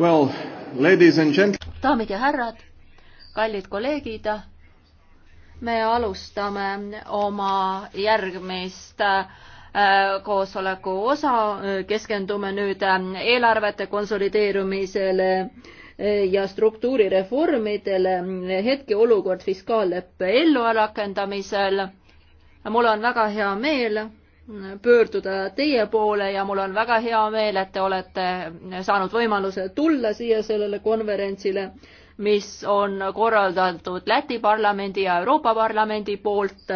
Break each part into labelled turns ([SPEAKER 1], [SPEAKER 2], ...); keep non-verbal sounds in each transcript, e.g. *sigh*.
[SPEAKER 1] Well, ladies and gentlemen.
[SPEAKER 2] daamid ja härrad, kallid kolleegid, me alustame oma järgmist äh, koosoleku osa, keskendume nüüd äh, eelarvete konsolideerumisele äh, ja struktuurireformidele, hetkeolukord fiskaalleppe ellurakendamisel. mul on väga hea meel pöörduda teie poole ja mul on väga hea meel, et te olete saanud võimaluse tulla siia sellele konverentsile, mis on korraldatud Läti parlamendi ja Euroopa Parlamendi poolt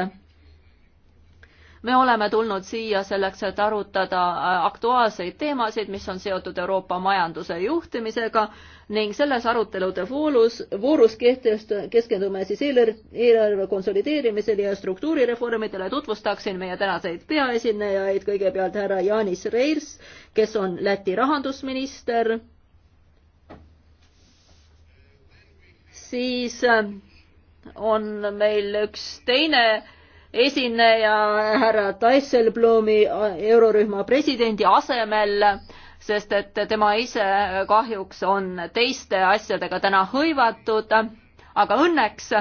[SPEAKER 2] me oleme tulnud siia selleks, et arutada äh, aktuaalseid teemasid, mis on seotud Euroopa majanduse juhtimisega ning selles arutelude voorus, voorus kehtest, keskendume siis eelarve, eelarve konsolideerimisele ja struktuurireformidele. tutvustaksin meie tänaseid peaesinejaid, kõigepealt härra Jaanis Reirs, kes on Läti rahandusminister. siis äh, on meil üks teine esineja härra Dijsselbloemi äh, eurorühma presidendi asemel, sest et tema ise kahjuks on teiste asjadega täna hõivatud, aga õnneks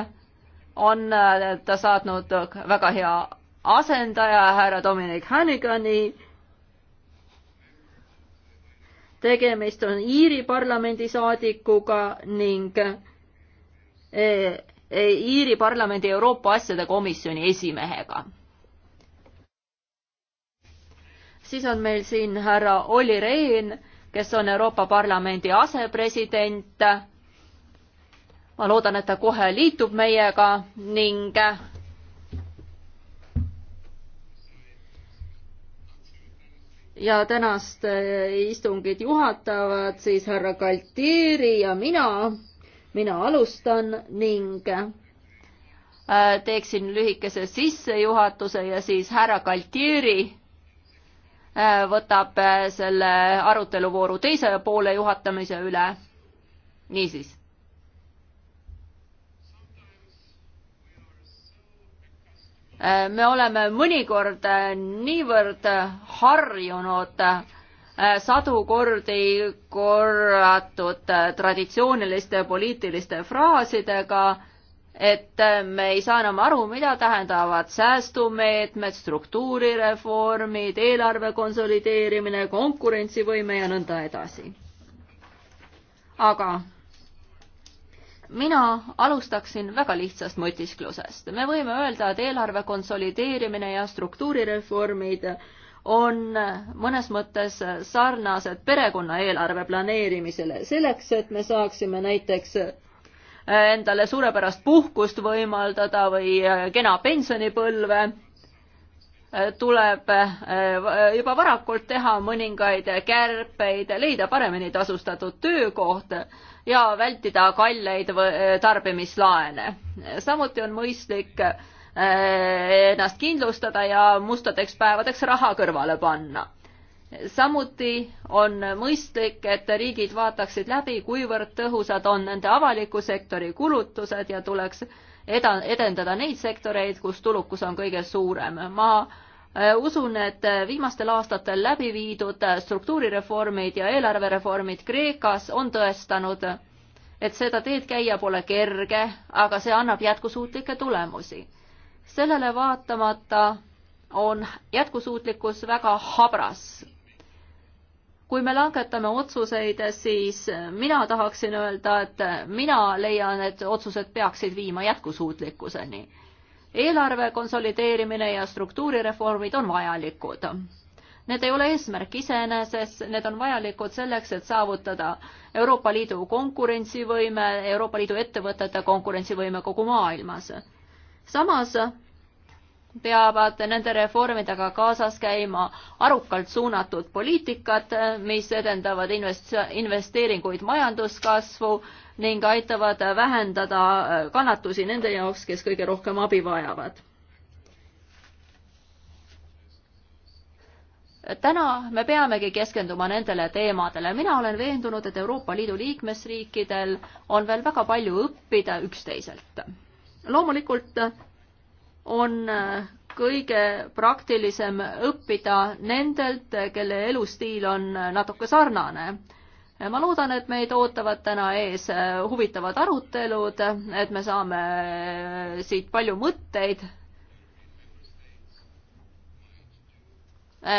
[SPEAKER 2] on äh, ta saatnud väga hea asendaja, härra Dominic Hannigani. tegemist on Iiri parlamendisaadikuga ning e Iiri parlamendi Euroopa asjade komisjoni esimehega. siis on meil siin härra Olli Rehn, kes on Euroopa Parlamendi asepresident. ma loodan, et ta kohe liitub meiega ning ja tänast istungit juhatavad siis härra Galtieri ja mina mina alustan ning äh, teeksin lühikese sissejuhatuse ja siis härra Galtieri äh, võtab äh, selle aruteluvooru teise poole juhatamise üle. niisiis. me oleme mõnikord niivõrd harjunud äh, Äh, sadu kordi korratud äh, traditsiooniliste poliitiliste fraasidega, et äh, me ei saa enam aru, mida tähendavad säästumeetmed, struktuurireformid, eelarve konsolideerimine, konkurentsivõime ja nõnda edasi. aga mina alustaksin väga lihtsast mõtisklusest. me võime öelda, et eelarve konsolideerimine ja struktuurireformid on mõnes mõttes sarnased perekonna eelarve planeerimisele, selleks et me saaksime näiteks endale suurepärast puhkust võimaldada või kena pensionipõlve, tuleb juba varakult teha mõningaid kärpeid, leida paremini tasustatud töökoht ja vältida kalleid tarbimislaene. samuti on mõistlik Äh, ennast kindlustada ja mustadeks päevadeks raha kõrvale panna. samuti on mõistlik, et riigid vaataksid läbi, kuivõrd tõhusad on nende avaliku sektori kulutused ja tuleks eda-, edendada neid sektoreid, kus tulukus on kõige suurem. ma äh, usun, et viimastel aastatel läbi viidud struktuurireformid ja eelarvereformid Kreekas on tõestanud, et seda teed käia pole kerge, aga see annab jätkusuutlikke tulemusi sellele vaatamata on jätkusuutlikkus väga habras. kui me langetame otsuseid, siis mina tahaksin öelda, et mina leian, et otsused peaksid viima jätkusuutlikkuseni. eelarve konsolideerimine ja struktuurireformid on vajalikud. Need ei ole eesmärk iseeneses, need on vajalikud selleks, et saavutada Euroopa Liidu konkurentsivõime, Euroopa Liidu ettevõtete konkurentsivõime kogu maailmas samas peavad nende reformidega kaasas käima arukalt suunatud poliitikad, mis edendavad invest-, investeeringuid majanduskasvu ning aitavad vähendada kannatusi nende jaoks, kes kõige rohkem abi vajavad. täna me peamegi keskenduma nendele teemadele. mina olen veendunud, et Euroopa Liidu liikmesriikidel on veel väga palju õppida üksteiselt loomulikult on äh, kõige praktilisem õppida nendelt, kelle elustiil on äh, natuke sarnane. ma loodan, et meid ootavad täna ees äh, huvitavad arutelud, et me saame siit palju mõtteid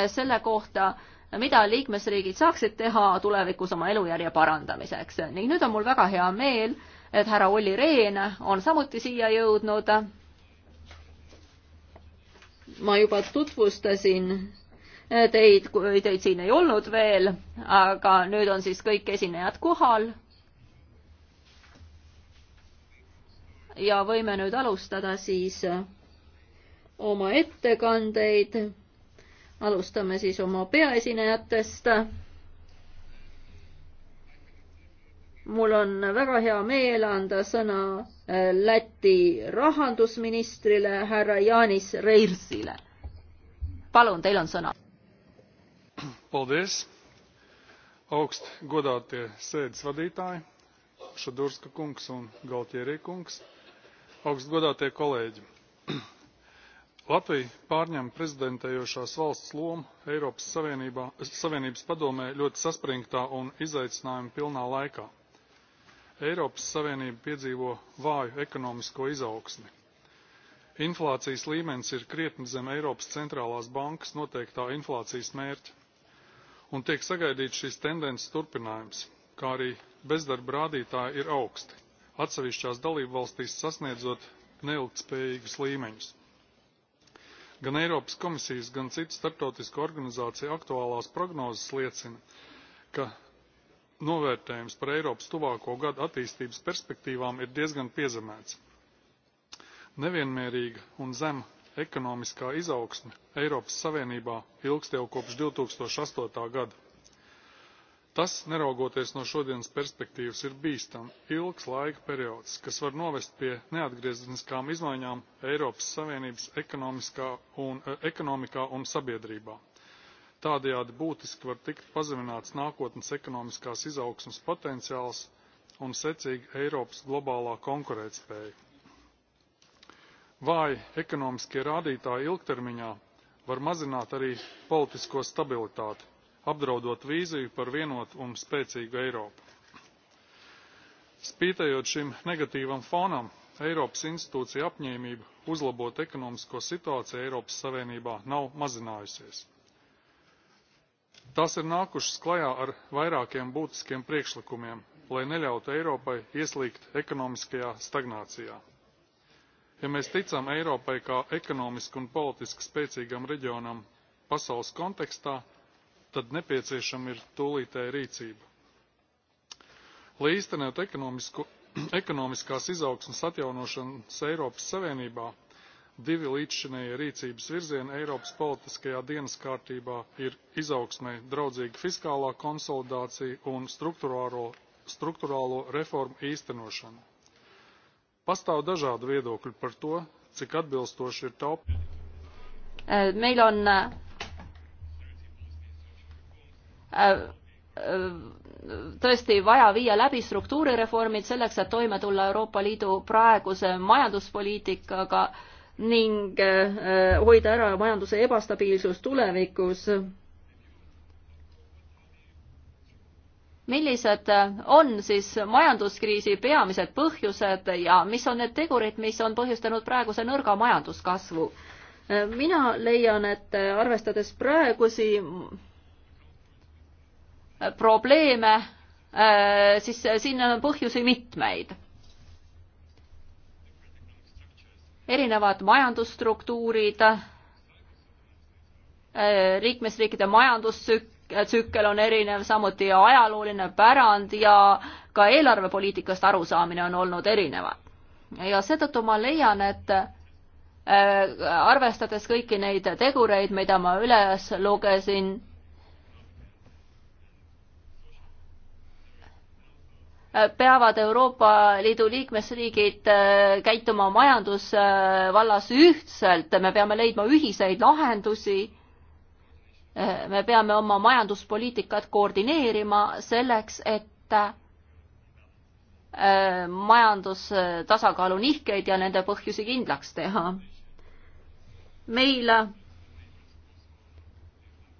[SPEAKER 2] selle kohta, mida liikmesriigid saaksid teha tulevikus oma elujärje parandamiseks ning nüüd on mul väga hea meel et härra Olli Rehn on samuti siia jõudnud. ma juba tutvustasin eh, teid, kui teid siin ei olnud veel, aga nüüd on siis kõik esinejad kohal. ja võime nüüd alustada siis eh, oma ettekandeid. alustame siis oma peaesinejatest mul on väga hea meel anda sõna äh, Läti rahandusministrile härra Jaanis Reirsile. palun, teil on sõna.
[SPEAKER 1] Paldies, augst godātie sēdes vadītāji, Šadurska kungs un Galtieri kungs, augst godātie kolēģi. *clears throat* Latvija pārņem prezidentējošās valsts lomu Eiropas Savienībā, Savienības padomē ļoti saspringtā un izaicinājuma pilnā laikā Eiropas Savienība piedzīvo vāju ekonomisko izaugsmi. Inflācijas līmenis ir krietni zem Eiropas centrālās bankas noteiktā inflācijas mērķa, un tiek sagaidīts šīs tendences turpinājums, kā arī bezdarba rādītāji ir augsti, atsevišķās dalību valstīs sasniedzot neilgtspējīgus līmeņus. Gan Eiropas komisijas, gan citu starptautisko organizāciju aktuālās prognozes liecina, ka novērtējums par Eiropas tuvāko gadu attīstības perspektīvām ir diezgan piezemēts. Nevienmērīga un zema ekonomiskā izaugsme Eiropas Savienībā ilgst jau kopš 2008. gada. Tas, neraugoties no šodienas perspektīvas, ir bīstam ilgs laika periods, kas var novest pie neatgriezeniskām izmaiņām Eiropas Savienības ekonomiskā un, eh, ekonomikā un sabiedrībā tādējādi būtiski var tikt pazemināts nākotnes ekonomiskās izaugsmas potenciāls un secīgi Eiropas globālā konkurētspēja. Vāji ekonomiskie rādītāji ilgtermiņā var mazināt arī politisko stabilitāti, apdraudot vīziju par vienotu un spēcīgu Eiropu. Spītējot šim negatīvam fonam, Eiropas institūcija apņēmība uzlabot ekonomisko situāciju Eiropas Savienībā nav mazinājusies tās ir nākušas klajā ar vairākiem būtiskiem priekšlikumiem lai neļautu eiropai ieslīgt ekonomiskajā stagnācijā. ja mēs ticam eiropai kā ekonomiski un politiski spēcīgam reģionam pasaules kontekstā tad nepieciešama ir tūlītēja rīcība. lai īstenotu *clears throat* ekonomiskās izaugsmes atjaunošanas eiropas savienībā divi līdzšinējie rīcības virzieni Eiropas politiskajā dienas kārtībā ir izaugsmē draudzīga fiskālā konsolidācija un struktūrālo, struktūrālo reformu īstenošana. Pastāv dažādi viedokļi par to, cik atbilstoši ir taup.
[SPEAKER 2] Meil on tõesti vaja viia läbi struktuurireformid selleks, et toime tulla Euroopa Liidu praeguse majanduspoliitikaga äh, ning äh, hoida ära majanduse ebastabiilsus tulevikus. millised äh, on siis majanduskriisi peamised põhjused ja mis on need tegurid, mis on põhjustanud praeguse nõrga majanduskasvu? Äh, mina leian, et arvestades praegusi probleeme, siis siin on põhjusi mitmeid erinevad majandusstruktuurid, äh, liikmesriikide majandustsükkel on erinev, samuti ajalooline pärand ja ka eelarvepoliitikast arusaamine on olnud erinev. ja seetõttu ma leian, et äh, arvestades kõiki neid tegureid, mida ma üles lugesin, peavad Euroopa Liidu liikmesriigid äh, käituma majandusvallas ühtselt, me peame leidma ühiseid lahendusi. Äh, me peame oma majanduspoliitikat koordineerima selleks, et äh, majandustasakaalu nihkeid ja nende põhjusi kindlaks teha. meil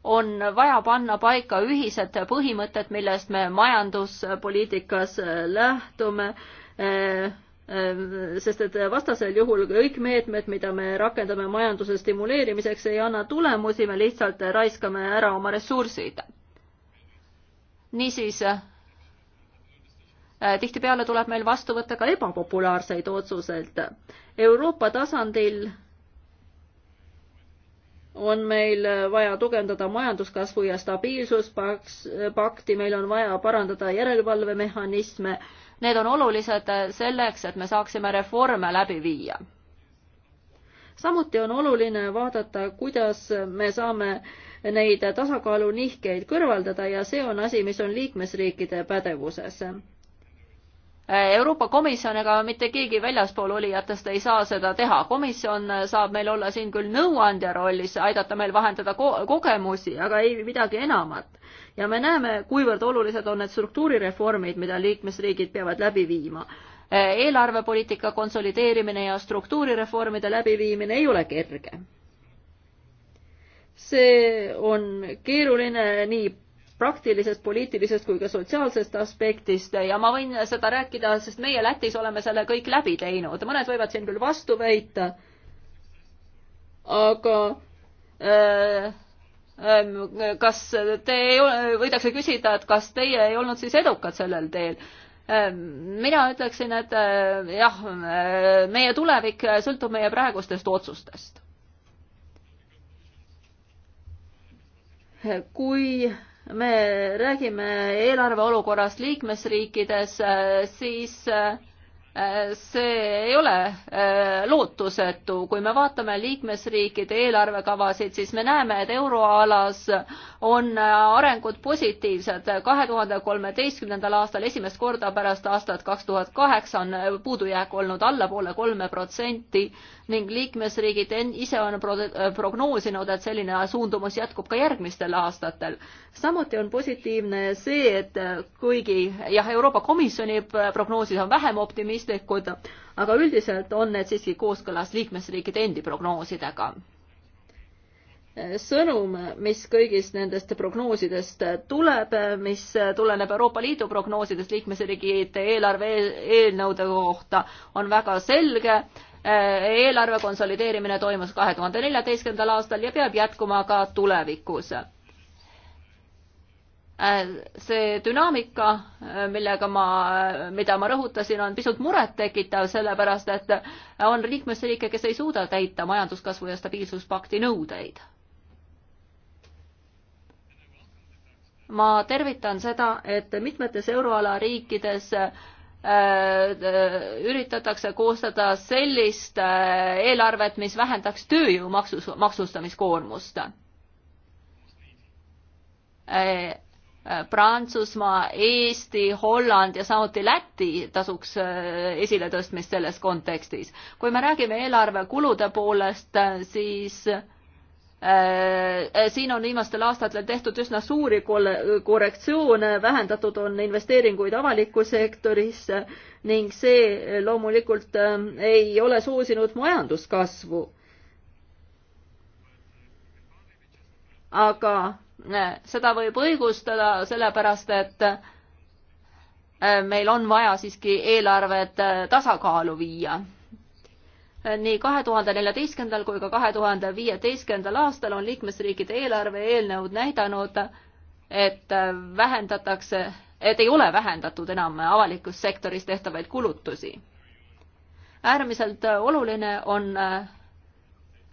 [SPEAKER 2] on vaja panna paika ühised põhimõtted, millest me majanduspoliitikas äh, lähtume äh, äh, sest et vastasel juhul kõik meetmed, mida me rakendame majanduse stimuleerimiseks, ei anna tulemusi, me lihtsalt raiskame ära oma ressursid. niisiis, tihtipeale tuleb meil vastu võtta ka ebapopulaarseid otsuseid. Euroopa tasandil on meil äh, vaja tugevdada majanduskasvu ja stabiilsuspakti, äh, meil on vaja parandada järelevalvemehhanisme. Need on olulised äh, selleks, et me saaksime reforme läbi viia. samuti on oluline vaadata, kuidas me saame neid tasakaalunihkeid kõrvaldada ja see on asi, mis on liikmesriikide pädevuses Euroopa Komisjon ega mitte keegi väljaspool olijatest ei saa seda teha. komisjon saab meil olla siin küll nõuandja rollis, aidata meil vahendada ko kogemusi, aga ei midagi enamat. ja me näeme, kuivõrd olulised on need struktuurireformid, mida liikmesriigid peavad läbi viima. eelarvepoliitika konsolideerimine ja struktuurireformide läbiviimine ei ole kerge see on keeruline nii praktilisest, poliitilisest kui ka sotsiaalsest aspektist ja ma võin seda rääkida, sest meie Lätis oleme selle kõik läbi teinud, mõned võivad siin küll vastu väita, aga äh, ähm, kas te ei ole, võidakse küsida, et kas teie ei olnud siis edukad sellel teel? Ähm, mina ütleksin, et äh, jah, äh, meie tulevik sõltub meie praegustest otsustest. kui me räägime eelarve olukorrast liikmesriikides, siis äh, Äh, see ei ole äh, lootusetu, kui me vaatame liikmesriikide eelarvekavasid, siis me näeme, et euroalas on äh, arengud positiivsed. kahe tuhande kolmeteistkümnendal aastal esimest korda pärast aastat kaks tuhat kaheksa on puudujääk olnud allapoole kolme protsenti ning liikmesriigid ise on prognoosinud, et selline suundumus jätkub ka järgmistel aastatel. samuti on positiivne see, et kuigi jah, Euroopa Komisjoni prognoosis on vähem optimistlik, mõistlikud, aga üldiselt on need siiski kooskõlas liikmesriikide endi prognoosidega. sõnum, mis kõigist nendest prognoosidest tuleb, mis tuleneb Euroopa Liidu prognoosidest liikmesriigide eelarve e-, eelnõude kohta, on väga selge eelarve konsolideerimine toimus kahe tuhande neljateistkümnendal aastal ja peab jätkuma ka tulevikus. Äh, see dünaamika, äh, millega ma, äh, mida ma rõhutasin, on pisut murettekitav, sellepärast et on liikmesriike, kes ei suuda täita majanduskasvu ja stabiilsuspakti nõudeid. ma tervitan seda, et mitmetes euroala riikides üritatakse koostada sellist eelarvet, mis vähendaks tööjõu maksus, maksustamiskoormust Äh, Prantsusmaa, Eesti, Holland ja samuti Läti tasuks äh, esiletõstmist selles kontekstis. kui me räägime eelarve kulude poolest, äh, siis siin on viimastel aastatel tehtud üsna suuri korrektsioone, vähendatud on investeeringuid avalikku sektorisse ning see loomulikult ei ole soosinud majanduskasvu. aga seda võib õigustada sellepärast, et äh, meil on vaja siiski eelarved äh, tasakaalu viia. nii kahe tuhande neljateistkümnendal kui ka kahe tuhande viieteistkümnendal aastal on liikmesriikide eelarve eelnõud näidanud, et äh, vähendatakse, et ei ole vähendatud enam avalikus sektoris tehtavaid kulutusi. äärmiselt oluline on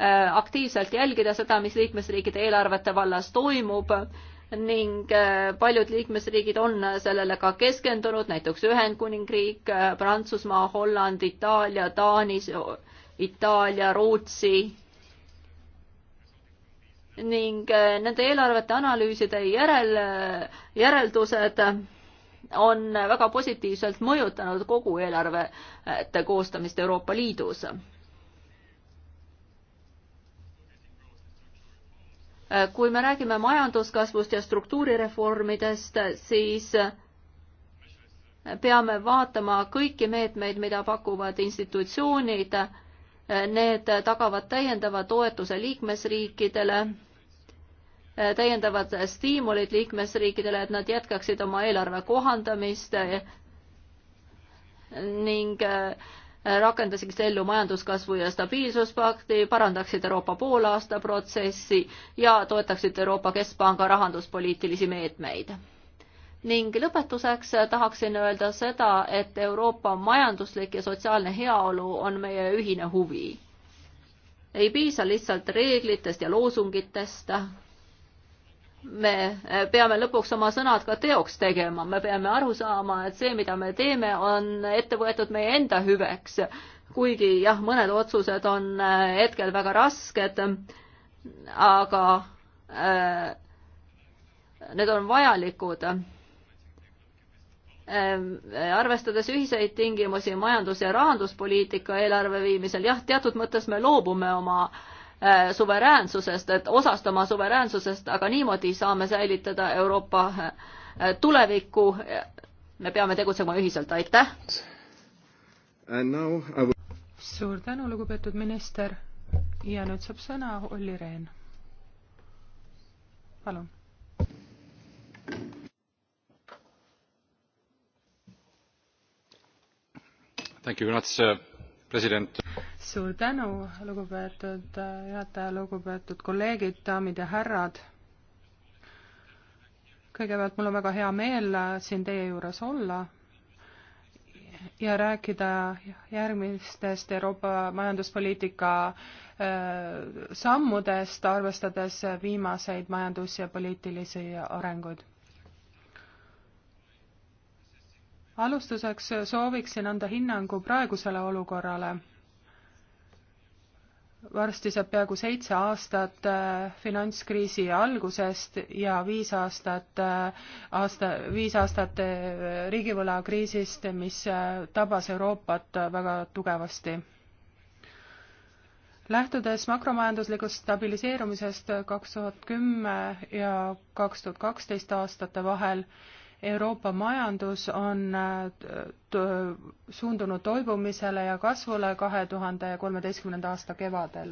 [SPEAKER 2] Äh, aktiivselt jälgida seda, mis liikmesriikide eelarvete vallas toimub ning äh, paljud liikmesriigid on sellele ka keskendunud, näiteks Ühendkuningriik, äh, Prantsusmaa, Holland, Itaalia, Taani, Itaalia, Rootsi. ning nende eelarvete analüüside järel, järeldused on väga positiivselt mõjutanud kogu eelarvete koostamist Euroopa Liidus kui me räägime majanduskasvust ja struktuurireformidest, siis peame vaatama kõiki meetmeid, mida pakuvad institutsioonid. Need tagavad täiendava toetuse liikmesriikidele, täiendavad stiimulid liikmesriikidele, et nad jätkaksid oma eelarve kohandamist ning rakendaksid ellu majanduskasvu ja stabiilsuspakti, parandaksid Euroopa poolaasta protsessi ja toetaksid Euroopa Keskpanga rahanduspoliitilisi meetmeid. ning lõpetuseks tahaksin öelda seda, et Euroopa majanduslik ja sotsiaalne heaolu on meie ühine huvi. ei piisa lihtsalt reeglitest ja loosungitest me peame lõpuks oma sõnad ka teoks tegema, me peame aru saama, et see, mida me teeme, on ette võetud meie enda hüveks. kuigi jah, mõned otsused on äh, hetkel väga rasked, aga äh, need on vajalikud äh,. arvestades ühiseid tingimusi majandus- ja rahanduspoliitika eelarve viimisel, jah, teatud mõttes me loobume oma äh, Äh, suveräänsusest, et osast oma suveräänsusest, aga niimoodi saame säilitada Euroopa äh, tulevikku. me peame tegutsema ühiselt, aitäh!
[SPEAKER 3] Will...
[SPEAKER 4] suur tänu, lugupeetud minister ja nüüd saab sõna Olli Rehn. palun.
[SPEAKER 1] Thank you very much, president
[SPEAKER 4] suur tänu, lugupeetud äh, juhataja, lugupeetud kolleegid, daamid ja härrad. kõigepealt mul on väga hea meel äh, siin teie juures olla ja rääkida järgmistest Euroopa majanduspoliitika äh, sammudest, arvestades viimaseid majandus- ja poliitilisi arenguid. alustuseks sooviksin anda hinnangu praegusele olukorrale varsti saab peaaegu seitse aastat äh, finantskriisi algusest ja viis aastat, äh, aasta, viis aastat äh, riigivõlakriisist, mis tabas Euroopat väga tugevasti. lähtudes makromajanduslikust stabiliseerumisest kaks tuhat kümme ja kaks tuhat kaksteist aastate vahel, Euroopa majandus on äh, suundunud toibumisele ja kasvule kahe tuhande kolmeteistkümnenda aasta kevadel.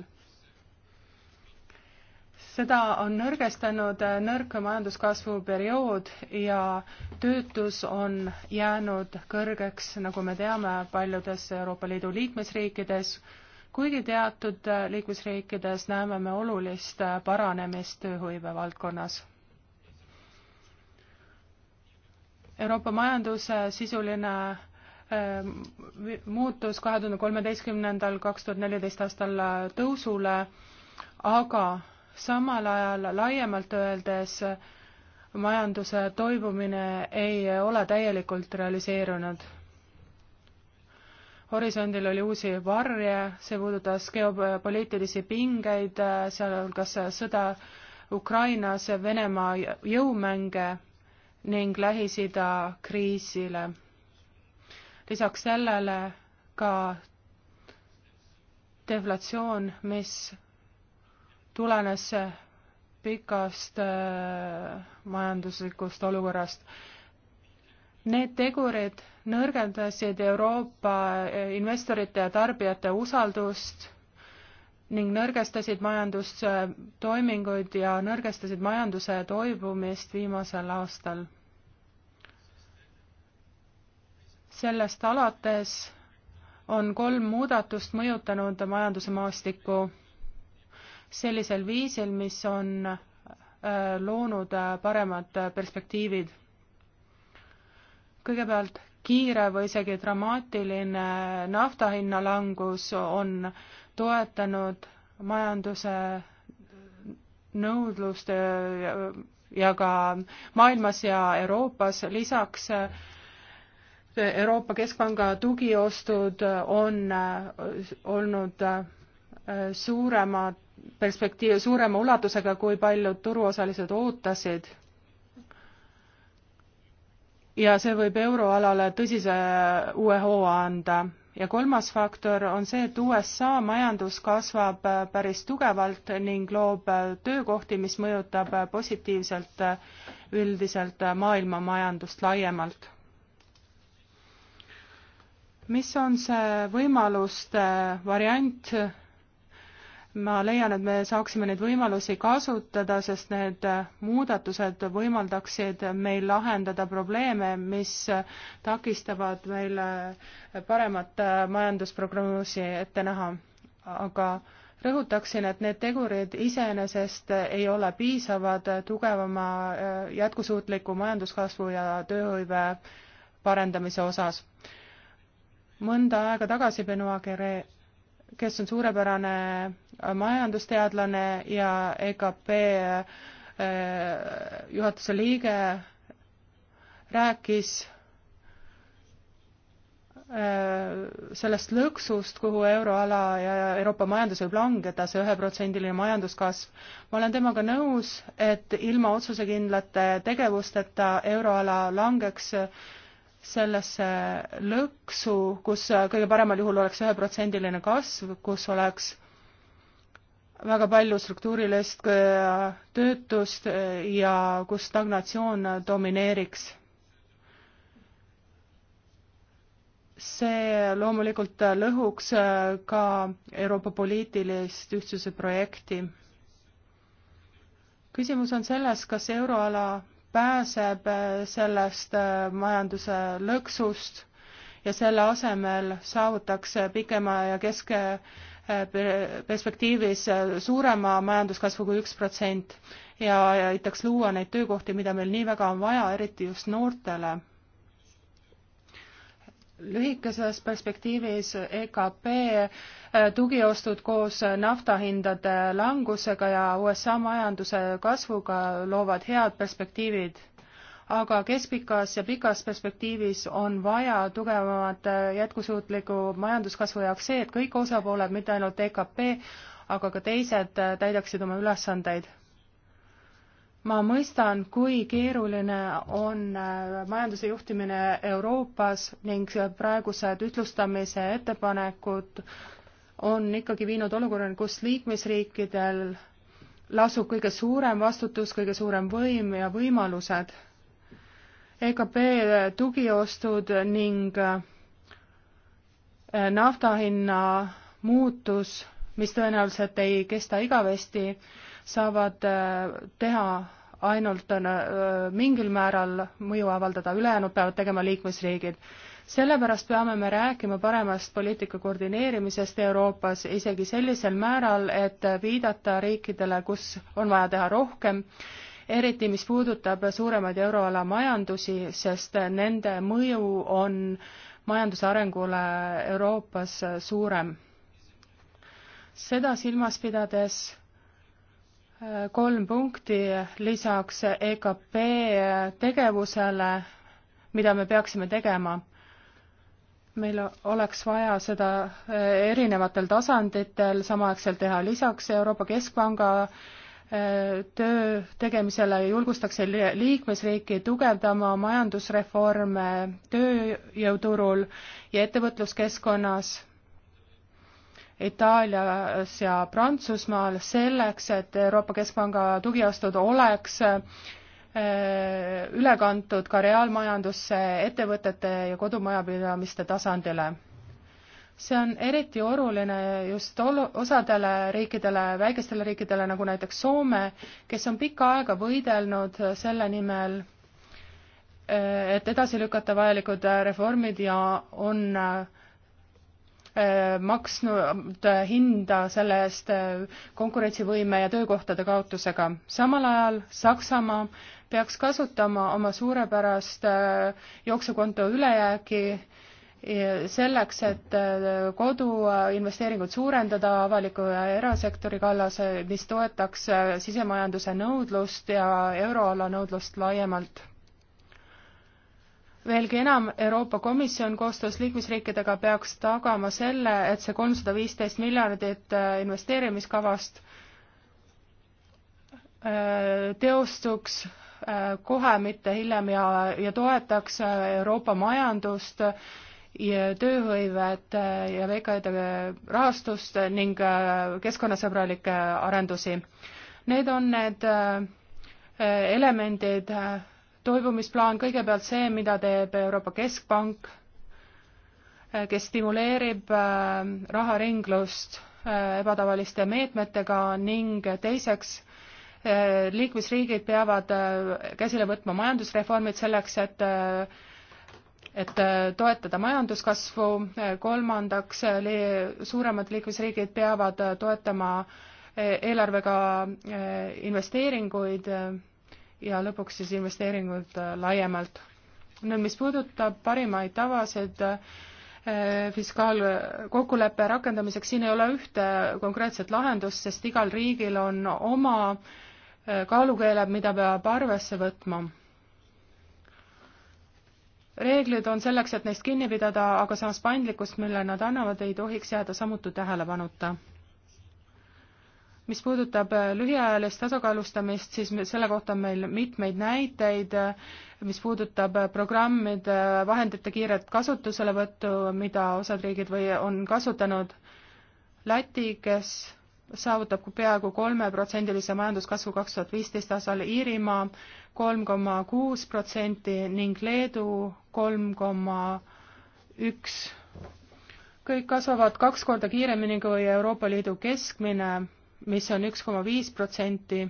[SPEAKER 4] seda on nõrgestanud äh, nõrk majanduskasvu periood ja töötus on jäänud kõrgeks, nagu me teame, paljudes Euroopa Liidu liikmesriikides, kuigi teatud äh, liikmesriikides näeme me olulist paranemist tööhõive valdkonnas Euroopa majanduse sisuline äh, muutus kahe tuhande kolmeteistkümnendal, kaks tuhat neliteist aastal äh, tõusule, aga samal ajal laiemalt öeldes äh, majanduse toibumine ei ole täielikult realiseerunud. horisondil oli uusi varje, see puudutas geopoliitilisi pingeid, sealhulgas sõda Ukrainas, Venemaa jõumänge ning Lähis-Ida kriisile. lisaks sellele ka deflatsioon, mis tulenes pikast äh, majanduslikust olukorrast. Need tegurid nõrgendasid Euroopa äh, investorite ja tarbijate usaldust ning nõrgestasid majandustoiminguid ja nõrgestasid majanduse toibumist viimasel aastal. sellest alates on kolm muudatust mõjutanud majanduse maastikku sellisel viisil, mis on äh, loonud äh, paremad äh, perspektiivid. kõigepealt kiire või isegi dramaatiline nafta hinna langus on toetanud majanduse nõudlust äh, ja ka maailmas ja Euroopas, lisaks äh, Euroopa Keskpanga tugiostud on äh, olnud suurema perspektiiv, suurema ulatusega, kui paljud turuosalised ootasid ja see võib euroalale tõsise uue hoo anda ja kolmas faktor on see, et USA majandus kasvab äh, päris tugevalt ning loob äh, töökohti, mis mõjutab äh, positiivselt üldiselt maailma majandust laiemalt. mis on see võimaluste variant ma leian, et me saaksime neid võimalusi kasutada, sest need muudatused võimaldaksid meil lahendada probleeme, mis takistavad meil paremat majandusprognoosi ette näha. aga rõhutaksin, et need tegurid iseenesest ei ole piisavad tugevama jätkusuutliku majanduskasvu ja tööhõive parendamise osas. mõnda aega tagasi Benoit Guerre kes on suurepärane majandusteadlane ja EKP eh, juhatuse liige, rääkis eh, sellest lõksust, kuhu euroala ja Euroopa majandus võib langeda, see üheprotsendiline majanduskasv. ma olen temaga nõus, et ilma otsusekindlate tegevusteta euroala langeks sellesse lõksu, kus kõige paremal juhul oleks üheprotsendiline kasv, kus oleks väga palju struktuurilist äh, töötust äh, ja kus stagnatsioon domineeriks. see loomulikult lõhuks äh, ka Euroopa poliitilist ühtsuse projekti. küsimus on selles, kas euroala pääseb äh, sellest äh, majanduse lõksust ja selle asemel saavutaks pikema ja keske äh, perspektiivis suurema majanduskasvu kui üks protsent ja aitaks luua neid töökohti, mida meil nii väga on vaja, eriti just noortele lühikeses perspektiivis EKP eh, tugiostud koos naftahindade langusega ja USA majanduse kasvuga loovad head perspektiivid, aga keskpikas ja pikas perspektiivis on vaja tugevamat eh, jätkusuutliku majanduskasvu jaoks see, et kõik osapooled, mitte ainult EKP, aga ka teised eh, täidaksid oma ülesandeid ma mõistan, kui keeruline on äh, majanduse juhtimine Euroopas ning praegused ütlustamise ettepanekud on ikkagi viinud olukorrani, kus liikmesriikidel lasub kõige suurem vastutus, kõige suurem võim ja võimalused. EKP tugiostud ning äh, nafta hinna muutus, mis tõenäoliselt ei kesta igavesti, saavad äh, teha ainult äh, mingil määral mõju avaldada, ülejäänud peavad tegema liikmesriigid. sellepärast peame me rääkima paremast poliitika koordineerimisest Euroopas isegi sellisel määral, et viidata riikidele, kus on vaja teha rohkem, eriti mis puudutab suuremaid euroala majandusi, sest nende mõju on majanduse arengule Euroopas suurem. seda silmas pidades kolm punkti lisaks EKP tegevusele, mida me peaksime tegema. meil oleks vaja seda erinevatel tasanditel samaaegselt teha, lisaks Euroopa Keskpanga eh, töö tegemisele julgustakse liikmesriiki tugevdama majandusreforme tööjõuturul ja ettevõtluskeskkonnas Itaalias ja Prantsusmaal selleks, et Euroopa Keskpanga tugiostud oleks eh, üle kantud ka reaalmajandusse, ettevõtete ja kodumajapidamiste tasandile. see on eriti oluline just olu-, osadele riikidele, väikestele riikidele, nagu näiteks Soome, kes on pikka aega võidelnud selle nimel, eh, et edasi lükata vajalikud eh, reformid ja on äh, Äh, maksnud äh, hinda selle eest äh, konkurentsivõime ja töökohtade kaotusega. samal ajal Saksamaa peaks kasutama oma suurepärast jooksukonto ülejääki selleks, et koduinvesteeringuid suurendada avaliku ja erasektori kallas, mis toetaks sisemajanduse nõudlust ja euroala nõudlust laiemalt veelgi enam, Euroopa Komisjon koostöös liikmesriikidega peaks tagama selle, et see kolmsada viisteist miljardit äh, investeerimiskavast äh, teostuks äh, kohe, mitte hiljem ja, ja toetaks Euroopa majandust, tööhõivet ja VKÜ-de rahastust ning keskkonnasõbralikke arendusi. Need on need elemendid, toibumisplaan, kõigepealt see, mida teeb Euroopa Keskpank, eh, kes stimuleerib eh, raharinglust eh, ebatavaliste meetmetega ning teiseks, liikmesriigid peavad käsile võtma majandusreformid selleks, et et toetada majanduskasvu, kolmandaks li, suuremad liikmesriigid peavad toetama eelarvega investeeringuid ja lõpuks siis investeeringud äh, laiemalt. nüüd, mis puudutab parimaid tavasid äh, fiskaalkokkuleppe rakendamiseks, siin ei ole ühte konkreetset lahendust, sest igal riigil on oma äh, kaalukeeled, mida peab arvesse võtma. reeglid on selleks, et neist kinni pidada, aga samas paindlikkust, mille nad annavad, ei tohiks jääda samuti tähelepanuta mis puudutab äh, lühiajalist tasakaalustamist, siis selle kohta on meil mitmeid näiteid, äh, mis puudutab äh, programmide vahendite kiiret kasutuselevõttu, mida osad riigid või on kasutanud. Läti, kes saavutab peaaegu kolmeprotsendilise majanduskasvu kaks tuhat viisteist aastal, Iirimaa kolm koma kuus protsenti ning Leedu kolm koma üks. kõik kasvavad kaks korda kiiremini kui Euroopa Liidu keskmine mis on üks koma viis protsenti.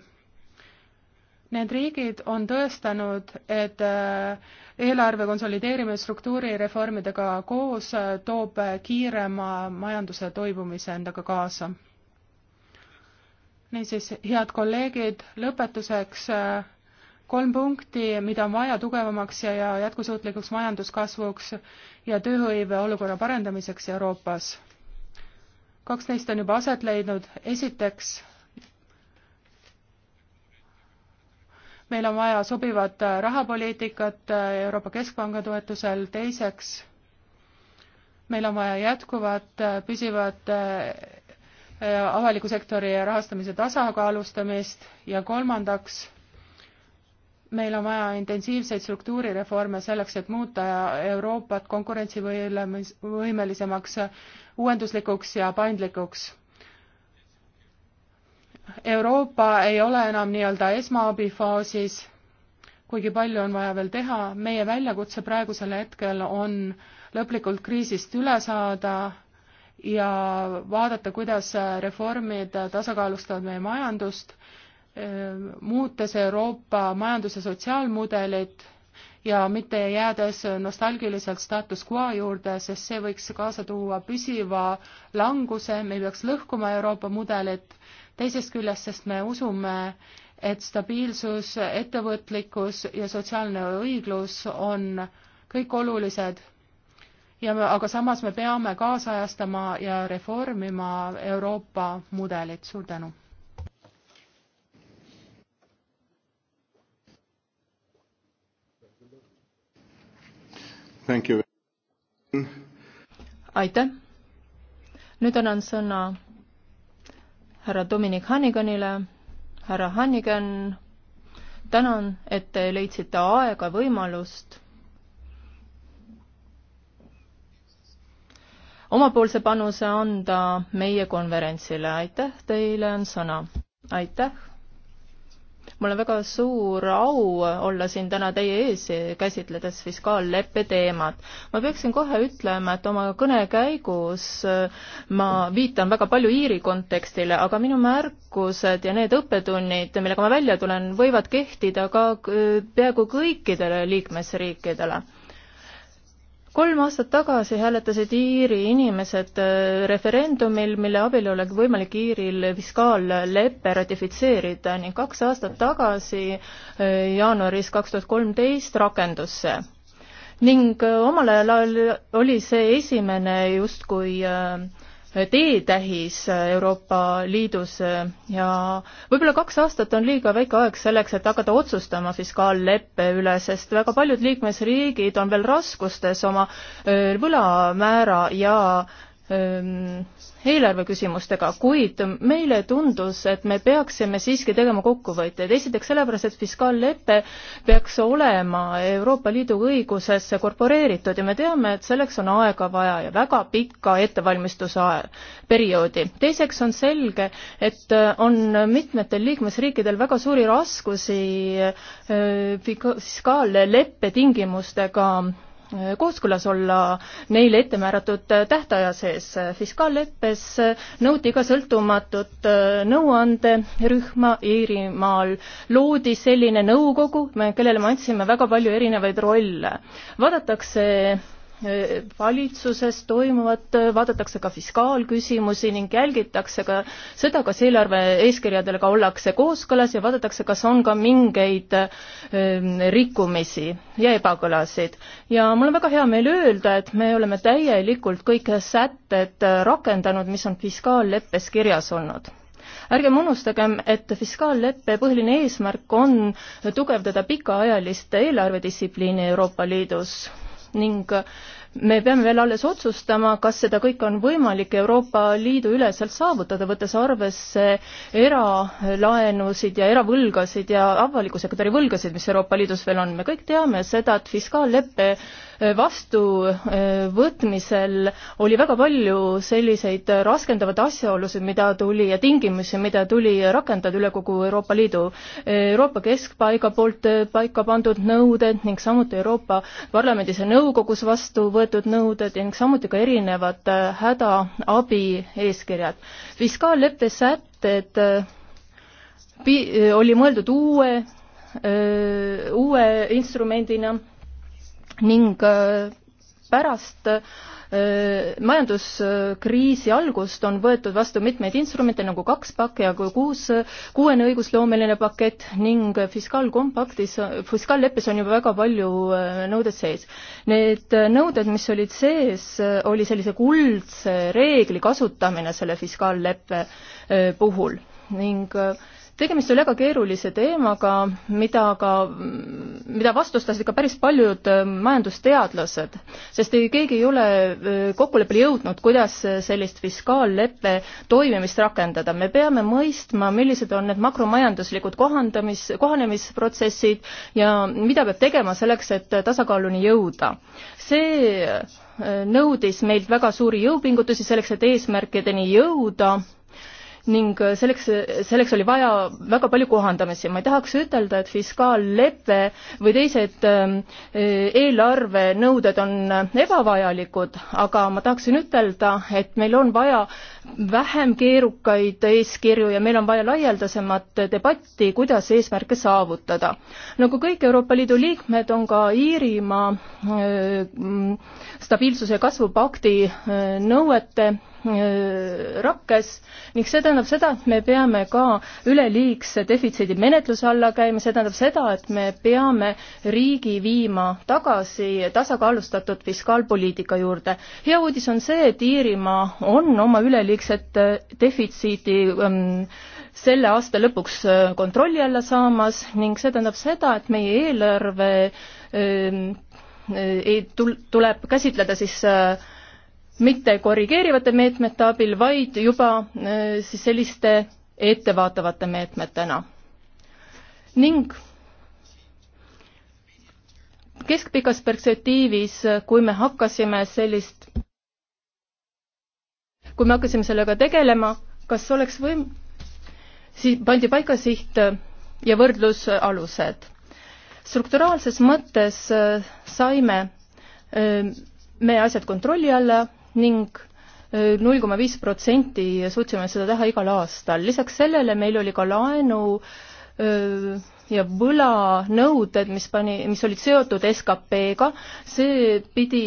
[SPEAKER 4] Need riigid on tõestanud, et äh, eelarve konsolideerimine struktuurireformidega koos äh, toob kiirema majanduse toibumise endaga kaasa. niisiis, head kolleegid, lõpetuseks äh, kolm punkti, mida on vaja tugevamaks ja jätkusuutlikuks majanduskasvuks ja tööhõive olukorra parendamiseks Euroopas kaks neist on juba aset leidnud, esiteks meil on vaja sobivat rahapoliitikat Euroopa Keskpanga toetusel, teiseks meil on vaja jätkuvat püsivat eh, avaliku sektori rahastamise tasakaalustamist ja kolmandaks meil on vaja intensiivseid struktuurireforme selleks, et muuta Euroopat konkurentsivõimelisemaks, uuenduslikuks ja paindlikuks. Euroopa ei ole enam nii-öelda esmaabifaasis, kuigi palju on vaja veel teha, meie väljakutse praegusel hetkel on lõplikult kriisist üle saada ja vaadata, kuidas reformid tasakaalustavad meie majandust Ähm, muutes Euroopa majandus- ja sotsiaalmudelit ja mitte jäädes nostalgiliselt status quo juurde, sest see võiks kaasa tuua püsiva languse, me ei peaks lõhkuma Euroopa mudelit, teisest küljest, sest me usume, et stabiilsus, ettevõtlikkus ja sotsiaalne õiglus on kõik olulised ja me, aga samas me peame kaasajastama ja reformima Euroopa mudelit, suur tänu!
[SPEAKER 5] aitäh. nüüd annan sõna härra Dominic Hanniganile. härra Hannigan, tänan, et te leidsite aega, võimalust omapoolse panuse anda meie konverentsile. aitäh, teile on sõna. aitäh mul on väga suur au olla siin täna teie ees, käsitledes fiskaalleppe teemat. ma peaksin kohe ütlema, et oma kõne käigus äh, ma viitan väga palju Iiri kontekstile, aga minu märkused ja need õppetunnid, millega ma välja tulen, võivad kehtida ka äh, peaaegu kõikidele liikmesriikidele kolm aastat tagasi hääletasid Iiri inimesed äh, referendumil, mille abil oleks võimalik Iiril fiskaallepe ratifitseerida ning kaks aastat tagasi, äh, jaanuaris kaks tuhat kolmteist, rakendus see. ning äh, omal ajal oli see esimene justkui äh, teetähis Euroopa Liidus ja võib-olla kaks aastat on liiga väike aeg selleks, et hakata otsustama fiskaalleppe üle, sest väga paljud liikmesriigid on veel raskustes oma võlamäära ja eelarveküsimustega, kuid meile tundus, et me peaksime siiski tegema kokkuvõtteid. esiteks sellepärast, et fiskaallepe peaks olema Euroopa Liidu õigusesse korporeeritud ja me teame, et selleks on aega vaja ja väga pika ettevalmistuse perioodi. teiseks on selge, et on mitmetel liikmesriikidel väga suuri raskusi äh, fiskaalleppe tingimustega kooskõlas olla neile ette määratud tähtaja sees. fiskaalleppes nõuti ka sõltumatut nõuanderühma Iirimaal. loodi selline nõukogu, kellele me andsime väga palju erinevaid rolle. vaadatakse Äh, valitsuses toimuvat, äh, vaadatakse ka fiskaalküsimusi ning jälgitakse ka seda, kas eelarve eeskirjadega ollakse kooskõlas ja vaadatakse, kas on ka mingeid äh, rikkumisi ja ebakõlasid. ja mul on väga hea meel öelda, et me oleme täielikult kõik sätted rakendanud, mis on fiskaalleppes kirjas olnud ärgem unustagem, et fiskaalleppe põhiline eesmärk on tugevdada pikaajalist eelarvedistsipliini Euroopa Liidus ning me peame veel alles otsustama, kas seda kõike on võimalik Euroopa Liidu üleselt saavutada, võttes arvesse eralaenusid ja eravõlgasid ja avaliku sektori võlgasid, mis Euroopa Liidus veel on. me kõik teame seda, et fiskaalleppe vastuvõtmisel äh, oli väga palju selliseid raskendavaid asjaolusid, mida tuli ja tingimusi, mida tuli rakendada üle kogu Euroopa Liidu. Euroopa Keskpaiga poolt äh, paika pandud nõuded ning samuti Euroopa Parlamendis ja nõukogus vastu võetud nõuded ning samuti ka erinevad äh, hädaabi eeskirjad. fiskaalleppe sätted pi-, oli mõeldud uue, uue instrumendina ning äh, pärast äh, majanduskriisi algust on võetud vastu mitmeid instrumente nagu kaks pakki ja kui kuus, kuuene õigusloomeline pakett ning fiskaalkompaktis, fiskaalleppes on juba väga palju äh, nõudeid sees. Need nõuded, mis olid sees, oli sellise kuldse reegli kasutamine selle fiskaalleppe puhul ning äh, tegemist on väga keerulise teemaga, mida ka, mida vastustasid ka päris paljud äh, majandusteadlased, sest ei, keegi ei ole äh, kokkuleppele jõudnud, kuidas sellist fiskaalleppe toimimist rakendada. me peame mõistma, millised on need makromajanduslikud kohandamis, kohanemisprotsessid ja mida peab tegema selleks, et tasakaaluni jõuda. see äh, nõudis meilt väga suuri jõupingutusi selleks, et eesmärkideni jõuda ning äh, selleks, selleks oli vaja väga palju kohandamisi. ma ei tahaks ütelda, et fiskaallepe või teised ähm, eelarvenõuded on äh, ebavajalikud, aga ma tahaksin ütelda, et meil on vaja vähem keerukaid eeskirju ja meil on vaja laialdasemat debatti, kuidas eesmärke saavutada. nagu kõik Euroopa Liidu liikmed, on ka Iirimaa äh, stabiilsuse ja kasvupakti äh, nõuete äh, rakkes ning see tähendab seda, et me peame ka üleliigse defitsiidi menetluse alla käima, see tähendab seda, et me peame riigi viima tagasi tasakaalustatud fiskaalpoliitika juurde. hea uudis on see, et Iirimaa on oma üleliigse sooviks, et äh, defitsiiti ähm, selle aasta lõpuks äh, kontrolli alla saamas ning see tähendab seda, et meie eelarve ähm, äh, ei tul-, tuleb käsitleda siis mitte korrigeerivate meetmete abil, vaid juba siis selliste ettevaatavate meetmetena. ning keskpikas perspektiivis, kui me hakkasime sellist kui me hakkasime sellega tegelema, kas oleks võim-, siis pandi paika siht äh, ja võrdlusalused. strukturaalses mõttes äh, saime äh, me asjad kontrolli alla ning null koma viis protsenti suutsime seda teha igal aastal. lisaks sellele meil oli ka laenu öö, ja võlanõuded, mis pani, mis olid seotud SKP-ga, see pidi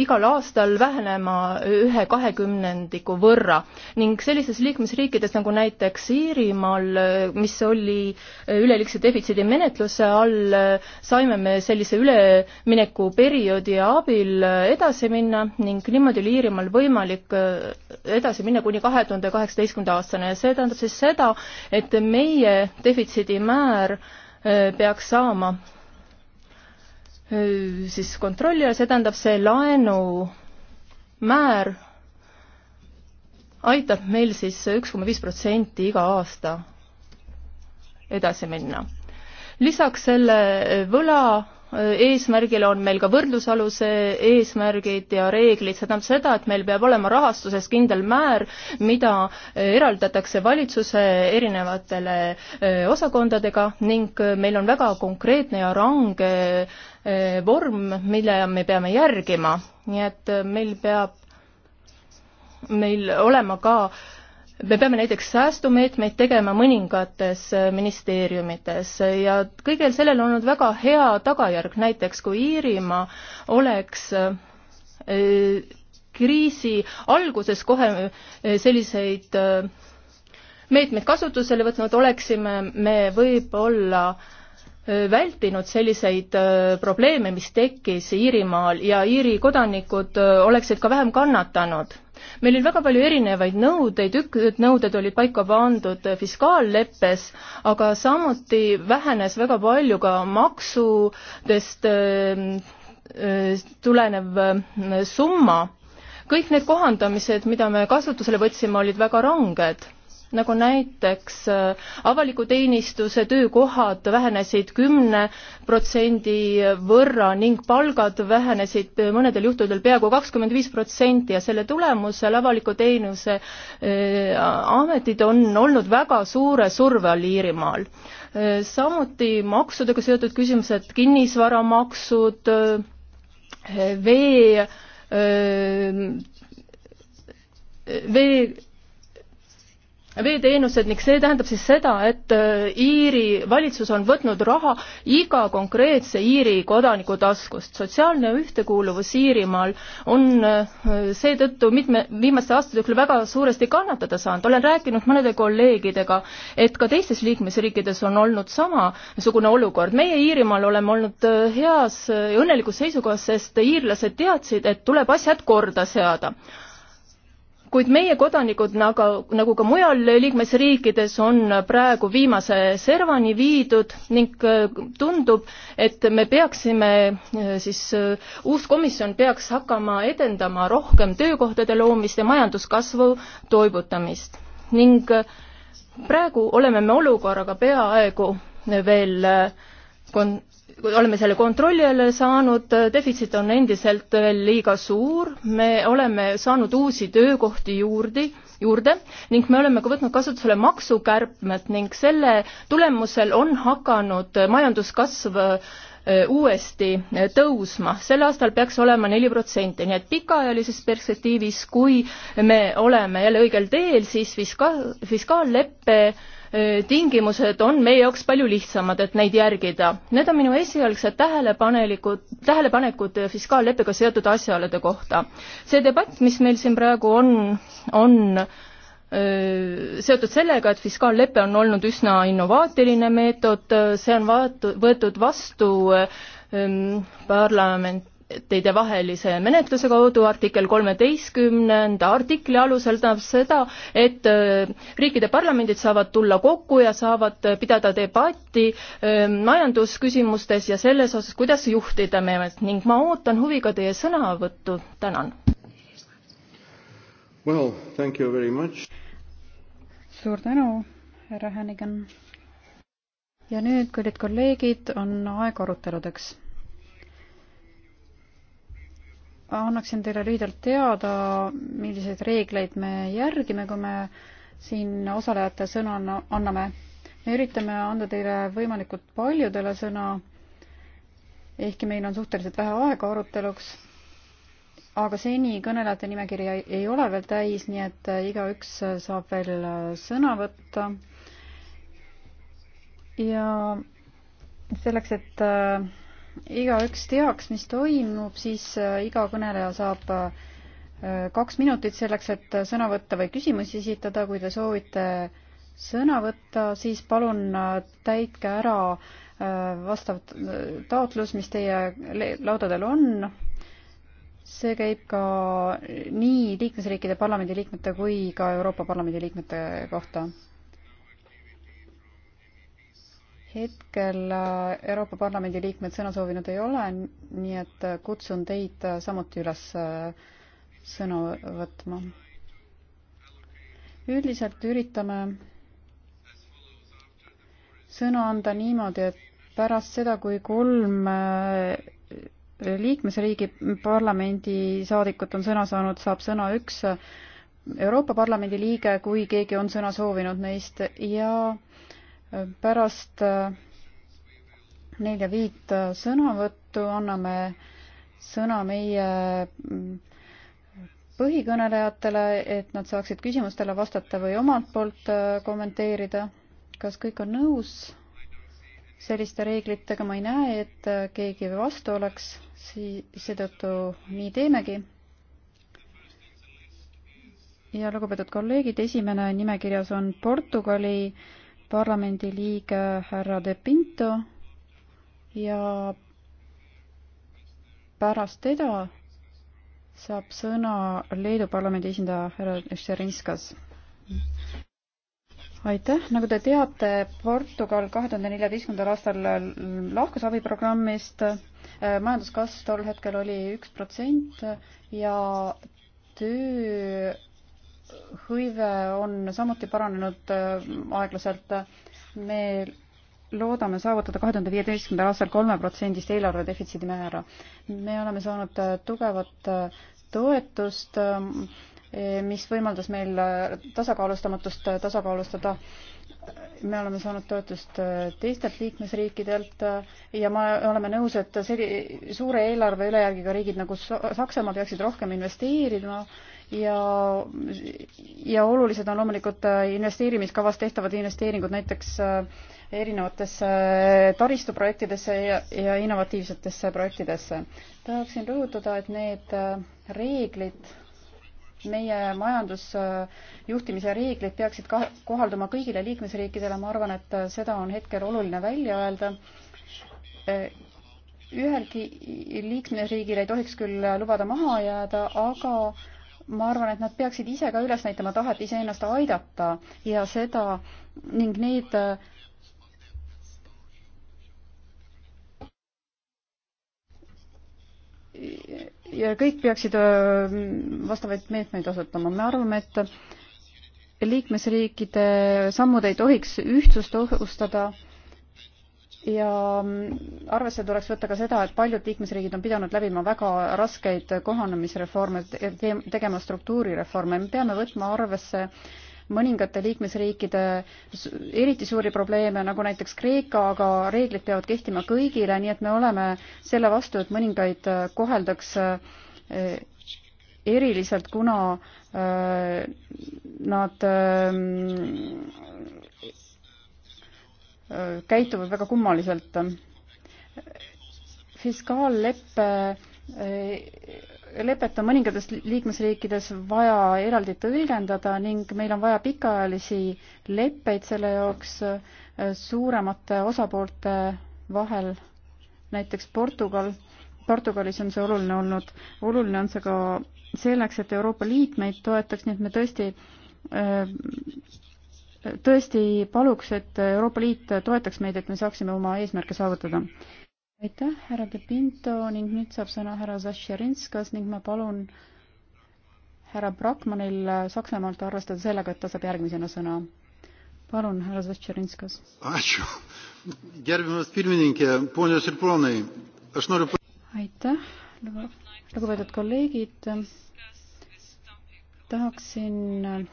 [SPEAKER 5] igal aastal vähenema ühe kahekümnendiku võrra. ning sellises liikmesriikides nagu näiteks Iirimaal, mis oli üleliigse defitsiidi menetluse all, saime me sellise üleminekuperioodi abil edasi minna ning niimoodi oli Iirimaal võimalik edasi minna kuni kahe tuhande kaheksateistkümnenda aastani ja see tähendab siis seda, et meie defitsiidimäär peaks saama siis kontrolli all, see tähendab, see laenumäär aitab meil siis üks koma viis protsenti iga aasta edasi minna. lisaks selle võla eesmärgil on meil ka võrdlusaluse eesmärgid ja reeglid, see tähendab seda, et meil peab olema rahastuses kindel määr, mida eh, eraldatakse valitsuse erinevatele eh, osakondadega ning eh, meil on väga konkreetne ja range vorm, mille me peame järgima, nii et meil peab meil olema ka äh, me peame näiteks säästumeetmeid tegema mõningates äh, ministeeriumites ja kõigel sellel on olnud väga hea tagajärg, näiteks kui Iirimaa oleks äh, kriisi alguses kohe äh, selliseid meetmeid kasutusele võtnud, oleksime me võib-olla vältinud selliseid probleeme, mis tekkis Iirimaal ja Iiri kodanikud oleksid ka vähem kannatanud meil oli väga palju erinevaid nõudeid, üks nõuded olid paika pandud fiskaalleppes, aga samuti vähenes väga palju ka maksudest äh, äh, tulenev äh, summa. kõik need kohandamised, mida me kasutusele võtsime, olid väga ranged nagu näiteks äh, avaliku teenistuse töökohad vähenesid kümne protsendi võrra ning palgad vähenesid mõnedel juhtudel peaaegu kakskümmend viis protsenti ja selle tulemusel avaliku teenuse äh, ametid on olnud väga suure surve all Iirimaal. Äh, samuti maksudega seotud küsimused, kinnisvaramaksud, vee, vee veeteenused ning see tähendab siis seda, et äh, Iiri valitsus on võtnud raha iga konkreetse Iiri kodaniku taskust. sotsiaalne ühtekuuluvus Iirimaal on äh, seetõttu mitme, viimaste aastate jooksul väga suuresti kannatada saanud. olen rääkinud mõnede kolleegidega, et ka teistes liikmesriikides on olnud samasugune olukord. meie Iirimaal oleme olnud äh, heas ja õnnelikus seisukohas, sest iirlased teadsid, et tuleb asjad korda seada kuid meie kodanikud, nagu, nagu ka mujal liikmesriikides, on praegu viimase servani viidud ning äh, tundub, et me peaksime äh, siis, äh, uus komisjon peaks hakkama edendama rohkem töökohtade loomist ja majanduskasvu toibutamist. ning praegu oleme me olukorraga peaaegu veel kon-, oleme selle kontrolli alla saanud, defitsiit on endiselt veel liiga suur, me oleme saanud uusi töökohti juurde, juurde ning me oleme ka võtnud kasutusele maksukärpmed ning selle tulemusel on hakanud majanduskasv äh, uuesti äh, tõusma, sel aastal peaks olema neli protsenti, nii et pikaajalises perspektiivis, kui me oleme jälle õigel teel, siis fiska-, fiskaalleppe tingimused on meie jaoks palju lihtsamad, et neid järgida. Need on minu esialgsed tähelepanelikud, tähelepanekud fiskaalleppega seotud asjaolude kohta. see debatt, mis meil siin praegu on, on seotud sellega, et fiskaallepe on olnud üsna innovaatiline meetod, see on vaat-, võetud vastu parlament, teedevahelise menetluse kaudu artikkel kolmeteistkümnenda artikli alusel tähendab seda, et äh, riikide parlamendid saavad tulla kokku ja saavad pidada debatti äh, majandusküsimustes ja selles osas, kuidas juhtida meie ning ma ootan huviga teie sõnavõttu, tänan.
[SPEAKER 1] Well, thank you very much.
[SPEAKER 5] suur tänu,
[SPEAKER 6] härra Hänigan. ja nüüd, kallid kolleegid, on aeg aruteludeks annaksin teile lühidalt teada, milliseid reegleid me järgime, kui me siin osalejate sõna anname. me üritame anda teile võimalikult paljudele sõna, ehkki meil on suhteliselt vähe aega aruteluks, aga seni kõnelejate nimekiri ei ole veel täis, nii et äh, igaüks äh, saab veel äh, sõna võtta. ja selleks, et igaüks teaks, mis toimub, siis äh, iga kõneleja saab äh, kaks minutit selleks, et äh, sõna võtta või küsimusi esitada, kui te soovite sõna võtta, siis palun täitke ära vastav taotlus, mis teie laudadel on. see käib ka nii liikmesriikide parlamendiliikmete kui ka Euroopa Parlamendi liikmete kohta hetkel äh, Euroopa Parlamendi liikmed sõna soovinud ei ole, nii et äh, kutsun teid äh, samuti üles sõna võtma. üldiselt üritame sõna anda niimoodi, et pärast seda, kui kolm liikmesriigi parlamendi saadikut on sõna saanud, saab sõna üks Euroopa Parlamendi liige, kui keegi on sõna soovinud neist ja pärast äh, nelja-viit äh, sõnavõttu anname sõna meie mm, põhikõnelejatele, et nad saaksid küsimustele vastata või omalt poolt äh, kommenteerida. kas kõik on nõus selliste reeglitega? ma ei näe, et keegi vastu oleks, seetõttu nii teemegi. ja lugupeetud kolleegid, esimene nimekirjas on Portugali äh, parlamendiliige härra De Pinto ja pärast teda saab sõna Leedu parlamendi esindaja härra Šerinskas. aitäh, nagu te teate, Portugal kahe tuhande neljateistkümnendal aastal lahkus abiprogrammist, majanduskasv tol hetkel oli üks protsent ja töö hõive on samuti paranenud äh, aeglaselt. me loodame saavutada kahe tuhande viieteistkümnendal aastal kolme protsendist eelarve defitsiidi määra. me oleme saanud äh, tugevat äh, toetust, mis võimaldas meil tasakaalustamatust tasakaalustada. me oleme saanud toetust teistelt liikmesriikidelt ja me oleme nõus, et selli-, suure eelarve ülejärgiga riigid nagu Saksamaa peaksid rohkem investeerima no, ja, ja olulised on loomulikult äh, investeerimiskavas tehtavad investeeringud näiteks äh, erinevatesse äh, taristuprojektidesse ja, ja innovatiivsetesse projektidesse. tahaksin rõhutada, et need reeglid, meie majandusjuhtimise reeglid peaksid ka kohalduma kõigile liikmesriikidele, ma arvan, et seda on hetkel oluline välja öelda ühelgi liikmesriigil ei tohiks küll lubada maha jääda, aga ma arvan, et nad peaksid ise ka üles näitama tahet iseennast aidata ja seda ning need ja kõik peaksid äh, vastavaid meetmeid kasutama. me arvame, et liikmesriikide sammud ei tohiks ühtsust ohustada ja mm, arvesse tuleks võtta ka seda, et paljud liikmesriigid on pidanud läbima väga raskeid kohanemisreforme, tegema struktuurireforme, me peame võtma arvesse mõningate liikmesriikide eriti suuri probleeme, nagu näiteks Kreeka, aga reeglid peavad kehtima kõigile, nii et me oleme selle vastu, et mõningaid äh, koheldaks äh, eriliselt, kuna äh, nad ähm, käituvad väga kummaliselt. fiskaalleppe lepet on mõningates liikmesriikides vaja eraldi tõlgendada ning meil on vaja pikaajalisi leppeid selle jaoks suuremate osapoolte vahel, näiteks Portugal. Portugalis on see oluline olnud, oluline on see ka selleks, et Euroopa Liit meid toetaks, nii et me tõesti tõesti paluks, et Euroopa Liit toetaks meid, et me saaksime oma eesmärke saavutada. aitäh, härra De Pinto ning nüüd saab sõna härra Zašerinskas ning ma palun härra Brackmanil Saksamaalt arvestada sellega, et ta saab järgmisena sõna. palun, härra Zašerinskas. aitäh, lugupeetud kolleegid. tahaksin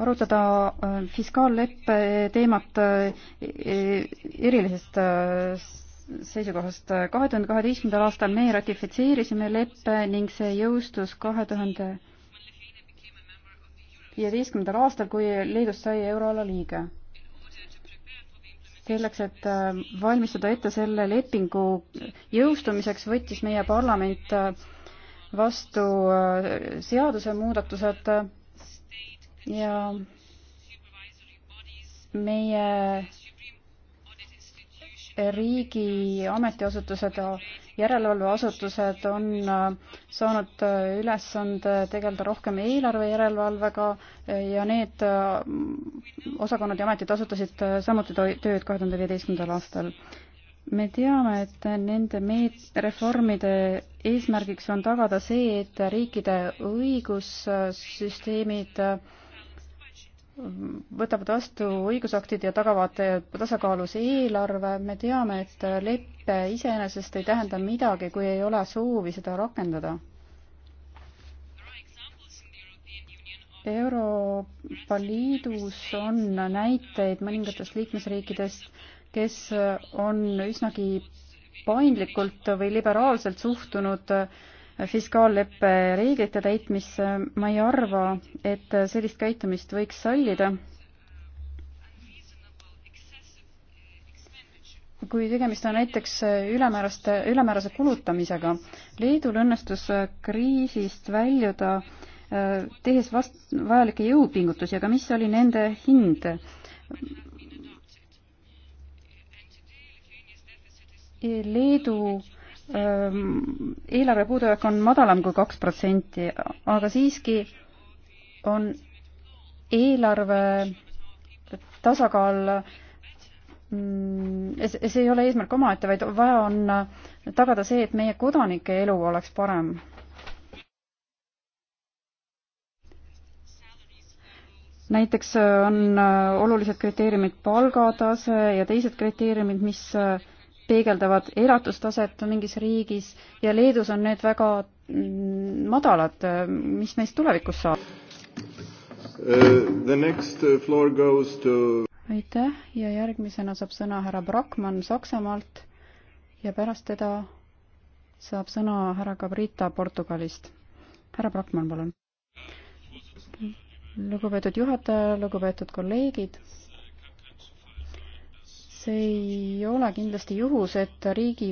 [SPEAKER 6] arutada äh, fiskaalleppe teemat äh, äh, erilisest seisukohast. kahe tuhande kaheteistkümnendal aastal me ratifitseerisime leppe ning see jõustus kahe tuhande viieteistkümnendal aastal, kui Leedust sai euroala liige. selleks, et valmistada ette selle lepingu jõustumiseks, võttis meie parlament vastu seadusemuudatused ja meie riigi ametiasutused ja järelevalveasutused on äh, saanud äh, ülesande tegeleda rohkem eelarve järelevalvega äh, ja need osakonnad ja ametid asutasid samuti tööd kahe tuhande viieteistkümnendal aastal. me teame, et nende meet-, reformide eesmärgiks on tagada see, et riikide õigussüsteemid äh, võtavad vastu õigusaktid ja tagavad tasakaalus eelarve. me teame, et leppe iseenesest ei tähenda midagi, kui ei ole soovi seda rakendada. Euroopa Liidus on näiteid mõningatest liikmesriikidest, kes on üsnagi paindlikult või liberaalselt suhtunud äh, fiskaalleppe reeglite täitmisse. ma ei arva, et sellist käitumist võiks sallida. kui tegemist on näiteks ülemääraste, ülemäärase kulutamisega. Leedul õnnestus kriisist väljuda tehes vast-, vajalikke jõupingutusi, aga mis oli nende hind?
[SPEAKER 7] Leedu
[SPEAKER 6] eelarve puudujääk on madalam kui kaks protsenti, aga siiski on eelarve tasakaal mm, see ei ole eesmärk omaette, vaid vaja on tagada see, et meie kodanike elu oleks parem. näiteks äh, on äh, olulised kriteeriumid palgatase ja teised kriteeriumid, mis äh, peegeldavad elatustaset mingis riigis ja Leedus on need väga mm, madalad, mis neist tulevikus saab
[SPEAKER 1] uh,? uh to...
[SPEAKER 6] aitäh ja järgmisena saab sõna härra Brackmann Saksamaalt ja pärast teda saab sõna härra Gabrita Portugalist. härra Brackmann, palun. lugupeetud juhataja, lugupeetud kolleegid see ei ole kindlasti juhus, et riigi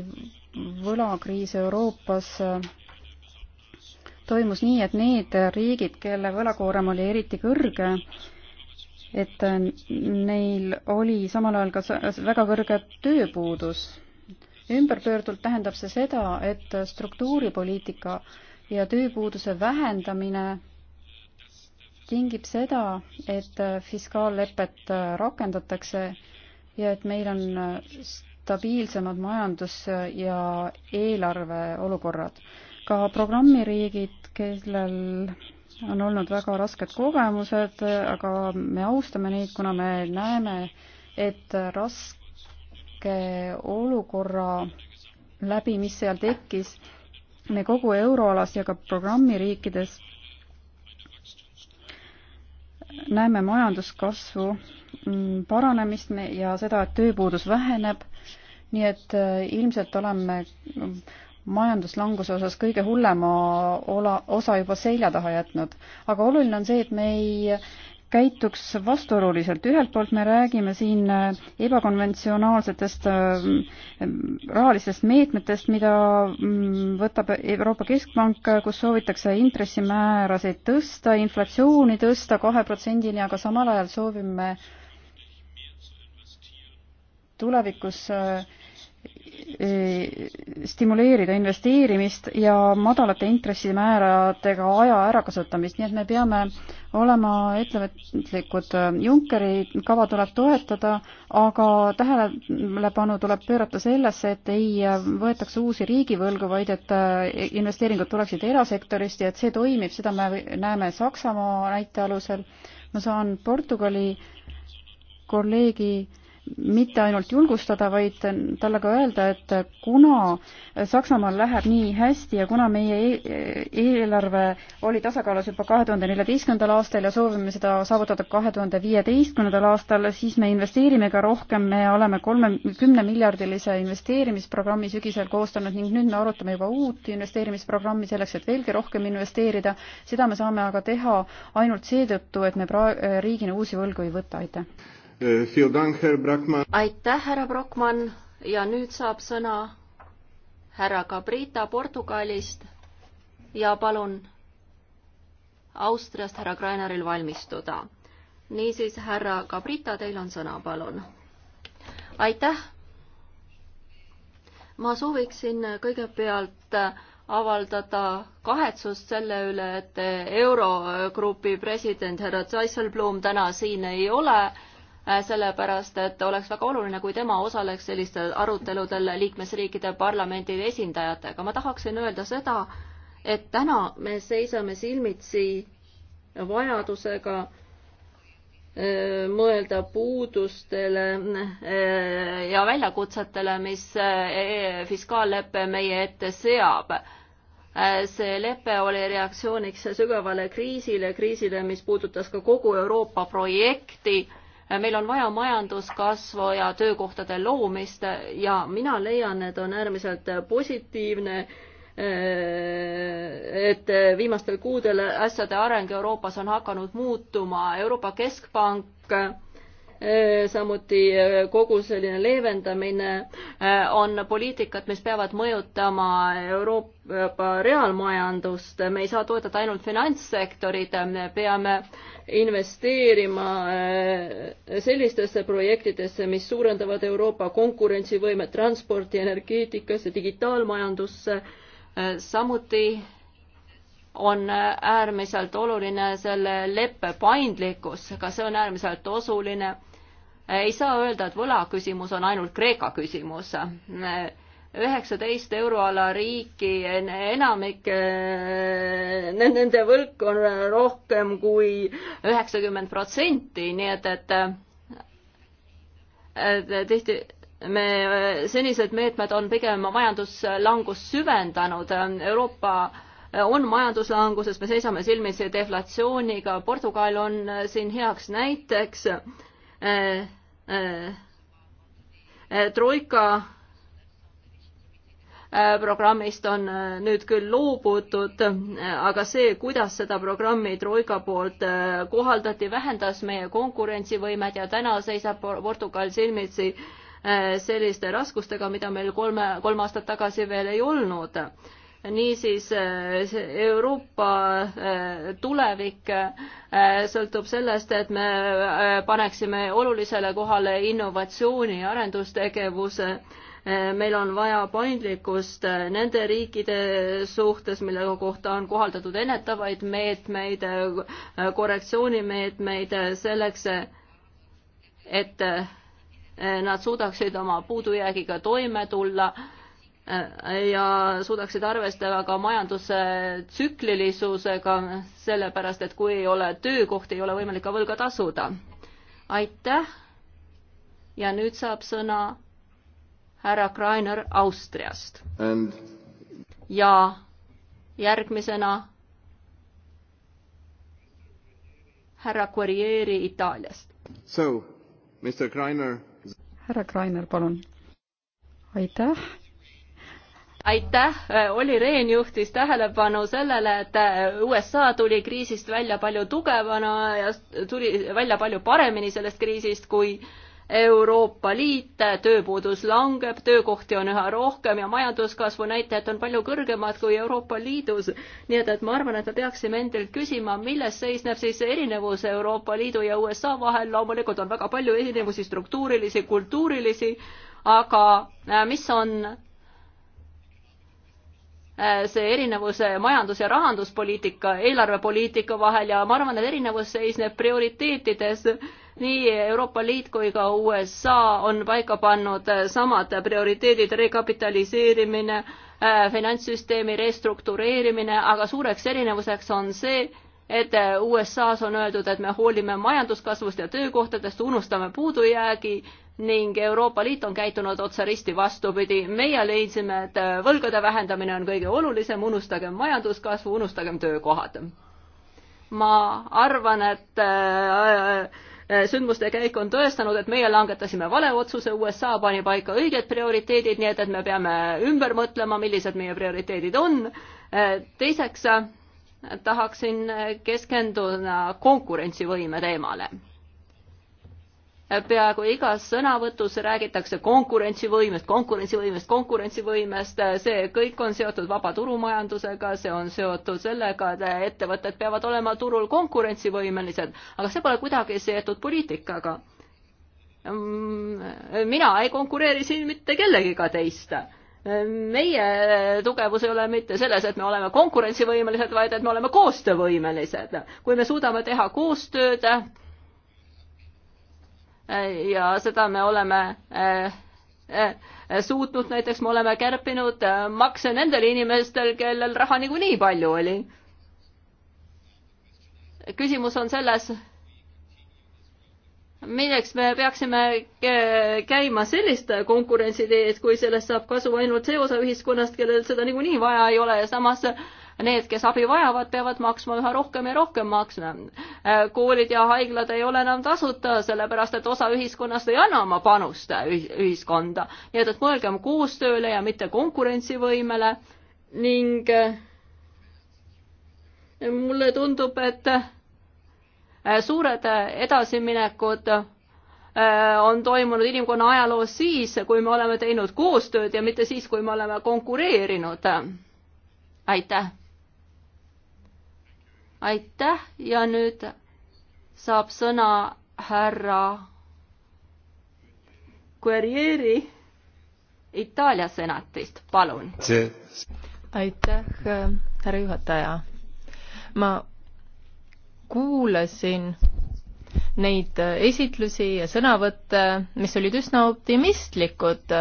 [SPEAKER 6] võlakriis Euroopas äh, toimus nii, et need riigid, kelle võlakoorem oli eriti kõrge, et äh, neil oli samal ajal ka väga kõrge tööpuudus. ümberpöördult tähendab see seda, et struktuuripoliitika ja tööpuuduse vähendamine tingib seda, et äh, fiskaallepet rakendatakse ja et meil on äh, stabiilsemad majandus- ja eelarveolukorrad. ka programmiriigid, kellel on olnud väga rasked kogemused, aga me austame neid, kuna me näeme, et raske olukorra läbi, mis seal tekkis, me kogu euroalas ja ka programmiriikides näeme majanduskasvu mm, paranemist ja seda, et tööpuudus väheneb, nii et äh, ilmselt oleme mm, majanduslanguse osas kõige hullema ola, osa juba selja taha jätnud. aga oluline on see, et me ei käituks vastuoluliselt, ühelt poolt me räägime siin äh, ebakonventsionaalsetest äh, rahalistest meetmetest, mida mm, võtab Euroopa Keskpank, kus soovitakse intressimäärasid tõsta, inflatsiooni tõsta kahe protsendini, aga samal ajal soovime tulevikus äh, Eh, stimuleerida investeerimist ja madalate intressimääradega aja ärakasutamist, nii et me peame olema ettevõtlikud. Junckeri kava tuleb toetada, aga tähelepanu tuleb pöörata sellesse, et ei võetaks uusi riigivõlgu, vaid et eh, investeeringud tuleksid erasektorist ja et see toimib, seda me näeme Saksamaa näite alusel. ma saan Portugali kolleegi äh, mitte ainult julgustada, vaid talle ka öelda, et kuna Saksamaal läheb nii hästi ja kuna meie e-, eelarve oli tasakaalus juba kahe tuhande neljateistkümnendal aastal ja soovime seda saavutada kahe tuhande viieteistkümnendal aastal, siis me investeerime ka rohkem, me oleme kolme, kümnemiljardilise investeerimisprogrammi sügisel koostanud ning nüüd me arutame juba uut investeerimisprogrammi selleks, et veelgi rohkem investeerida. seda me saame aga teha ainult seetõttu, et me pra-, riigina uusi võlgu ei võta, aitäh!
[SPEAKER 1] Eh,
[SPEAKER 2] aitäh, härra Brockmann ja nüüd saab sõna härra Cabrita Portugalist ja palun Austriast härra Graineril valmistuda. niisiis, härra Cabrita, teil on sõna, palun. aitäh. ma sooviksin kõigepealt avaldada kahetsust selle üle, et Eurogrupi president härra Dijsselbloem täna siin ei ole Äh, sellepärast et oleks väga oluline, kui tema osaleks sellistel aruteludel liikmesriikide parlamendide esindajatega. ma tahaksin öelda seda, et täna me seisame silmitsi vajadusega äh, mõelda puudustele äh, ja väljakutsetele, mis fiskaallepe meie ette seab. see lepe oli reaktsiooniks sügavale kriisile, kriisile, mis puudutas ka kogu Euroopa projekti meil on vaja majanduskasvu ja töökohtade loomist ja mina leian, et on äärmiselt positiivne, eh, et viimastel kuudel asjade areng Euroopas on hakanud muutuma, Euroopa Keskpank eh, samuti eh, kogu selline leevendamine on poliitikat, mis peavad mõjutama Euroopa reaalmajandust. me ei saa toetada ainult finantssektorit, me peame investeerima eh, sellistesse projektidesse, mis suurendavad Euroopa konkurentsivõimet transporti, energeetikasse, digitaalmajandusse. Eh, samuti on äärmiselt oluline selle leppe paindlikkus, ka see on äärmiselt osuline. Eh, ei saa öelda, et võlaküsimus on ainult Kreeka küsimus üheksateist euroala riiki, enamik eh, nende võlg on rohkem kui üheksakümmend protsenti, nii et, et tihti me, senised meetmed on pigem majanduslangust süvendanud, Euroopa on majanduslanguses, me seisame silmitsi deflatsiooniga, Portugal on siin heaks näiteks. Eh, eh, troika Äh, programmist on äh, nüüd küll loobutud, äh, aga see, kuidas seda programmi Troika poolt kohaldati, vähendas meie konkurentsivõimet ja täna seisab Portugal silmitsi selliste raskustega, mida meil kolme, kolm aastat tagasi veel ei olnud. niisiis Euroopa tulevik sõltub sellest, et me paneksime olulisele kohale innovatsiooni ja arendustegevuse Äh, meil on vaja paindlikkust äh, nende riikide suhtes, mille kohta on kohaldatud ennetavaid meetmeid, äh, korrektsioonimeetmeid selleks, et nad suudaksid oma puudujäägiga toime tulla ja suudaksid arvestada ka majanduse tsüklilisusega, sellepärast et kui ei ole töökohti, ei ole võimalik ka võlga tasuda. aitäh ja nüüd saab sõna härra Kreiner Austriast And.... ja järgmisena härra Guerrieri Itaaliast.
[SPEAKER 3] So, Mr Kreiner.
[SPEAKER 6] härra Kreiner, palun. aitäh
[SPEAKER 2] aitäh, Olli Rehn juhtis tähelepanu sellele, et USA tuli kriisist välja palju tugevana ja tuli välja palju paremini sellest kriisist kui äh, Euroopa Liit, tööpuudus langeb, töökohti on üha rohkem ja majanduskasvu näitajad on palju kõrgemad kui Euroopa Liidus. nii et, et ma arvan, et me peaksime endalt küsima, milles seisneb siis erinevus Euroopa Liidu ja USA vahel, loomulikult on väga palju erinevusi, struktuurilisi, kultuurilisi, aga äh, mis on äh, see erinevus äh, majandus- ja rahanduspoliitika, eelarvepoliitika vahel ja ma arvan, et erinevus seisneb prioriteetides nii Euroopa Liit kui ka USA on paika pannud samad prioriteedid, rekapitaliseerimine, äh, finantssüsteemi restruktureerimine, aga suureks erinevuseks on see, et USA-s on öeldud, et me hoolime majanduskasvust ja töökohtadest, unustame puudujäägi ning Euroopa Liit on käitunud otse risti vastupidi. meie leidsime, et võlgade vähendamine on kõige olulisem, unustagem majanduskasvu, unustagem töökohad. ma arvan, et äh, Äh, sündmuste käik on tõestanud, et meie langetasime vale otsuse, USA pani paika õiged prioriteedid, nii et, et me peame ümber mõtlema, millised meie prioriteedid on. Äh, teiseks äh, tahaksin keskenduda konkurentsivõime teemale peaaegu igas sõnavõtus räägitakse konkurentsivõimest, konkurentsivõimest, konkurentsivõimest, see kõik on seotud vaba turumajandusega, see on seotud sellega, et ettevõtted peavad olema turul konkurentsivõimelised, aga see pole kuidagi seotud poliitikaga. Mm, mina ei konkureeri siin mitte kellegiga teist meie tugevus ei ole mitte selles, et me oleme konkurentsivõimelised, vaid et me oleme koostöövõimelised. kui me suudame teha koostööd ja seda me oleme eh, eh, suutnud, näiteks me oleme kärpinud eh, makse nendel inimestel, kellel raha niikuinii palju oli. küsimus on selles, milleks me peaksime käima selliste konkurentside ees, kui sellest saab kasu ainult see osa ühiskonnast, kellel seda niikuinii vaja ei ole ja samas need, kes abi vajavad, peavad maksma üha rohkem ja rohkem maksma. Äh, koolid ja haiglad ei ole enam tasuta, sellepärast et osa ühiskonnast ei anna oma panust äh, ühiskonda. nii et, et mõelgem koostööle ja mitte konkurentsivõimele ning äh, mulle tundub, et suured edasiminekud on toimunud inimkonna ajaloos siis, kui me oleme teinud koostööd ja mitte siis, kui me oleme konkureerinud. aitäh! aitäh ja nüüd saab sõna härra Guerrieri Itaalia senatist, palun. aitäh, härra juhataja. ma
[SPEAKER 5] kuulasin neid esitlusi ja sõnavõtte, mis olid üsna optimistlikud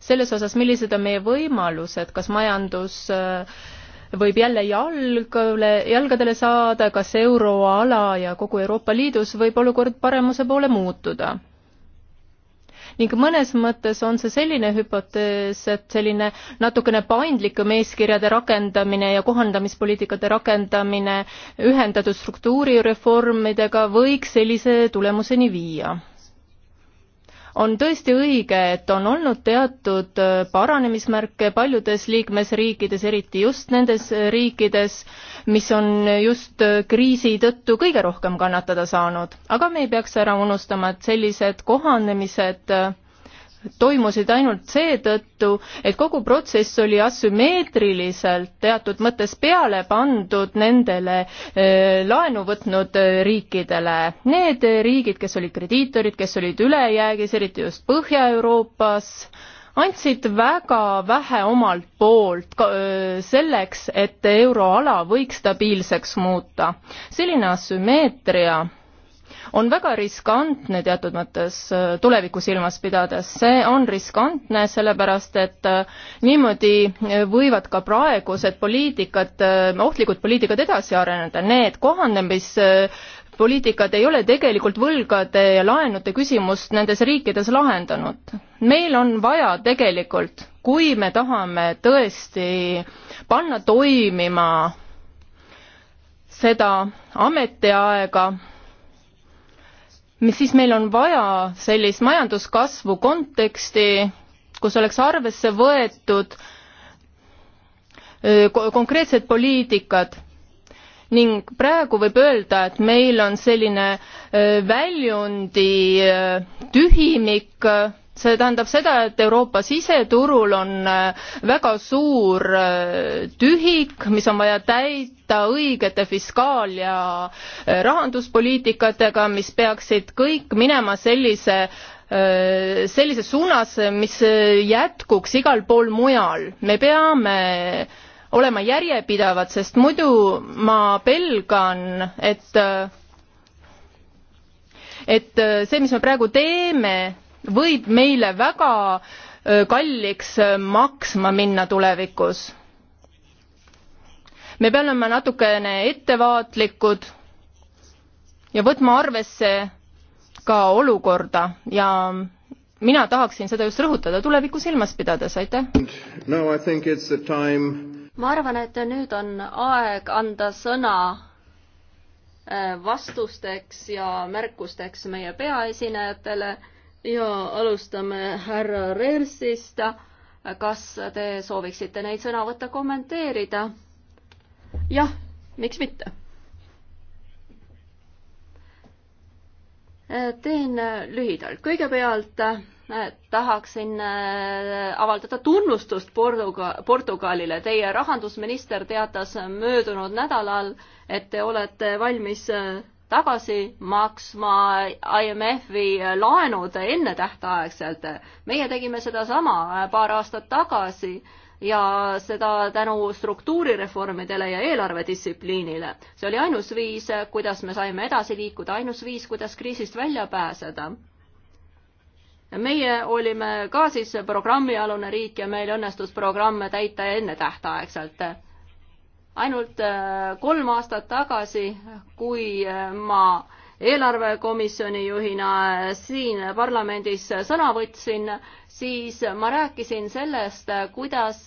[SPEAKER 5] selles osas, millised on meie võimalused, kas majandus äh, võib jälle jalgale, jalgadele saada, kas euroala ja kogu Euroopa Liidus võib olukord paremuse poole muutuda. ning mõnes mõttes on see selline hüpotees, et selline natukene paindlikum eeskirjade rakendamine ja kohandamispoliitikate rakendamine ühendatud struktuurireformidega võiks sellise tulemuseni viia on tõesti õige, et on olnud teatud äh, paranemismärke paljudes liikmesriikides, eriti just nendes äh, riikides, mis on just äh, kriisi tõttu kõige rohkem kannatada saanud. aga me ei peaks ära unustama, et sellised kohanemised toimusid ainult seetõttu, et kogu protsess oli asümmeetriliselt teatud mõttes peale pandud nendele laenu võtnud riikidele. Need riigid, kes olid krediitorid, kes olid ülejäägis, eriti just Põhja-Euroopas, andsid väga vähe omalt poolt selleks, et euroala võiks stabiilseks muuta. selline asümmeetria on väga riskantne teatud mõttes äh, tulevikku silmas pidades. see on riskantne, sellepärast et äh, niimoodi äh, võivad ka praegused poliitikad, ohtlikud poliitikad edasi areneda, need kohanemis poliitikad ei ole tegelikult võlgade ja laenude küsimust nendes riikides lahendanud. meil on vaja tegelikult, kui me tahame tõesti panna toimima seda ametiaega, mis siis meil on vaja sellist majanduskasvu konteksti, kus oleks arvesse võetud konkreetsed poliitikad ning praegu võib öelda, et meil on selline väljundi tühimik see tähendab seda, et Euroopa siseturul on äh, väga suur äh, tühik, mis on vaja täita õigete fiskaal- ja äh, rahanduspoliitikatega, mis peaksid kõik minema sellise sellises suunas, mis jätkuks igal pool mujal. me peame olema järjepidevad, sest muidu ma pelgan, et et see, mis me praegu teeme, võib meile väga kalliks maksma minna tulevikus. me peame olema natukene ettevaatlikud ja võtma arvesse ka olukorda ja mina
[SPEAKER 2] tahaksin seda just
[SPEAKER 5] rõhutada tulevikku silmas pidades, aitäh
[SPEAKER 1] no,! ma
[SPEAKER 2] arvan, et nüüd on aeg anda sõna vastusteks ja märkusteks meie peaesinejatele ja alustame härra Reersist. kas te sooviksite neid sõnavõtte kommenteerida? jah, miks mitte? teen lühidalt. kõigepealt eh, tahaksin eh, avaldada tunnustust Portuga-, Portugalile. Teie rahandusminister teatas möödunud nädalal, et te olete valmis eh, tagasi maksma IMF-i laenud ennetähtaegselt. meie tegime sedasama paar aastat tagasi ja seda tänu struktuurireformidele ja eelarvedistsipliinile. see oli ainus viis, kuidas me saime edasi liikuda, ainus viis, kuidas kriisist välja pääseda. meie olime ka siis programmialune riik ja meil õnnestus programme täita ennetähtaegselt ainult äh, kolm aastat tagasi, kui äh, ma eelarvekomisjoni juhina äh, siin parlamendis sõna võtsin, siis ma rääkisin sellest, kuidas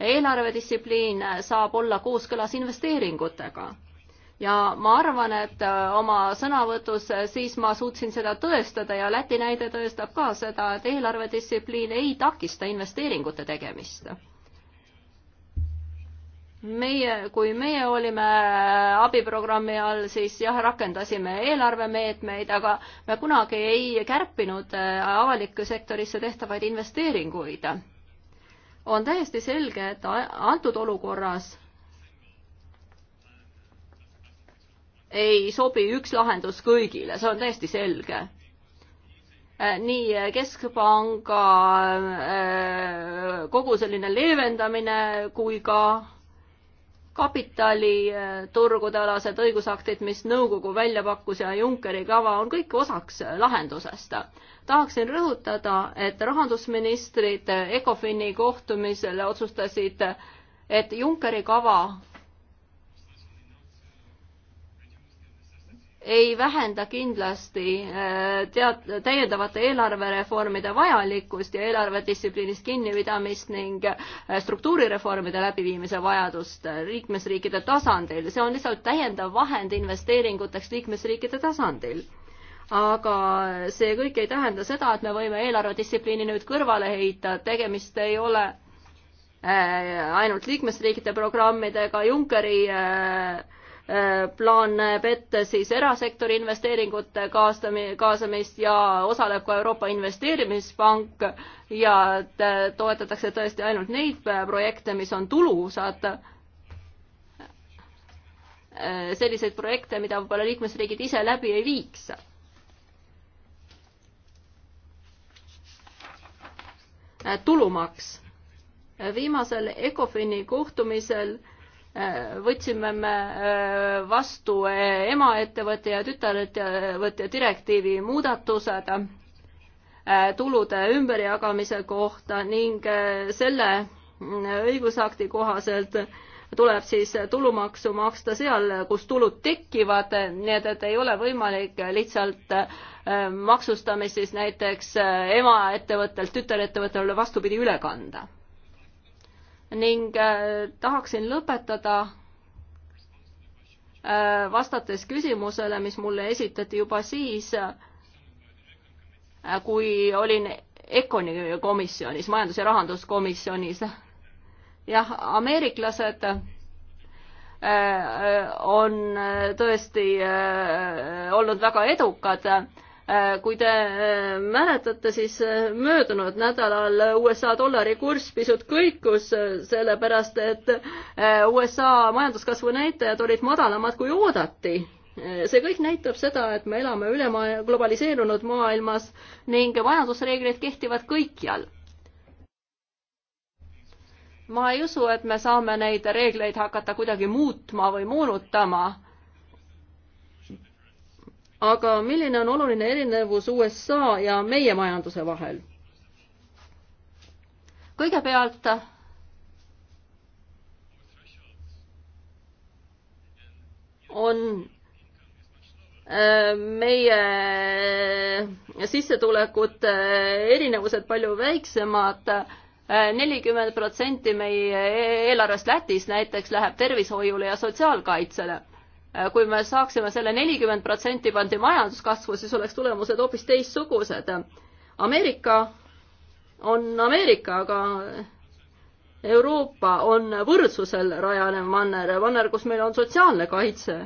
[SPEAKER 2] eelarvedistsipliin saab olla kooskõlas investeeringutega. ja ma arvan, et oma sõnavõtus siis ma suutsin seda tõestada ja Läti näide tõestab ka seda, et eelarvedistsipliin ei takista investeeringute tegemist meie, kui meie olime abiprogrammi all, siis jah, rakendasime eelarvemeetmeid, aga me kunagi ei kärpinud äh, avalikku sektorisse tehtavaid investeeringuid. on täiesti selge, et antud olukorras ei sobi üks lahendus kõigile, see on täiesti selge äh, nii keskpanga äh, kogu selline leevendamine kui ka kapitaliturgudealased äh, õigusaktid, mis nõukogu välja pakkus ja Junckeri kava on kõik osaks äh, lahendusest. tahaksin rõhutada, et rahandusministrid ECOFIN-i kohtumisel otsustasid, et Junckeri kava ei vähenda kindlasti äh, tead-, täiendavate eelarvereformide vajalikkust ja eelarvedistsipliinist kinnipidamist ning äh, struktuurireformide läbiviimise vajadust äh, liikmesriikide tasandil. see on lihtsalt täiendav vahend investeeringuteks liikmesriikide tasandil. aga see kõik ei tähenda seda, et me võime eelarvedistsipliini nüüd kõrvale heita, tegemist ei ole ainult liikmesriikide programmidega, Junckeri äh, Äh, plaan näeb ette siis erasektori investeeringute kaasamist ja osaleb ka Euroopa Investeerimispank ja äh, toetatakse tõesti ainult neid äh, projekte, mis on tulusad. selliseid projekte, mida võib-olla liikmesriigid ise läbi ei viiks tulumaks. viimasel ECOFIN-i kohtumisel võtsime me äh, vastu äh, emaettevõtte ja tütarettevõtte direktiivi muudatused äh, tulude ümberjagamise kohta ning selle õigusakti kohaselt tuleb siis tulumaksu maksta seal, kus tulud tekivad, nii et, et ei ole võimalik lihtsalt maksustamist siis näiteks emaettevõttelt tütarettevõttele vastupidi üle kanda ning äh, tahaksin lõpetada äh, vastates küsimusele, mis mulle esitati juba siis, äh, kui olin ECONi komisjonis, majandus- ja rahanduskomisjonis. jah, ameeriklased on tõesti olnud väga edukad Äh, kui te äh, mäletate, siis äh, möödunud nädalal USA dollari kurss pisut kõikus, sellepärast et USA majanduskasvu näitajad olid madalamad kui oodati. see kõik näitab seda, et me elame ülemaailma globaliseerunud maailmas ning majandusreeglid kehtivad kõikjal ma ei usu, et me saame neid reegleid hakata kuidagi muutma või moonutama aga milline on oluline erinevus USA ja meie majanduse vahel? kõigepealt on äh, meie sissetulekute äh, erinevused palju väiksemad äh, nelikümmend protsenti meie eelarvest Lätis näiteks läheb tervishoiule ja sotsiaalkaitsele. Äh, kui me saaksime selle nelikümmend protsenti pandi majanduskasvu, siis oleks tulemused hoopis teistsugused. Ameerika on Ameerika, aga Euroopa on võrdsusel rajanev manner, manner, kus meil on sotsiaalne kaitse.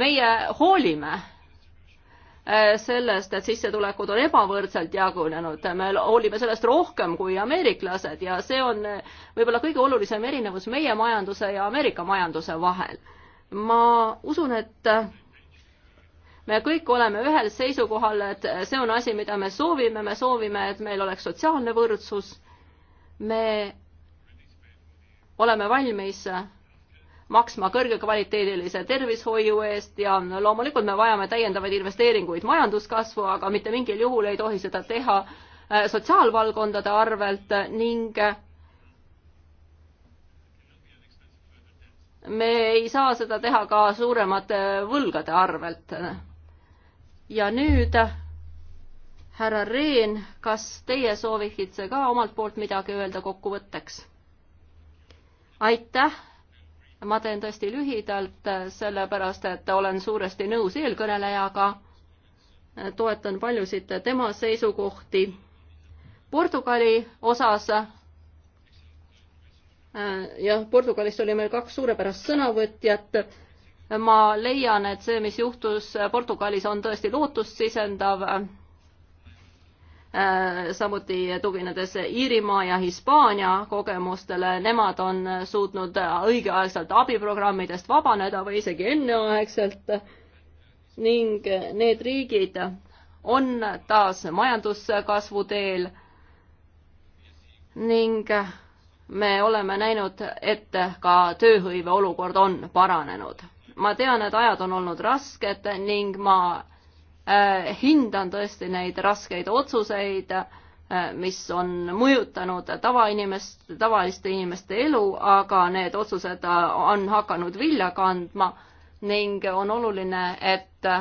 [SPEAKER 2] meie hoolime äh, sellest, et sissetulekud on ebavõrdselt jagunenud, me hoolime sellest rohkem kui ameeriklased ja see on äh, võib-olla kõige olulisem erinevus meie majanduse ja Ameerika majanduse vahel ma usun, et me kõik oleme ühel seisukohal, et see on asi, mida me soovime, me soovime, et meil oleks sotsiaalne võrdsus. me oleme valmis maksma kõrgekvaliteedilise tervishoiu eest ja loomulikult me vajame täiendavaid investeeringuid majanduskasvu, aga mitte mingil juhul ei tohi seda teha sotsiaalvaldkondade arvelt ning me ei saa seda teha ka suuremate võlgade arvelt. ja nüüd härra Rehn, kas teie sooviksite ka omalt poolt midagi öelda kokkuvõtteks? aitäh, ma teen tõesti lühidalt, sellepärast et olen suuresti nõus eelkõnelejaga, toetan paljusid tema seisukohti. Portugali osas Äh, jah, Portugalist oli meil kaks suurepärast sõnavõtjat. ma leian, et see, mis juhtus Portugalis, on tõesti lootust sisendav. Äh, samuti tuginedes Iirimaa ja Hispaania kogemustele, nemad on suutnud õigeaegselt abiprogrammidest vabaneda või isegi enneaegselt ning need riigid on taas majanduskasvu teel ning me oleme näinud, et ka tööhõive olukord on paranenud. ma tean, et ajad on olnud rasked ning ma äh, hindan tõesti neid raskeid otsuseid, äh, mis on mõjutanud tavainimest, tavaliste inimeste elu, aga need otsused äh, on hakanud vilja kandma ning on oluline, et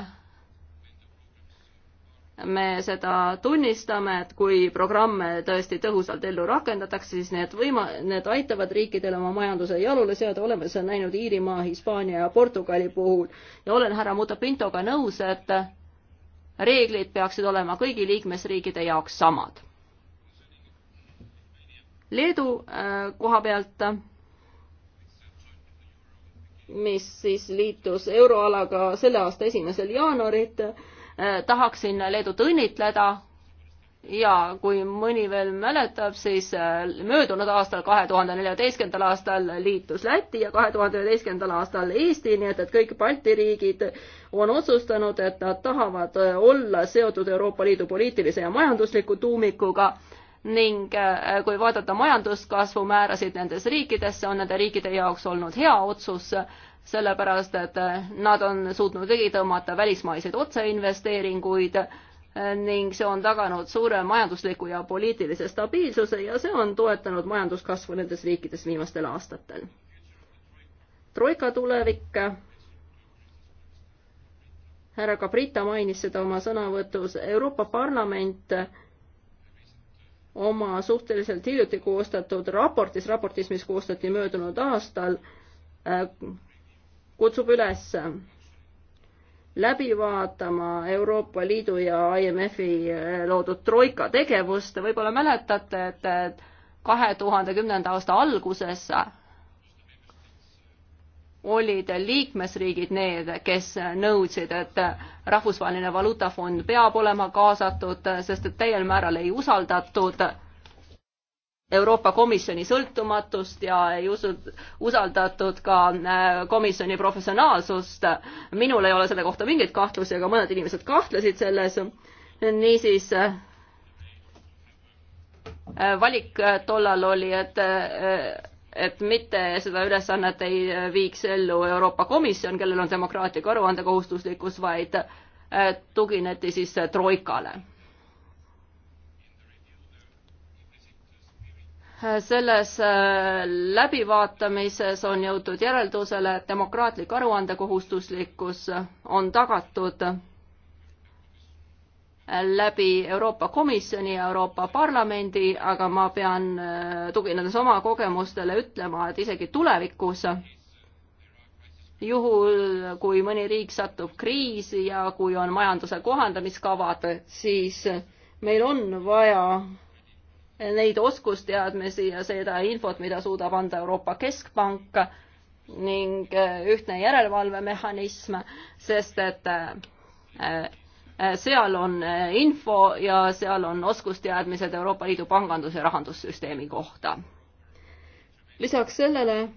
[SPEAKER 2] me seda tunnistame, et kui programme tõesti tõhusalt ellu rakendatakse, siis need võima-, need aitavad riikidel oma majanduse jalule seada, oleme seda näinud Iirimaa, Hispaania ja Portugali puhul ja olen härra Mutapintoga nõus, et reeglid peaksid olema kõigi liikmesriikide jaoks samad. Leedu äh, koha pealt, mis siis liitus euroalaga selle aasta esimesel jaanuaril, Äh, tahaksin Leedut õnnitleda ja kui mõni veel mäletab, siis äh, möödunud aastal, kahe tuhande neljateistkümnendal aastal liitus Läti ja kahe tuhande üheteistkümnendal aastal Eesti, nii et, et kõik Balti riigid on otsustanud, et nad tahavad äh, olla seotud Euroopa Liidu poliitilise ja majandusliku tuumikuga ning kui vaadata majanduskasvu määrasid nendes riikides, see on nende riikide jaoks olnud hea otsus sellepärast et eh, nad on suutnud ligi tõmmata välismaiseid otseinvesteeringuid eh, ning see on taganud suure majandusliku ja poliitilise stabiilsuse ja see on toetanud majanduskasvu nendes riikides viimastel aastatel. troika tulevik. härra Cabrita mainis seda oma sõnavõtus, Euroopa Parlament oma suhteliselt hiljuti koostatud raportis, raportis, mis koostati möödunud aastal, eh, kutsub üles läbi vaatama Euroopa Liidu ja IMF-i eh, loodud troika tegevust. võib-olla mäletate, et kahe tuhande kümnenda aasta alguses olid liikmesriigid need, kes nõudsid, et Rahvusvaheline Valuutafond peab olema kaasatud, sest et täiel määral ei usaldatud äh, Euroopa Komisjoni sõltumatust ja ei usud, usaldatud ka äh, komisjoni professionaalsust. minul ei ole selle kohta mingeid kahtlusi, aga mõned inimesed kahtlesid selles. niisiis äh, valik äh, tollal oli, et, et mitte seda ülesannet ei viiks ellu Euroopa Komisjon, kellel on demokraatliku aruande kohustuslikkus, vaid tugineti siis troikale selles äh, läbivaatamises on jõutud järeldusele, et demokraatlik aruandekohustuslikkus on tagatud läbi Euroopa Komisjoni ja Euroopa Parlamendi, aga ma pean äh, tuginedes oma kogemustele ütlema, et isegi tulevikus juhul, kui mõni riik satub kriisi ja kui on majanduse kohandamiskavad, siis meil on vaja neid oskusteadmisi ja seda infot, mida suudab anda Euroopa Keskpank ning äh, ühtne järelevalvemehhanism, sest et äh, äh, seal on info ja seal on oskusteadmised Euroopa Liidu pangandus- ja rahandussüsteemi kohta. lisaks sellele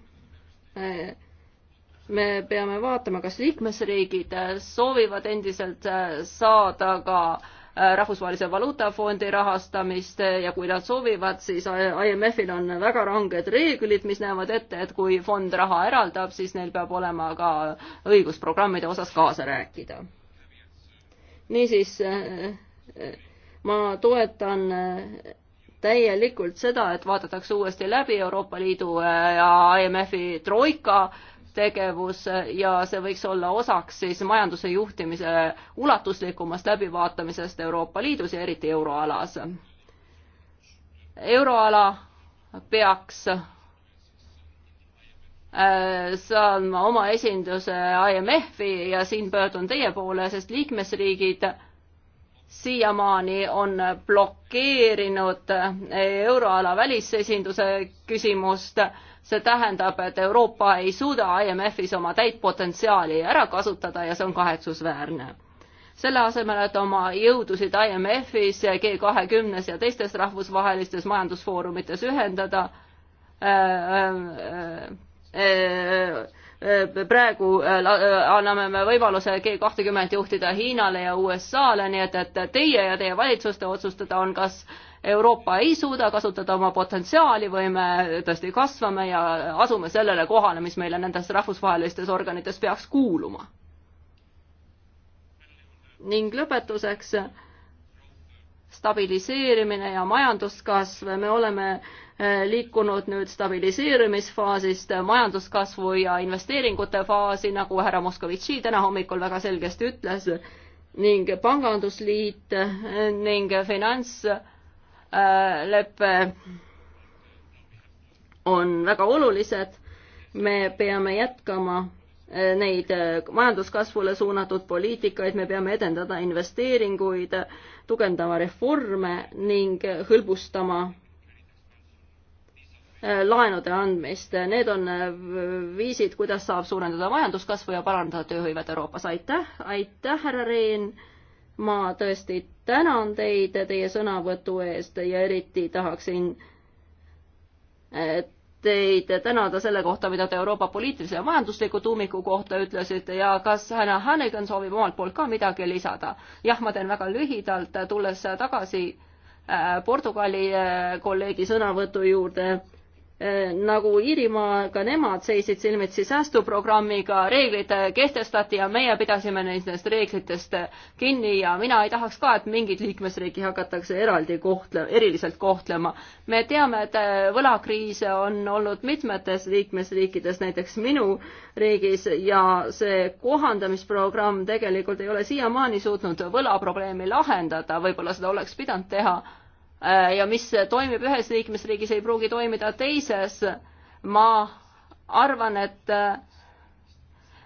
[SPEAKER 2] me peame vaatama, kas liikmesriigid soovivad endiselt saada ka äh, rahvusvahelise valuutafondi rahastamist ja kui nad soovivad, siis IMF-il on väga ranged reeglid, mis näevad ette, et kui fond raha eraldab, siis neil peab olema ka õigus programmide osas kaasa rääkida. niisiis ma toetan täielikult seda, et vaadatakse uuesti läbi Euroopa Liidu ja IMF-i troika äh, tegevus ja see võiks olla osaks siis majanduse juhtimise ulatuslikumast läbivaatamisest Euroopa Liidus ja eriti euroalas. euroala peaks äh, saama oma esinduse IMF-i ja siin pöördun teie poole, sest liikmesriigid siiamaani on blokeerinud euroala välisesinduse küsimust see tähendab, et Euroopa ei suuda IMF-is oma täit potentsiaali ära kasutada ja see on kahetsusväärne. selle asemel, et oma jõudusid IMF-is, G20-s ja teistes rahvusvahelistes majandusfoorumites ühendada äh,, äh, äh, äh, äh praegu äh, anname me võimaluse G kahtekümmet juhtida Hiinale ja USA-le, nii et, et teie ja teie valitsuste otsustada on, kas Euroopa ei suuda kasutada oma potentsiaali või me tõesti kasvame ja asume sellele kohale, mis meile nendes rahvusvahelistes organites peaks kuuluma. ning lõpetuseks stabiliseerimine ja majanduskasv, me oleme eh, liikunud nüüd stabiliseerimisfaasist eh, majanduskasvu ja investeeringute faasi, nagu härra Moskovitši täna hommikul väga selgesti ütles, ning pangandusliit eh, ning finants leppe on väga olulised. me peame jätkama äh, neid äh, majanduskasvule suunatud poliitikaid, me peame edendada investeeringuid, tugevdama reforme ning hõlbustama äh, laenude andmist. Need on viisid, kuidas saab suurendada majanduskasvu ja parandada tööhõivet Euroopas. aitäh, aitäh, härra Rehn ma tõesti tänan teid teie sõnavõtu eest ja eriti tahaksin eh, teid tänada selle kohta, mida te Euroopa poliitilise ja majandusliku tuumiku kohta ütlesite ja kas härra Hannigan soovib omalt poolt ka midagi lisada? jah, ma teen väga lühidalt, tulles tagasi eh, Portugali eh, kolleegi sõnavõtu juurde Äh, nagu Iirimaa, ka nemad seisid silmitsi säästuprogrammiga, reeglid äh, kehtestati ja meie pidasime nendest reeglitest äh, kinni ja mina ei tahaks ka, et mingit liikmesriiki hakatakse eraldi kohtle-, eriliselt kohtlema. me teame, et võlakriise on olnud mitmetes liikmesriikides, näiteks minu riigis, ja see kohandamisprogramm tegelikult ei ole siiamaani suutnud võlaprobleemi lahendada, võib-olla seda oleks pidanud teha Äh, ja mis toimib ühes liikmesriigis, ei pruugi toimida teises. ma arvan, et äh,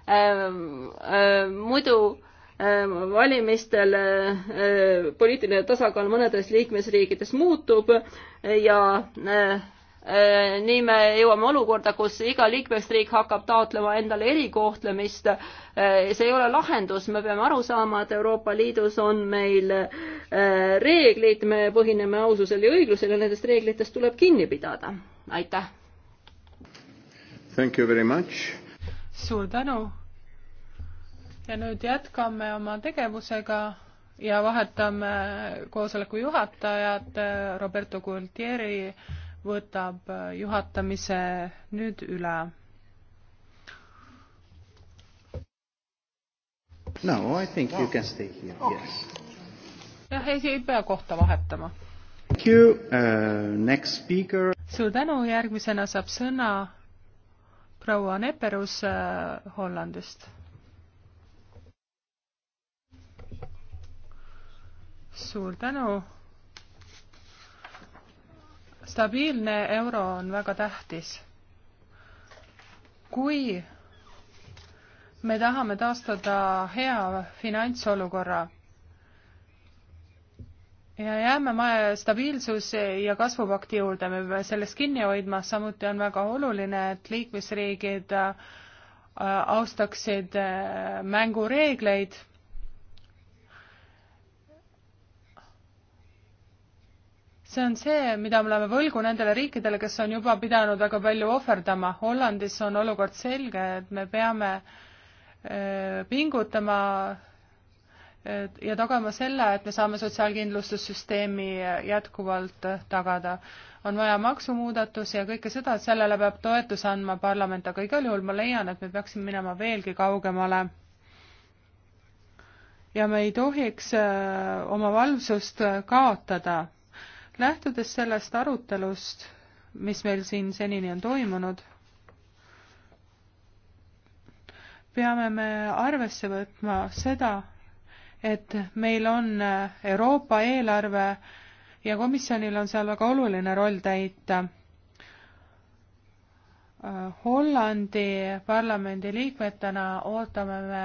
[SPEAKER 2] äh, muidu valimistel poliitiline tasakaal mõnedes liikmesriikides muutub ja Äh, nii me jõuame olukorda, kus iga liikmesriik hakkab taotlema endale erikohtlemist. Äh, see ei ole lahendus, me peame aru saama, et Euroopa Liidus on meil äh, reeglid, me põhineme aususel ja õiglusel
[SPEAKER 4] ja nendest reeglitest tuleb kinni pidada. aitäh! suur tänu! ja nüüd jätkame oma tegevusega ja vahetame koosoleku juhatajat Roberto Gualtieri võtab äh, juhatamise nüüd üle.
[SPEAKER 1] No, I think you can
[SPEAKER 3] stay here, yes.
[SPEAKER 4] jah, ei, ei pea kohta vahetama.
[SPEAKER 1] Thank you uh,, next speaker.
[SPEAKER 4] suur tänu, järgmisena saab sõna proua Neperus uh, Hollandist suur tänu stabiilne euro on väga tähtis. kui me tahame taastada hea finantsolukorra ja jääme stabiilsuse ja kasvupakti juurde, me peame sellest kinni hoidma, samuti on väga oluline, et liikmesriigid äh, austaksid äh, mängureegleid see on see, mida me oleme võlgu nendele riikidele, kes on juba pidanud väga palju ohverdama. Hollandis on olukord selge, et me peame äh, pingutama ja tagama selle, et me saame sotsiaalkindlustussüsteemi äh, jätkuvalt äh, tagada. on vaja maksumuudatusi ja kõike seda, et sellele peab toetuse andma parlament, aga igal juhul ma leian, et me peaksime minema veelgi kaugemale. ja me ei tohiks oma valvsust kaotada lähtudes sellest arutelust, mis meil siin senini on toimunud, peame me arvesse võtma seda, et meil on Euroopa eelarve ja komisjonil on seal väga oluline roll täita. Hollandi parlamendi liikmetena ootame me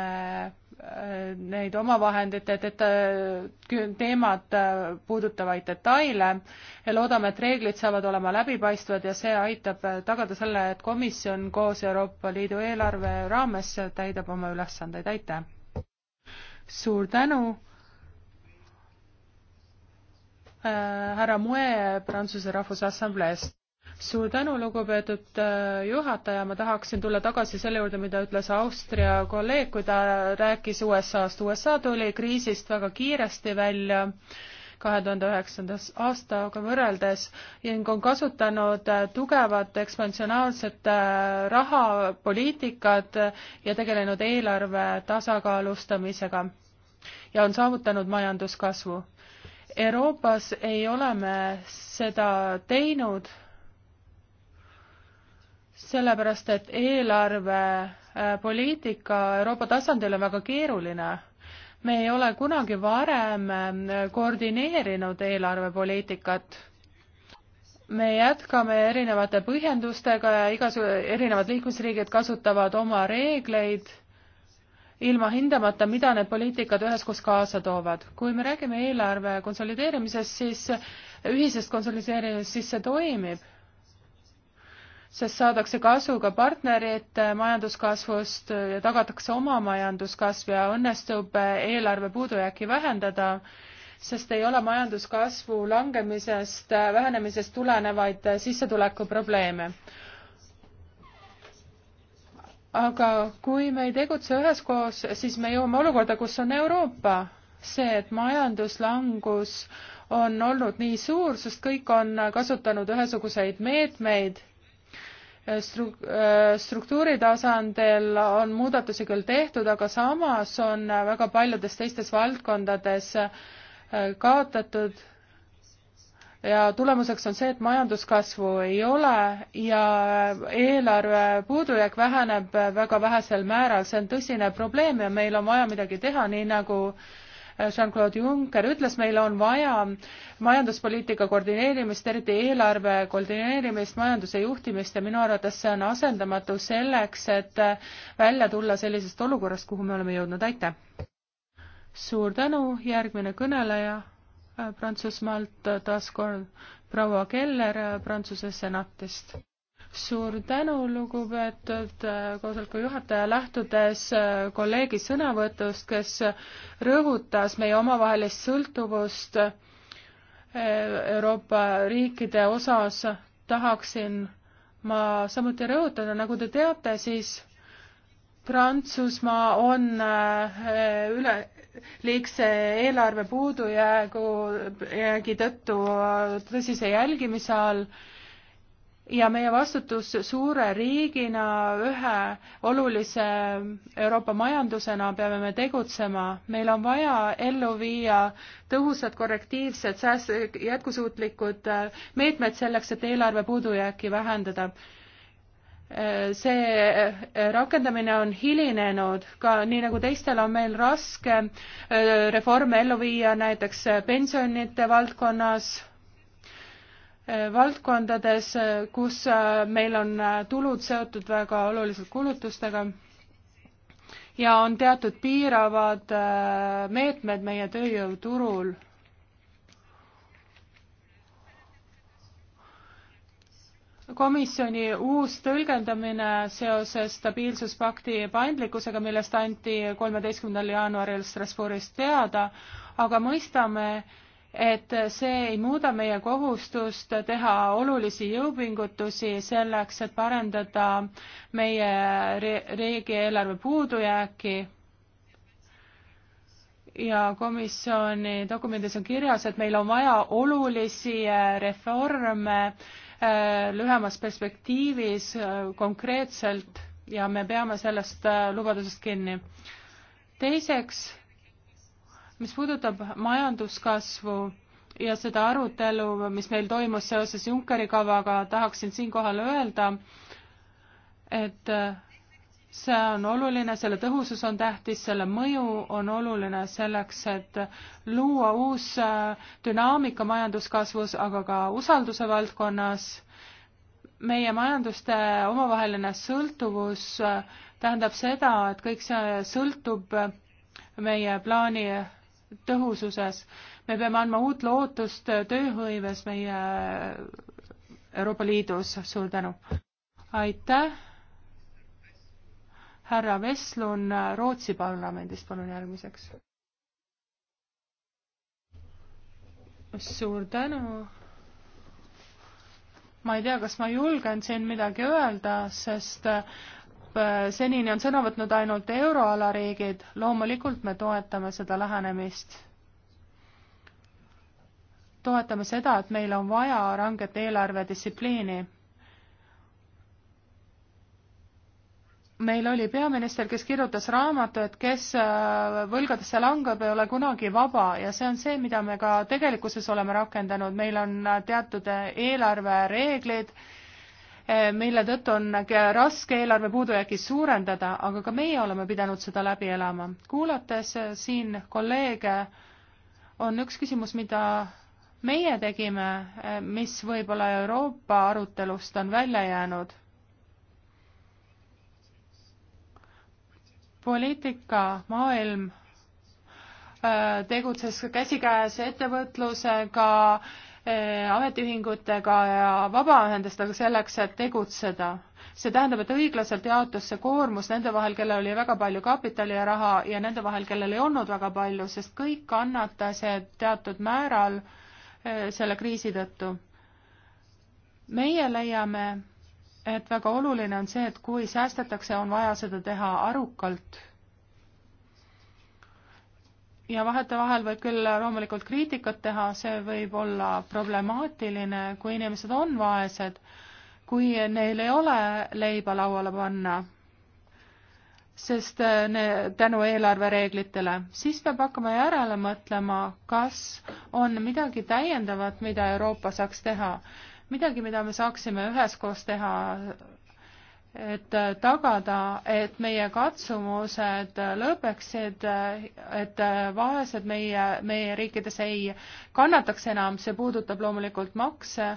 [SPEAKER 4] neid omavahendite deta-, teemat äh, puudutavaid detaile ja loodame, et reeglid saavad olema läbipaistvad ja see aitab äh, tagada selle, et komisjon koos Euroopa Liidu eelarve raames täidab oma ülesandeid, aitäh! suur tänu! Äh, härra Mue Prantsuse Rahvusassambleest suur tänu, lugupeetud äh, juhataja, ma tahaksin tulla tagasi selle juurde, mida ütles Austria kolleeg, kui ta rääkis USA-st. USA tuli kriisist väga kiiresti välja kahe tuhande üheksandas aastaga võrreldes ning on kasutanud äh, tugevat ekspansionaalset äh, rahapoliitikat ja tegelenud eelarve tasakaalustamisega ja on saavutanud majanduskasvu. Euroopas ei ole me seda teinud sellepärast et eelarvepoliitika äh, Euroopa tasandil on väga keeruline. me ei ole kunagi varem äh, koordineerinud eelarvepoliitikat. me jätkame erinevate põhjendustega ja igasugu, erinevad liikmesriigid kasutavad oma reegleid ilma hindamata, mida need poliitikad üheskoos kaasa toovad. kui me räägime eelarve konsolideerimisest, siis ühisest konsolideerimisest, siis see toimib sest saadakse kasu ka partnerite majanduskasvust ja tagatakse oma majanduskasv ja õnnestub eelarve puudujääki vähendada, sest ei ole majanduskasvu langemisest, vähenemisest tulenevaid sissetulekuprobleeme. aga kui me ei tegutse üheskoos, siis me jõuame olukorda, kus on Euroopa. see, et majanduslangus on olnud nii suur, sest kõik on kasutanud ühesuguseid meetmeid stru-, äh, struktuuri tasandil on muudatusi küll tehtud, aga samas on väga paljudes teistes valdkondades äh, kaotatud ja tulemuseks on see, et majanduskasvu ei ole ja eelarve puudujääk väheneb väga vähesel määral, see on tõsine probleem ja meil on vaja midagi teha, nii nagu äh, Äh, Jean-Claude Juncker ütles, meil on vaja majanduspoliitika koordineerimist, eriti eelarve koordineerimist, majanduse juhtimist ja minu arvates see on asendamatu selleks, et äh, välja tulla sellisest olukorrast, kuhu me oleme jõudnud, aitäh! suur tänu, järgmine kõneleja äh, Prantsusmaalt taas kord proua Keller Prantsuse senatist suur tänu, lugupeetud äh, koosoleku juhataja, lähtudes äh, kolleegi sõnavõtust, kes rõhutas meie omavahelist sõltuvust äh, Euroopa riikide osas, tahaksin ma samuti rõhutada, nagu te teate, siis Prantsusmaa on üle, liigse eelarve puudujäägu, jäägi tõttu tõsise jälgimise all ja meie vastutus suure riigina, ühe olulise Euroopa majandusena peame me tegutsema. meil on vaja ellu viia tõhusad korrektiivsed sääst-, jätkusuutlikud äh, meetmed selleks, et eelarve puudujääki vähendada äh, see äh, rakendamine on hilinenud, ka nii nagu teistel on meil raske reforme ellu viia näiteks pensionite valdkonnas Eh, valdkondades, eh, kus eh, meil on tulud seotud väga oluliselt kulutustega ja on teatud piiravad meetmed meie tööjõuturul. komisjoni uus tõlgendamine seoses stabiilsuspakti paindlikkusega, millest anti kolmeteistkümnendal jaanuaril Strasbourgis teada, aga mõistame, et see ei muuda meie kohustust teha olulisi jõupingutusi selleks, et parendada meie riigieelarve puudujääki ja komisjoni dokumendis on kirjas, et meil on vaja olulisi äh, reforme äh, lühemas perspektiivis äh, konkreetselt ja me peame sellest lubadusest kinni. teiseks mis puudutab majanduskasvu ja seda arutelu, mis meil toimus seoses Junckeri kavaga, tahaksin siinkohal öelda, et äh, see on oluline, selle tõhusus on tähtis, selle mõju on oluline selleks, et luua uus äh, dünaamika majanduskasvus, aga ka usalduse valdkonnas. meie majanduste omavaheline sõltuvus äh, tähendab seda, et kõik see sõltub meie plaani tõhususes, me peame andma uut lootust tööhõives meie Euroopa Liidus, suur tänu. aitäh. härra Veslun Rootsi parlamendist, palun järgmiseks. suur tänu. ma ei tea, kas ma julgen siin midagi öelda, sest Äh, senini on sõna võtnud ainult euroala riigid, loomulikult me toetame seda lähenemist. toetame seda, et meil on vaja ranget eelarvedistsipliini. meil oli peaminister, kes kirjutas raamatu, et kes äh, võlgadesse langeb, ei ole kunagi vaba ja see on see, mida me ka tegelikkuses oleme rakendanud, meil on äh, teatud eelarvereeglid Eh, mille tõttu on raske eelarve puudujääki suurendada, aga ka meie oleme pidanud seda läbi elama. kuulates eh, siin kolleege, on üks küsimus, mida meie tegime, eh, mis võib-olla Euroopa arutelust on välja jäänud. poliitika, maailm tegutses käsikäes ettevõtlusega, Eh, ametiühingutega ja vabaühendustega selleks, et tegutseda. see tähendab, et õiglaselt jaotus see koormus nende vahel, kellel oli väga palju kapitali ja raha ja nende vahel, kellel ei olnud väga palju, sest kõik kannatasid teatud määral eh, selle kriisi tõttu. meie leiame, et väga oluline on see, et kui säästetakse, on vaja seda teha arukalt ja vahetevahel võib küll loomulikult kriitikat teha, see võib olla problemaatiline, kui inimesed on vaesed, kui neil ei ole leiba lauale panna, sest eh, ne, tänu eelarvereeglitele, siis peab hakkama järele mõtlema, kas on midagi täiendavat, mida Euroopa saaks teha, midagi, mida me saaksime üheskoos teha et tagada, et meie katsumused lõpeksid, et vaesed meie, meie riikides ei kannataks enam, see puudutab loomulikult makse,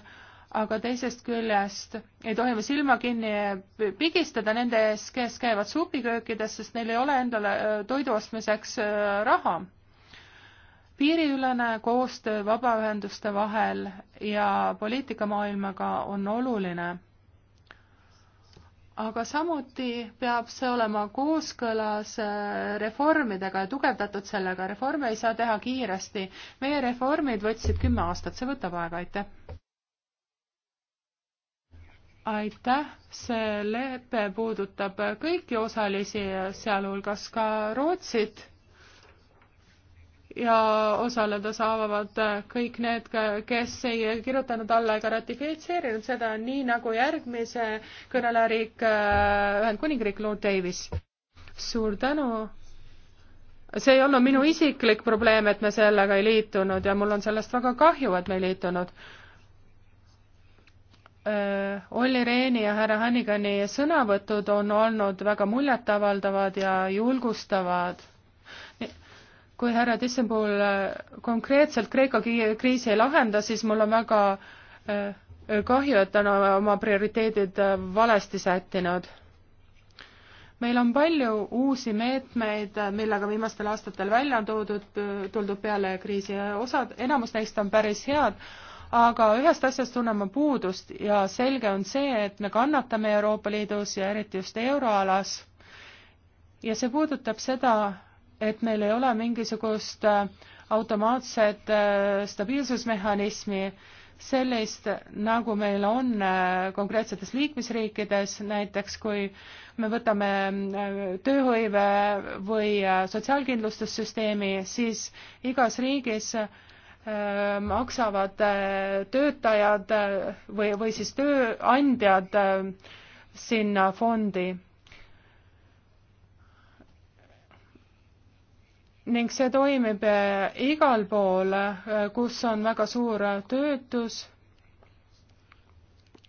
[SPEAKER 4] aga teisest küljest ei tohi me silma kinni pigistada nende ees, kes käivad supiköökides, sest neil ei ole endale toidu ostmiseks raha. piiriülene koostöö vabaühenduste vahel ja poliitikamaailmaga on oluline aga samuti peab see olema kooskõlas äh, reformidega ja tugevdatud sellega. reforme ei saa teha kiiresti. meie reformid võtsid kümme aastat, see võtab aega, aitäh. aitäh, see lepe puudutab kõiki osalisi, sealhulgas ka Rootsit ja osaleda saavad kõik need, kes ei kirjutanud alla ega ratifitseerinud seda, nii nagu järgmise kõneleja riik, äh, Ühendkuningriik, Lord Davis. suur tänu. see ei olnud minu isiklik probleem, et me sellega ei liitunud ja mul on sellest väga kahju, et me ei liitunud. Äh, Olli Rehni ja härra Hannigani sõnavõtud on olnud väga muljetavaldavad ja julgustavad kui härra Tissenpool äh, konkreetselt Kreeka kriisi ei lahenda, siis mul on väga äh, kahju, et ta on oma prioriteedid äh, valesti sättinud. meil on palju uusi meetmeid, millega viimastel aastatel välja on toodud, tuldud peale kriisi, osad, enamus neist on päris head, aga ühest asjast tunnen ma puudust ja selge on see, et me kannatame Euroopa Liidus ja eriti just euroalas. ja see puudutab seda, et meil ei ole mingisugust äh, automaatset äh, stabiilsusmehhanismi, sellist, nagu meil on äh, konkreetsetes liikmesriikides, näiteks kui me võtame tööhõive või sotsiaalkindlustussüsteemi, siis igas riigis maksavad töötajad või, või siis tööandjad sinna fondi ning see toimib eh, igal pool, eh, kus on väga suur eh, töötus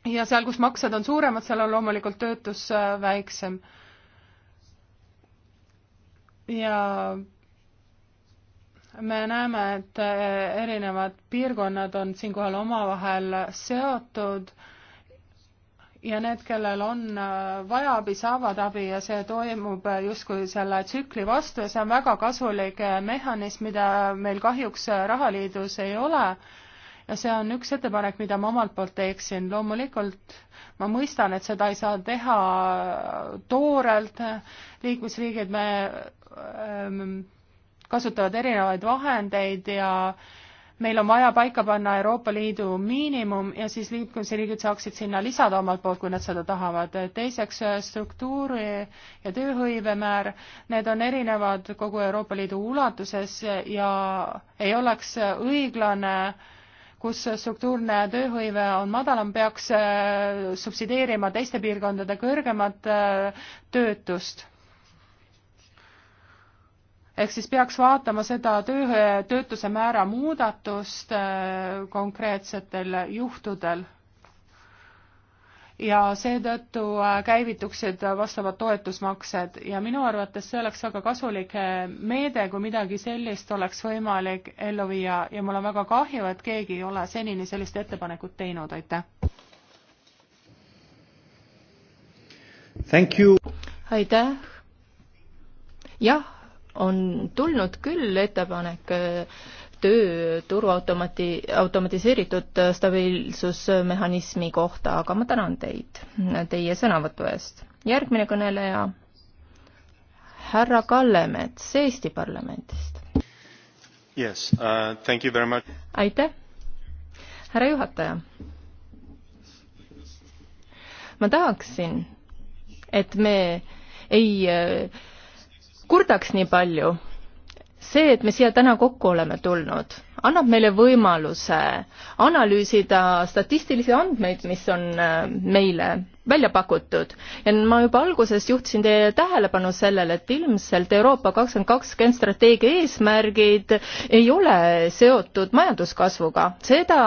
[SPEAKER 4] ja seal, kus maksed on suuremad, seal on loomulikult töötus väiksem. ja me näeme, et erinevad piirkonnad on siinkohal omavahel seotud ja need, kellel on äh, vaja abi, saavad abi ja see toimub äh, justkui selle tsükli vastu ja see on väga kasulik äh, mehhanism, mida meil kahjuks Rahaliidus ei ole. ja see on üks ettepanek, mida ma omalt poolt teeksin. loomulikult ma mõistan, et seda ei saa teha toorelt, liikmesriigid me ähm, kasutavad erinevaid vahendeid ja äh, meil on vaja paika panna Euroopa Liidu miinimum ja siis liikmesriigid saaksid sinna lisada omalt poolt, kui nad seda tahavad. teiseks struktuuri ja tööhõivemäär, need on erinevad kogu Euroopa Liidu ulatuses ja ei oleks õiglane kus struktuurne tööhõive on madalam, peaks subsideerima teiste piirkondade kõrgemat töötust ehk siis peaks vaatama seda töö, töötuse määra muudatust äh, konkreetsetel juhtudel. ja seetõttu äh, käivituksid vastavad toetusmaksed ja minu arvates see oleks väga kasulik äh, meede, kui midagi sellist oleks võimalik ellu viia ja mul on väga kahju, et keegi ei ole senini sellist ettepanekut teinud, aitäh.
[SPEAKER 5] aitäh. jah on tulnud küll ettepanek äh, töö turuautomati, automatiseeritud äh, stabiilsusmehhanismi kohta, aga ma tänan teid äh, teie sõnavõtu eest. järgmine kõneleja, härra Kallemets Eesti Parlamendist.
[SPEAKER 1] Yes, uh, thank you very much.
[SPEAKER 5] aitäh, härra juhataja. ma tahaksin, et me ei uh, kurdaks nii palju. see, et me siia täna kokku oleme tulnud, annab meile võimaluse analüüsida statistilisi andmeid, mis on äh, meile välja pakutud ja ma juba alguses juhtisin teie tähelepanu sellele, et ilmselt Euroopa kakskümmend kakskümmend strateegia eesmärgid ei ole seotud majanduskasvuga, seda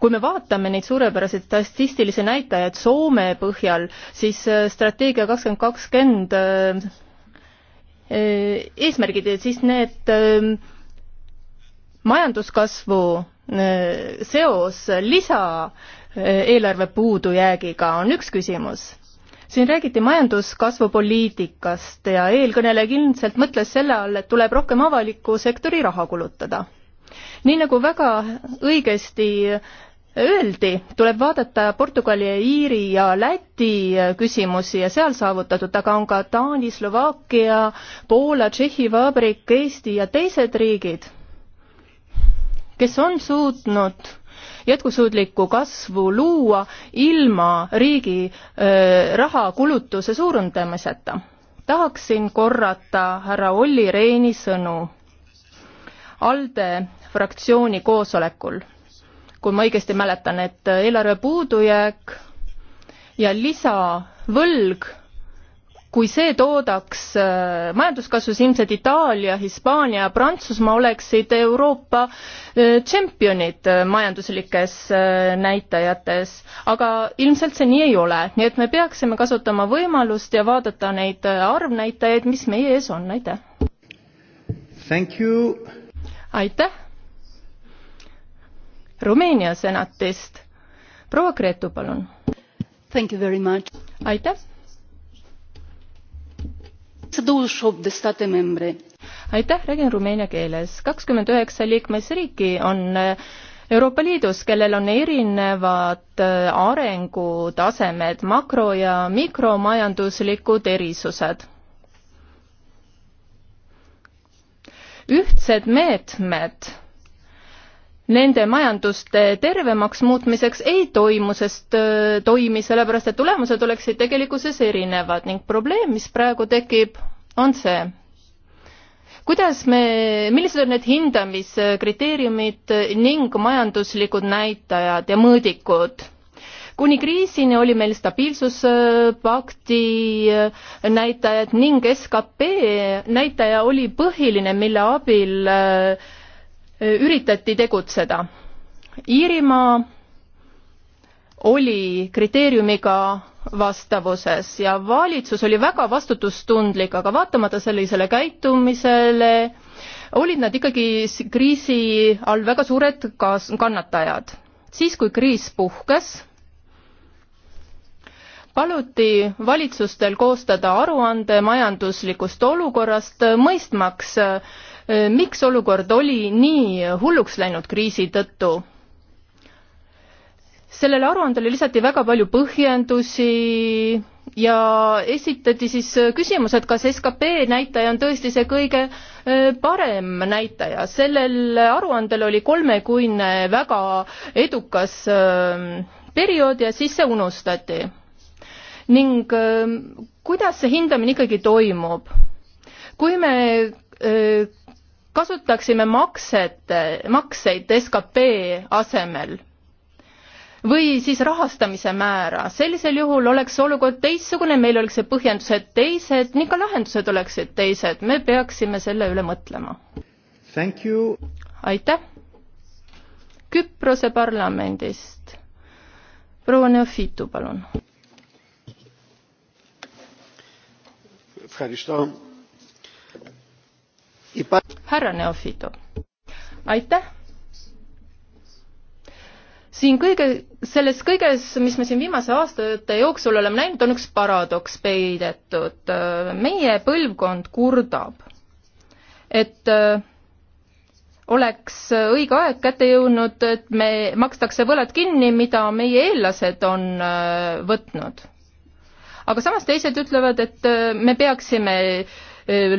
[SPEAKER 5] kui me vaatame neid suurepäraseid statistilisi näitajaid Soome põhjal, siis äh, strateegia kakskümmend kakskümmend äh, Äh, eesmärgid, et siis need ähm, majanduskasvu äh, seos lisaeelarve äh, puudujäägiga on üks küsimus. siin räägiti majanduskasvupoliitikast ja eelkõneleja ilmselt mõtles selle all, et tuleb rohkem avaliku sektori raha kulutada. nii nagu väga õigesti öeldi, tuleb vaadata Portugali, Iiri ja Läti küsimusi ja seal saavutatud, aga on ka Taani, Slovakkia, Poola, Tšehhi Vabrik, Eesti ja teised riigid, kes on suutnud jätkusuutlikku kasvu luua ilma riigi öö, raha kulutuse suurendamiseta. tahaksin korrata härra Olli Rehni sõnu ALDE fraktsiooni koosolekul kui ma õigesti mäletan, et äh, eelarve puudujääk ja lisavõlg, kui see toodaks äh, majanduskasvu, siis ilmselt Itaalia, Hispaania ja Prantsusmaa oleksid Euroopa äh, tšempionid majanduslikes näitajates, aga ilmselt see nii ei ole, nii et me peaksime kasutama võimalust ja vaadata neid arvnäitajaid, mis meie ees on, aitäh! aitäh! Rumeenia senatist. proua Gretu, palun. aitäh. aitäh, räägin rumeenia keeles. kakskümmend üheksa liikmesriiki on eh, Euroopa Liidus, kellel on erinevad eh, arengutasemed, makro- ja mikromajanduslikud erisused. ühtsed meetmed nende majanduste tervemaks muutmiseks ei toimu, sest toimi, sellepärast et tulemused oleksid tegelikkuses erinevad ning probleem, mis praegu tekib, on see, kuidas me, millised on need hindamiskriteeriumid ning majanduslikud näitajad ja mõõdikud? kuni kriisini oli meil stabiilsuspakti näitajad ning skp näitaja oli põhiline, mille abil äh, üritati tegutseda. Iirimaa oli kriteeriumiga vastavuses ja valitsus oli väga vastutustundlik, aga vaatamata sellisele käitumisele olid nad ikkagi kriisi all väga suured kaas-, kannatajad. siis, kui kriis puhkes, paluti valitsustel koostada aruande majanduslikust olukorrast, mõistmaks miks olukord oli nii hulluks läinud kriisi tõttu. sellele aruandele lisati väga palju põhjendusi ja esitati siis küsimus, et kas skp näitaja on tõesti see kõige äh, parem näitaja. sellel aruandel oli kolmekuine väga edukas äh, periood ja siis see unustati. ning äh, kuidas see hindamine ikkagi toimub? kui me kasutaksime makset, makseid skp asemel või siis rahastamise määra. sellisel juhul oleks olukord teistsugune, meil oleks põhjendused teised ning ka lahendused oleksid teised. me peaksime selle üle mõtlema. aitäh. Küprose parlamendist. proua Neofitu, palun härra Neofito, aitäh! siin kõige, selles kõiges, mis me siin viimase aastate jooksul oleme näinud, on üks paradoks peidetud. meie põlvkond kurdab, et äh, oleks õige aeg kätte jõudnud, et me, makstakse võlad kinni, mida meie eellased on äh, võtnud. aga samas teised ütlevad, et äh, me peaksime äh,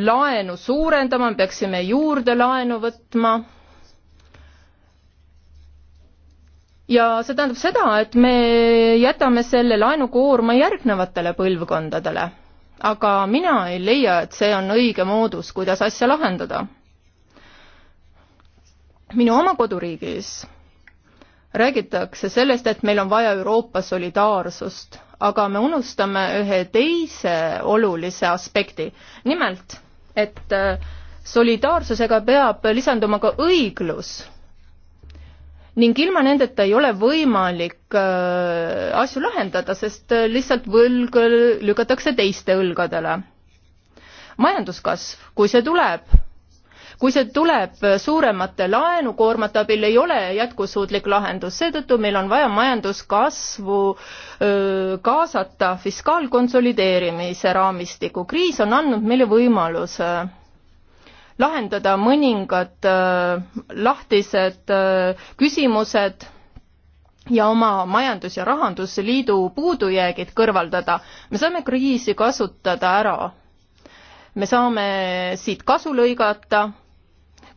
[SPEAKER 5] laenu suurendama, me peaksime juurde laenu võtma. ja see tähendab seda, et me jätame selle laenukoorma järgnevatele põlvkondadele. aga mina ei leia, et see on õige moodus, kuidas asja lahendada. minu oma koduriigis räägitakse sellest, et meil on vaja Euroopa solidaarsust aga me unustame ühe teise olulise aspekti. nimelt, et äh, solidaarsusega peab lisanduma ka õiglus ning ilma nendeta ei ole võimalik äh, asju lahendada, sest äh, lihtsalt võlg lükatakse teiste õlgadele. majanduskasv, kui see tuleb, kui see tuleb suuremate laenukoormate abil, ei ole jätkusuutlik lahendus, seetõttu meil on vaja majanduskasvu kaasata fiskaalkonsolideerimise raamistiku. kriis on andnud meile võimaluse lahendada mõningad lahtised küsimused ja oma majandus- ja rahandusliidu puudujäägid kõrvaldada, me saame kriisi kasutada ära. me saame siit kasu lõigata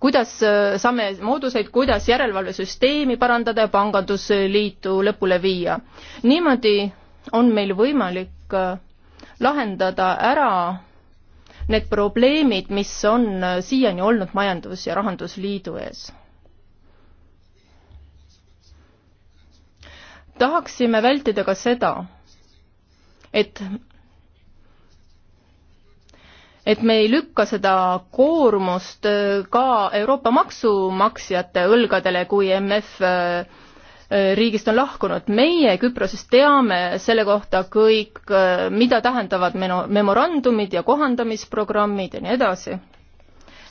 [SPEAKER 5] kuidas äh, saame mooduseid, kuidas järelevalvesüsteemi parandada ja pangandusliitu lõpule viia. niimoodi on meil võimalik äh, lahendada ära need probleemid, mis on äh, siiani olnud Majandus- ja Rahandusliidu ees tahaksime vältida ka seda, et et me ei lükka seda koormust äh, ka Euroopa maksumaksjate õlgadele, kui MF äh, riigist on lahkunud. meie Küprosest teame selle kohta kõik, äh, mida tähendavad meno-, memorandumid ja kohandamisprogrammid ja nii edasi.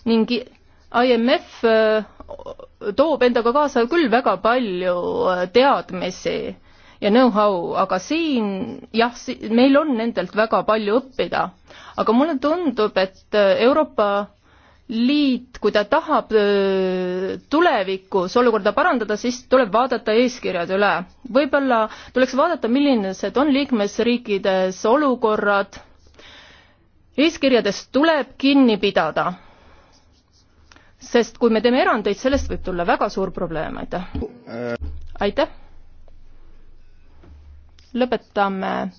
[SPEAKER 5] ning IMF toob endaga kaasa küll väga palju teadmisi ja know-how, aga siin jah, meil on nendelt väga palju õppida. aga mulle tundub, et äh, Euroopa Liit, kui ta tahab äh, tulevikus olukorda parandada, siis tuleb vaadata eeskirjad üle. võib-olla tuleks vaadata, millised on liikmesriikides olukorrad, eeskirjadest tuleb kinni pidada sest kui me teeme erandeid, sellest võib tulla väga suur probleem, aitäh. Äh. aitäh lõpetame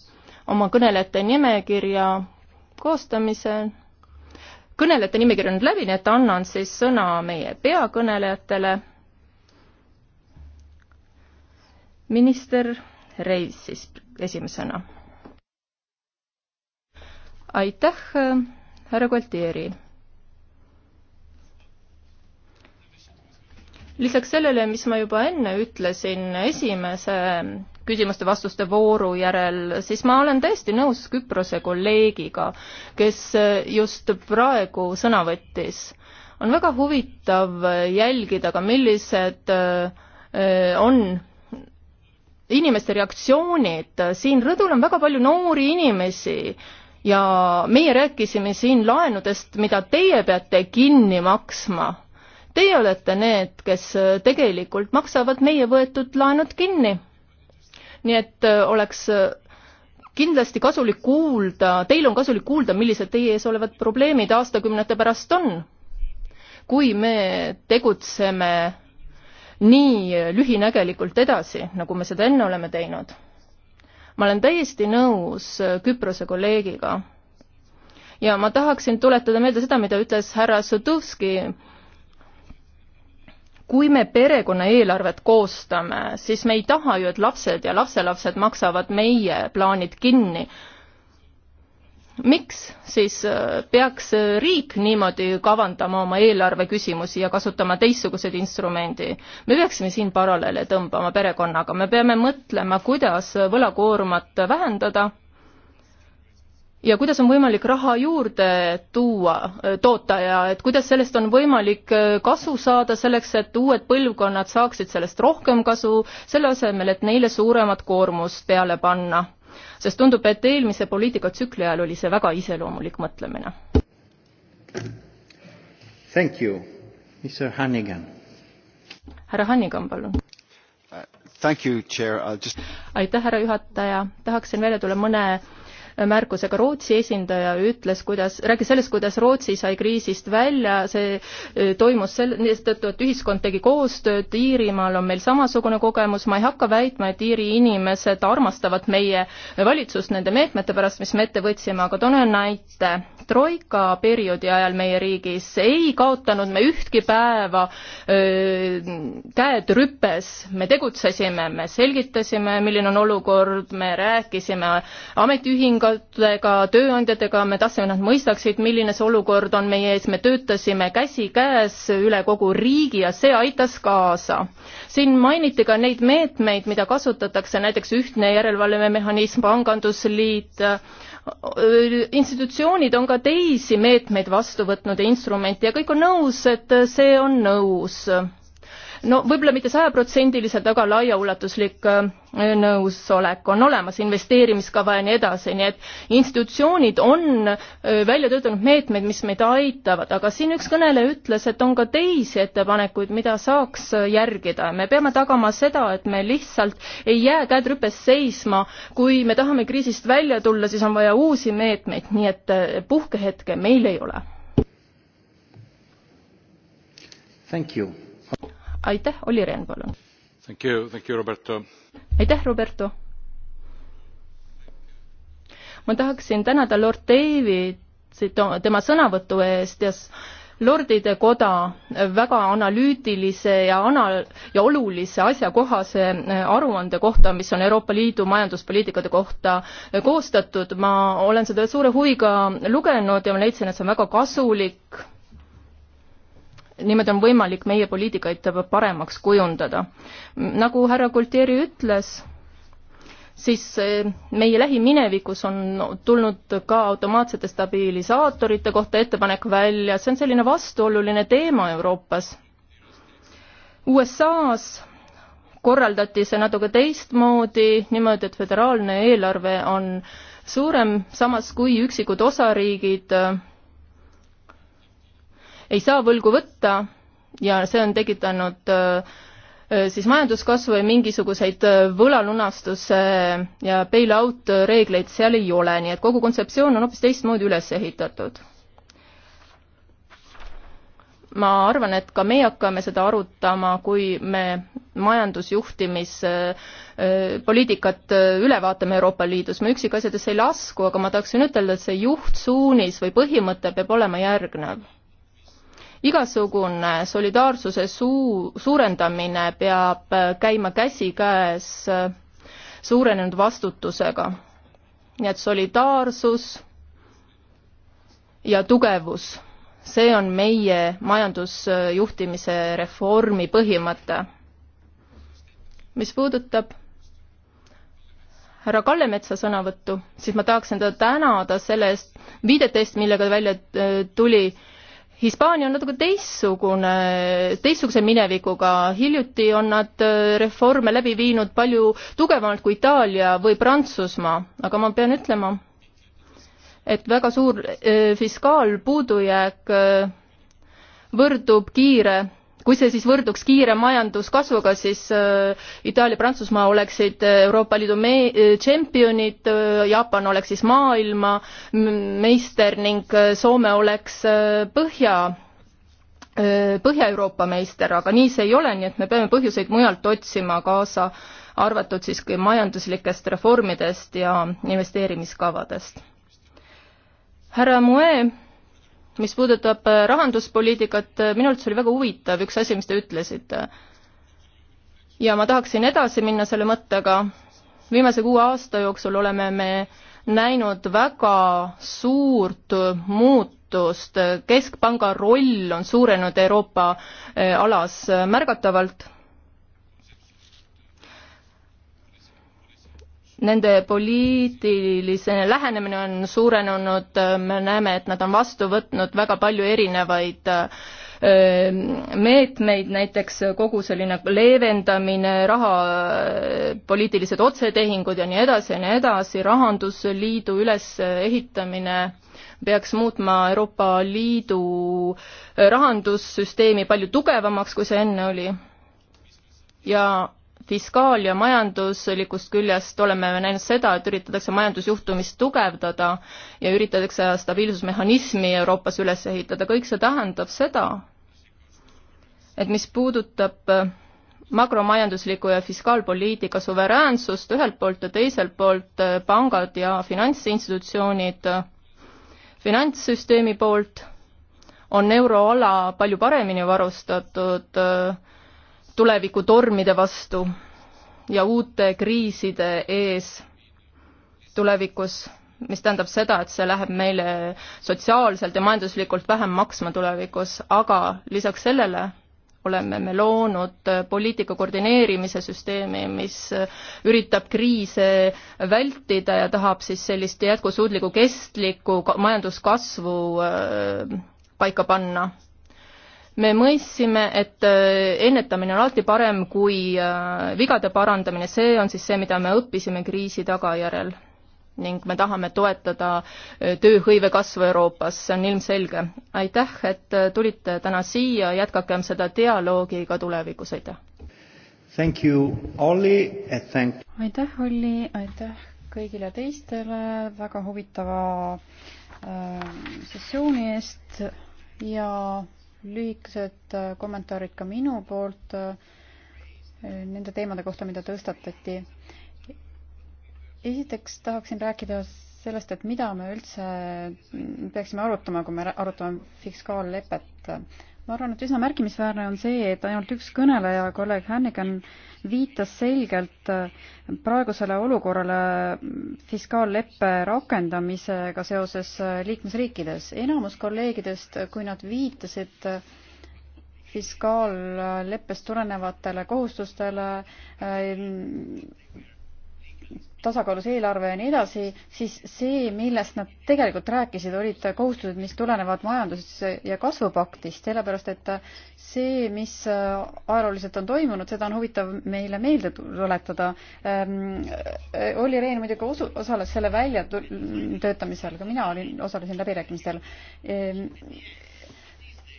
[SPEAKER 5] oma kõnelejate nimekirja koostamise. kõnelejate nimekiri on nüüd läbi, nii et annan siis sõna meie peakõnelejatele. minister Reis siis esimesena. aitäh, härra Gualtieri lisaks sellele, mis ma juba enne ütlesin esimese küsimuste-vastuste vooru järel, siis ma olen täiesti nõus Küprose kolleegiga, kes just praegu sõna võttis. on väga huvitav jälgida ka, millised äh, on inimeste reaktsioonid, siin rõdul on väga palju noori inimesi, ja meie rääkisime siin laenudest, mida teie peate kinni maksma. Teie olete need, kes tegelikult maksavad meie võetud laenud kinni nii et äh, oleks äh, kindlasti kasulik kuulda, teil on kasulik kuulda, millised teie ees olevad probleemid aastakümnete pärast on. kui me tegutseme nii lühinägelikult edasi, nagu me seda enne oleme teinud. ma olen täiesti nõus äh, Küprose kolleegiga ja ma tahaksin tuletada meelde seda, mida ütles härra Sutovski kui me perekonna eelarvet koostame, siis me ei taha ju, et lapsed ja lapselapsed maksavad meie plaanid kinni. miks siis äh, peaks riik niimoodi kavandama oma eelarve küsimusi ja kasutama teistsuguseid instrumendi? me peaksime siin paralleele tõmbama perekonnaga, me peame mõtlema, kuidas võlakoormat vähendada ja kuidas on võimalik raha juurde tuua, toota ja et kuidas sellest on võimalik äh, kasu saada selleks, et uued põlvkonnad saaksid sellest rohkem kasu, selle asemel, et neile suuremat koormust peale panna. sest tundub, et eelmise poliitikatsükli ajal oli see väga iseloomulik
[SPEAKER 3] mõtlemine.
[SPEAKER 1] Thank you, Mr Hannigan.
[SPEAKER 5] härra Hannigan, palun.
[SPEAKER 3] Uh, thank you, chair, I just
[SPEAKER 5] aitäh, härra juhataja, tahaksin välja tulla mõne märkusega. Rootsi esindaja ütles, kuidas, rääkis sellest, kuidas Rootsi sai kriisist välja, see eh, toimus sel-, seetõttu, et ühiskond tegi koostööd, Iirimaal on meil samasugune kogemus, ma ei hakka väitma, et Iiri inimesed armastavad meie valitsust nende meetmete pärast, mis me ette võtsime, aga toon ühe näite. troika perioodi ajal meie riigis ei kaotanud me ühtki päeva öö, eh, käed rüpes, me tegutsesime, me selgitasime, milline on olukord, me rääkisime ametiühingu ametiühingatega, tööandjatega, me tahtsime, et nad mõistaksid, milline see olukord on meie ees, me töötasime käsikäes üle kogu riigi ja see aitas kaasa. siin mainiti ka neid meetmeid, mida kasutatakse, näiteks ühtne järelevalvemehhanism, pangandusliit, institutsioonid on ka teisi meetmeid vastu võtnud ja instrumente ja kõik on nõus, et see on nõus no võib-olla mitte sajaprotsendiliselt, aga laiaulatuslik äh, nõusolek on olemas, investeerimiskava ja nii edasi, nii et institutsioonid on äh, välja töötanud meetmeid, mis meid aitavad, aga siin üks kõneleja ütles, et on ka teisi ettepanekuid, mida saaks äh, järgida ja me peame tagama seda, et me lihtsalt ei jää käed rüpes seisma, kui me tahame kriisist välja tulla, siis on vaja uusi meetmeid, nii et puhkehetke meil ei ole. Thank you aitäh, Olli Rehn, palun. aitäh, Roberto. ma tahaksin tänada lord Davidit tema sõnavõtu eest ja lordide koda väga analüütilise ja ana- ja olulise asjakohase äh, aruande kohta mis on euroopa liidu majanduspoliitikate kohta äh, koostatud ma olen seda suure huviga lugenud ja ma leidsin et see on väga kasulik niimoodi on võimalik meie poliitikaid paremaks kujundada. nagu härra Gualtieri ütles, siis eh, meie lähiminevikus on tulnud ka automaatsete stabilisaatorite kohta ettepanek välja, see on selline vastuoluline teema Euroopas. USA-s korraldati see natuke teistmoodi, niimoodi, et föderaalne eelarve on suurem, samas kui üksikud osariigid eh, ei saa võlgu võtta ja see on tekitanud äh, äh, siis majanduskasvu ja mingisuguseid äh, võlalunastuse ja bail-out reegleid seal ei ole, nii et kogu kontseptsioon on hoopis teistmoodi üles ehitatud. ma arvan, et ka meie hakkame seda arutama, kui me majandusjuhtimispoliitikat üle vaatame Euroopa Liidus, me üksikasjadesse ei lasku, aga ma tahaksin ütelda, et see juhtsuunis või põhimõte peab olema järgnev igasugune solidaarsuse suu-, suurendamine peab käima käsikäes suurenenud vastutusega. nii et solidaarsus ja tugevus, see on meie majandusjuhtimise reformi põhimõte. mis puudutab härra Kallemetsa sõnavõttu, siis ma tahaksin teda tänada selle eest, viidete eest, millega ta välja äh, tuli Hispaania on natuke teistsugune, teistsuguse minevikuga, hiljuti on nad äh, reforme läbi viinud palju tugevamalt kui Itaalia või Prantsusmaa, aga ma pean ütlema, et väga suur äh, fiskaalpuudujääk äh, võrdub kiire kui see siis võrduks kiire majanduskasvuga, siis äh, Itaalia, Prantsusmaa oleksid äh, Euroopa Liidu me-, äh, tšempionid, Jaapan oleks siis maailma meister ning Soome oleks põhja, Põhja-Euroopa meister, aga nii see ei ole, nii et me peame põhjuseid mujalt otsima, kaasa arvatud siis majanduslikest reformidest ja investeerimiskavadest. härra Moe mis puudutab äh, rahanduspoliitikat, äh, minu arvates oli väga huvitav üks asi, mis te ütlesite. ja ma tahaksin edasi minna selle mõttega, viimase kuue aasta jooksul oleme me näinud väga suurt äh, muutust, keskpanga roll on suurenenud Euroopa alas märgatavalt nende poliitiline lähenemine on suurenenud, me näeme, et nad on vastu võtnud väga palju erinevaid ähm, meetmeid, näiteks kogu selline leevendamine, raha, äh, poliitilised otsetehingud ja nii edasi ja nii edasi, Rahandusliidu ülesehitamine peaks muutma Euroopa Liidu äh, rahandussüsteemi palju tugevamaks, kui see enne oli. ja fiskaal- ja majanduslikust küljest oleme näinud seda, et üritatakse majandusjuhtumist tugevdada ja üritatakse stabiilsusmehhanismi Euroopas üles ehitada, kõik see tähendab seda, et mis puudutab äh, makromajandusliku ja fiskaalpoliitika suveräänsust ühelt poolt ja teiselt poolt äh, pangad ja finantsinstitutsioonid äh, finantssüsteemi poolt, on euroala palju paremini varustatud äh, tuleviku tormide vastu ja uute kriiside ees tulevikus, mis tähendab seda, et see läheb meile sotsiaalselt ja majanduslikult vähem maksma tulevikus, aga lisaks sellele oleme me loonud poliitika koordineerimise süsteemi, mis üritab kriise vältida ja tahab siis sellist jätkusuutlikku, kestlikku majanduskasvu äh, paika panna me mõistsime, et äh, ennetamine on alati parem kui äh, vigade parandamine, see on siis see, mida me õppisime kriisi tagajärjel. ning me tahame toetada äh, tööhõive kasvu Euroopas, see on ilmselge. aitäh, et tulite täna siia, jätkakem seda dialoogi ka tulevikus, aitäh!
[SPEAKER 1] Thank you, Olli, thank
[SPEAKER 6] aitäh, Olli, aitäh kõigile teistele väga huvitava äh, sessiooni eest ja lühikesed äh, kommentaarid ka minu poolt äh, nende teemade kohta, mida tõstatati. esiteks tahaksin rääkida sellest, et mida me üldse peaksime arutama, kui me arutame fiskaallepet ma arvan, et üsna märkimisväärne on see, et ainult üks kõneleja, kolleeg Hannigan, viitas selgelt äh, praegusele olukorrale fiskaalleppe rakendamisega seoses äh, liikmesriikides. enamus kolleegidest, kui nad viitasid äh, fiskaalleppest tulenevatele kohustustele, tasakaalus eelarve ja nii edasi, siis see, millest nad tegelikult rääkisid, olid kohustused, mis tulenevad majandus- ja kasvupaktist, sellepärast et see, mis ajalooliselt on toimunud, seda on huvitav meile meelde tuletada. Ähm, Olli Rehn muidugi osu-, osales selle väljatöötamisel, ka mina olin, osalesin läbirääkimistel ähm,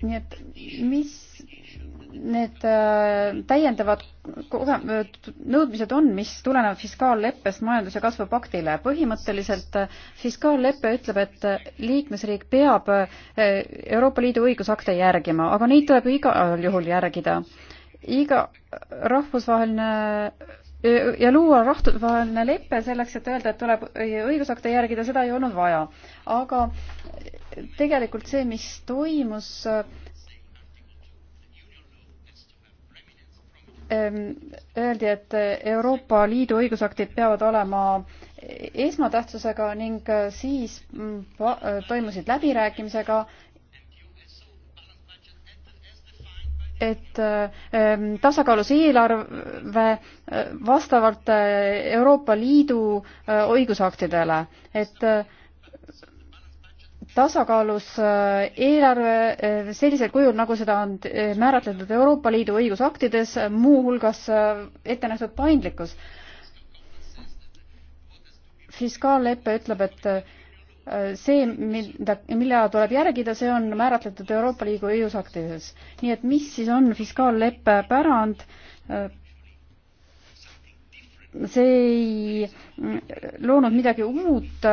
[SPEAKER 6] nii et mis need äh, täiendavad nõudmised on, mis tulenevad fiskaalleppest majandus- ja kasvupaktile. põhimõtteliselt äh, fiskaallepe ütleb, et äh, liikmesriik peab Euroopa Liidu õigusakte järgima, aga neid tuleb igal juhul järgida. iga rahvusvaheline ja luua rahvusvaheline lepe selleks, et öelda, et tuleb õigusakte järgida, seda ei olnud vaja. aga tegelikult see, mis toimus ähm, öeldi, et Euroopa Liidu õigusaktid peavad olema esmatähtsusega ning siis mm, toimusid läbirääkimisega et ähm, tasakaalus eelarve äh, vastavalt äh, Euroopa Liidu äh, õigusaktidele, et tasakaalus eelarve sellisel kujul, nagu seda on määratletud Euroopa Liidu õigusaktides, muuhulgas ette nähtud paindlikkus. fiskaallepe ütleb, et see, mida, mille tuleb järgida, see on määratletud Euroopa Liidu õigusaktides. nii et mis siis on fiskaalleppe pärand? see ei loonud midagi uut,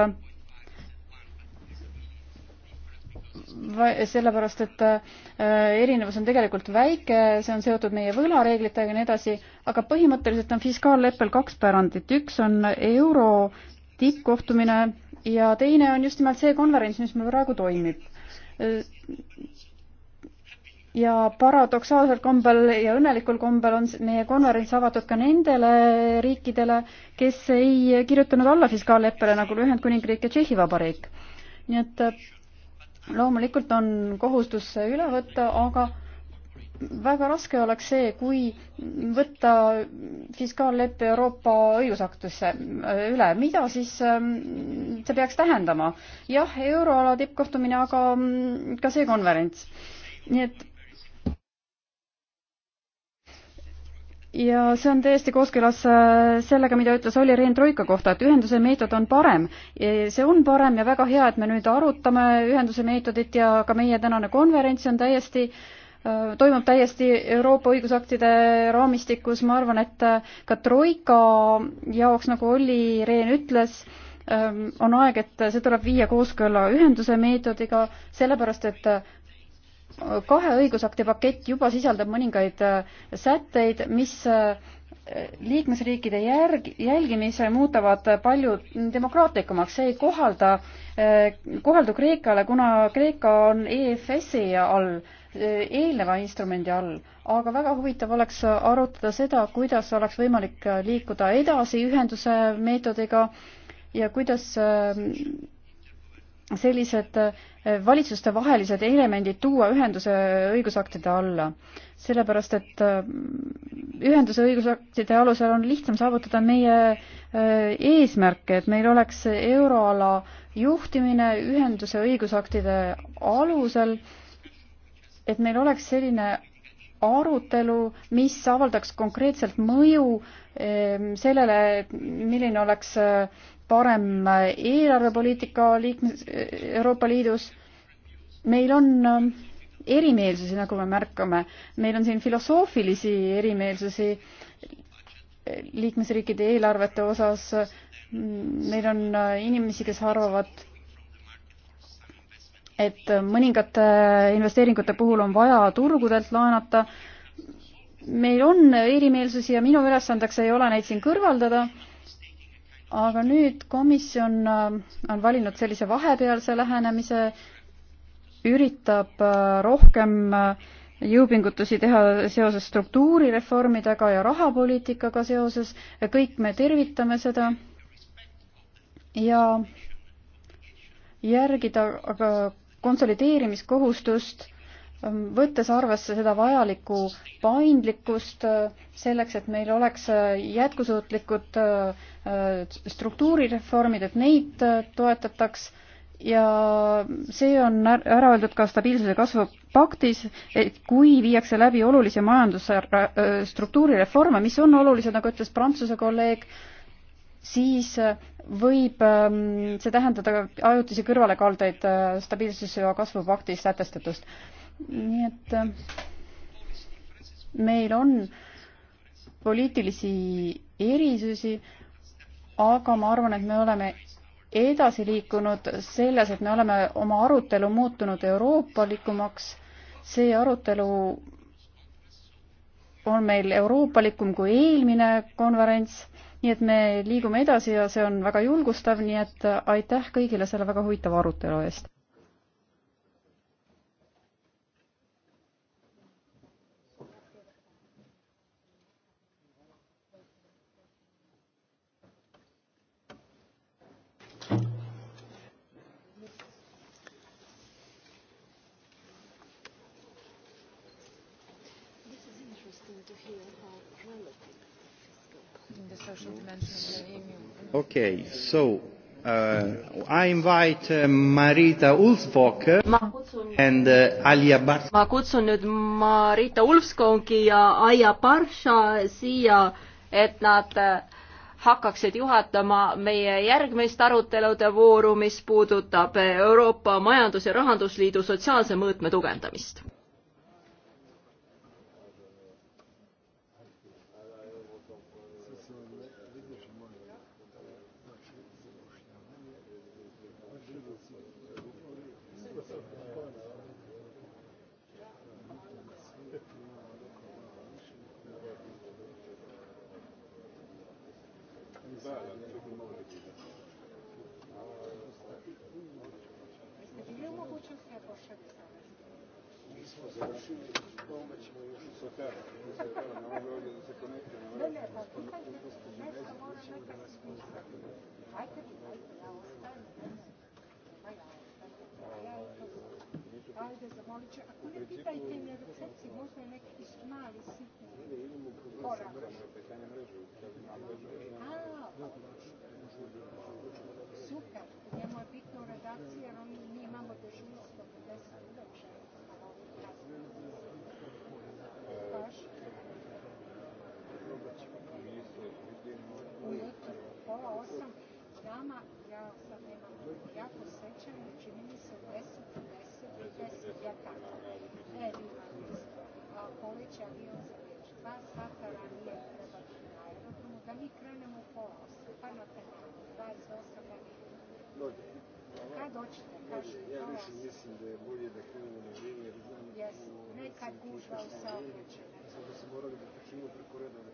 [SPEAKER 6] sellepärast, et äh, erinevus on tegelikult väike, see on seotud meie võlareeglitega ja nii edasi, aga põhimõtteliselt on fiskaalleppel kaks pärandit, üks on euro tippkohtumine ja teine on just nimelt see konverents, mis meil praegu toimib. ja paradoksaalsel kombel ja õnnelikul kombel on meie konverents avatud ka nendele riikidele, kes ei kirjutanud alla fiskaalleppele nagu Ühendkuningriik ja Tšehhi Vabariik. nii et loomulikult on kohustus see üle võtta, aga väga raske oleks see, kui võtta fiskaalleppe Euroopa õigusaktisse äh, üle, mida siis ähm, see peaks tähendama? jah, euroala tippkohtumine, aga mm, ka see konverents. nii et ja see on täiesti kooskõlas äh, sellega, mida ütles Olli Rehn Troika kohta, et ühenduse meetod on parem. see on parem ja väga hea, et me nüüd arutame ühenduse meetodit ja ka meie tänane konverents on täiesti äh, toimub täiesti Euroopa õigusaktide raamistikus, ma arvan, et äh, ka Troika jaoks, nagu Olli Rehn ütles, ähm, on aeg, et see tuleb viia kooskõlla ühenduse meetodiga, sellepärast et äh, kahe õigusakti pakett juba sisaldab mõningaid äh, sätteid, mis liikmesriikide järg, jälgimise muutavad palju demokraatlikumaks, see ei kohalda, kohaldu Kreekale, kuna Kreeka on EFS-i all eelneva instrumendi all, aga väga huvitav oleks arutada seda, kuidas oleks võimalik liikuda edasi ühenduse meetodiga ja kuidas ähm, sellised äh, valitsustevahelised elemendid tuua ühenduse õigusaktide alla. sellepärast, et äh, ühenduse õigusaktide alusel on lihtsam saavutada meie äh, eesmärke, et meil oleks euroala juhtimine ühenduse õigusaktide alusel et meil oleks selline arutelu, mis avaldaks konkreetselt mõju ehm, sellele, milline oleks äh, parem äh, eelarvepoliitika liikmes, äh, Euroopa Liidus. meil on erimeelsusi, nagu me märkame, meil on siin filosoofilisi erimeelsusi liikmesriikide eelarvete osas, meil on inimesi, kes arvavad, et mõningate investeeringute puhul on vaja turgudelt laenata. meil on erimeelsusi ja minu ülesandeks ei ole neid siin kõrvaldada. aga nüüd komisjon äh, on valinud sellise vahepealse lähenemise, üritab äh, rohkem äh, jõupingutusi teha seoses struktuurireformidega ja rahapoliitikaga seoses. kõik me tervitame seda. ja järgida aga konsolideerimiskohustust, ähm, võttes arvesse seda vajalikku paindlikkust äh, selleks, et meil oleks äh, jätkusuutlikud äh, struktuurireformid, et neid toetataks ja see on ära öeldud ka stabiilsuse kasvu paktis, et kui viiakse läbi olulisi majanduse struktuurireforme, mis on olulised, nagu ütles Prantsuse kolleeg, siis võib ähm, see tähendada ajutisi kõrvalekaldeid äh, stabiilsus- ja kasvupaktis sätestatust. nii et äh, meil on poliitilisi erisusi, aga ma arvan, et me oleme edasi liikunud selles, et me oleme oma arutelu muutunud euroopalikumaks. see arutelu on meil euroopalikum kui eelmine konverents nii et me liigume edasi ja see on väga julgustav, nii et aitäh kõigile selle väga huvitava arutelu eest!
[SPEAKER 1] okei okay,, so uh, I invite uh, Marita Ulfsvog kutsun... and uh, Alja Bars-.
[SPEAKER 2] ma kutsun nüüd Marita Ulfskogi ja Aija Barša siia, et nad uh, hakkaksid juhatama meie järgmist arutelude vooru, mis puudutab Euroopa Majandus- ja Rahandusliidu sotsiaalse mõõtme tugevdamist.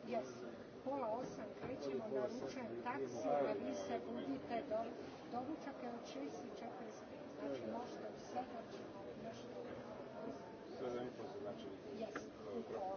[SPEAKER 3] Yes, pola osam krećemo, naručujem taksi, a vi se budite do doručak je od 6 i 45, znači možda u 7 ćemo nešto. 7 i po se znači? Yes, i po.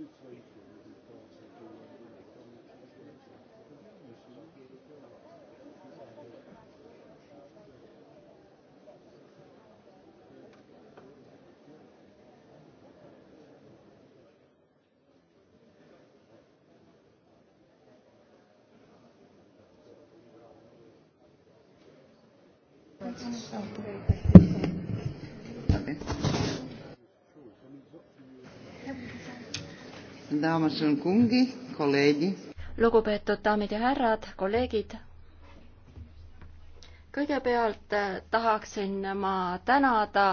[SPEAKER 3] Okay
[SPEAKER 2] lugupeetud daamid ja härrad, kolleegid. kõigepealt eh, tahaksin ma tänada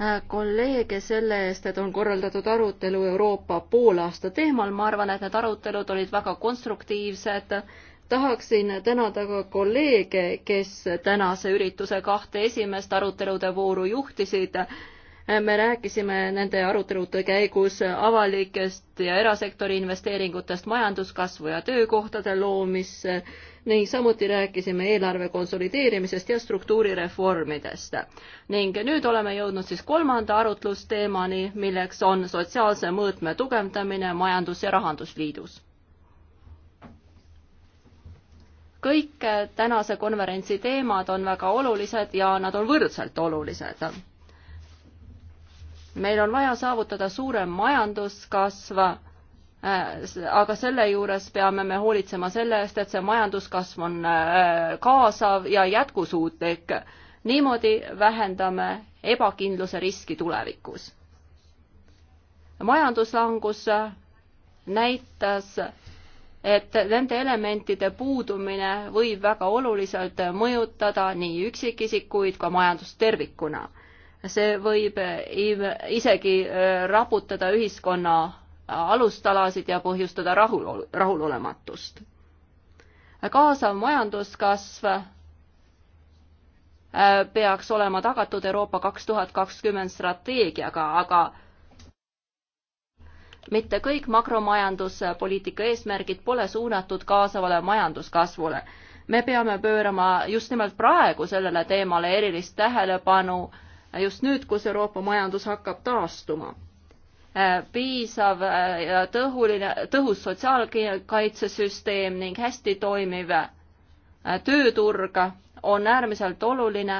[SPEAKER 2] eh, kolleege selle eest, et on korraldatud arutelu Euroopa poolaasta teemal, ma arvan, et need arutelud olid väga konstruktiivsed. tahaksin tänada ka kolleege, kes tänase ürituse kahte esimest arutelude vooru juhtisid me rääkisime nende arutelude käigus avalikest ja erasektori investeeringutest majanduskasvu ja töökohtade loomisse ning samuti rääkisime eelarve konsolideerimisest ja struktuurireformidest. ning nüüd oleme jõudnud siis kolmanda arutlusteemani, milleks on sotsiaalse mõõtme tugevdamine Majandus- ja Rahandusliidus. kõik tänase konverentsi teemad on väga olulised ja nad on võrdselt olulised meil on vaja saavutada suurem majanduskasv, äh, aga selle juures peame me hoolitsema selle eest, et see majanduskasv on äh, kaasav ja jätkusuutlik. niimoodi vähendame ebakindluse riski tulevikus. majanduslangus äh, näitas, et nende elementide puudumine võib väga oluliselt mõjutada nii üksikisikuid kui majandust tervikuna see võib isegi äh, raputada ühiskonna äh, alustalasid ja põhjustada rahul, rahulolematust. kaasav majanduskasv äh, peaks olema tagatud Euroopa kaks tuhat kakskümmend strateegiaga, aga mitte kõik makromajanduspoliitika eesmärgid pole suunatud kaasavale majanduskasvule. me peame pöörama just nimelt praegu sellele teemale erilist tähelepanu äh, just nüüd, kus Euroopa majandus hakkab taastuma. Äh, piisav äh, ja tõhuline, tõhus sotsiaalkaitsesüsteem ning hästi toimiv äh, tööturg on äärmiselt oluline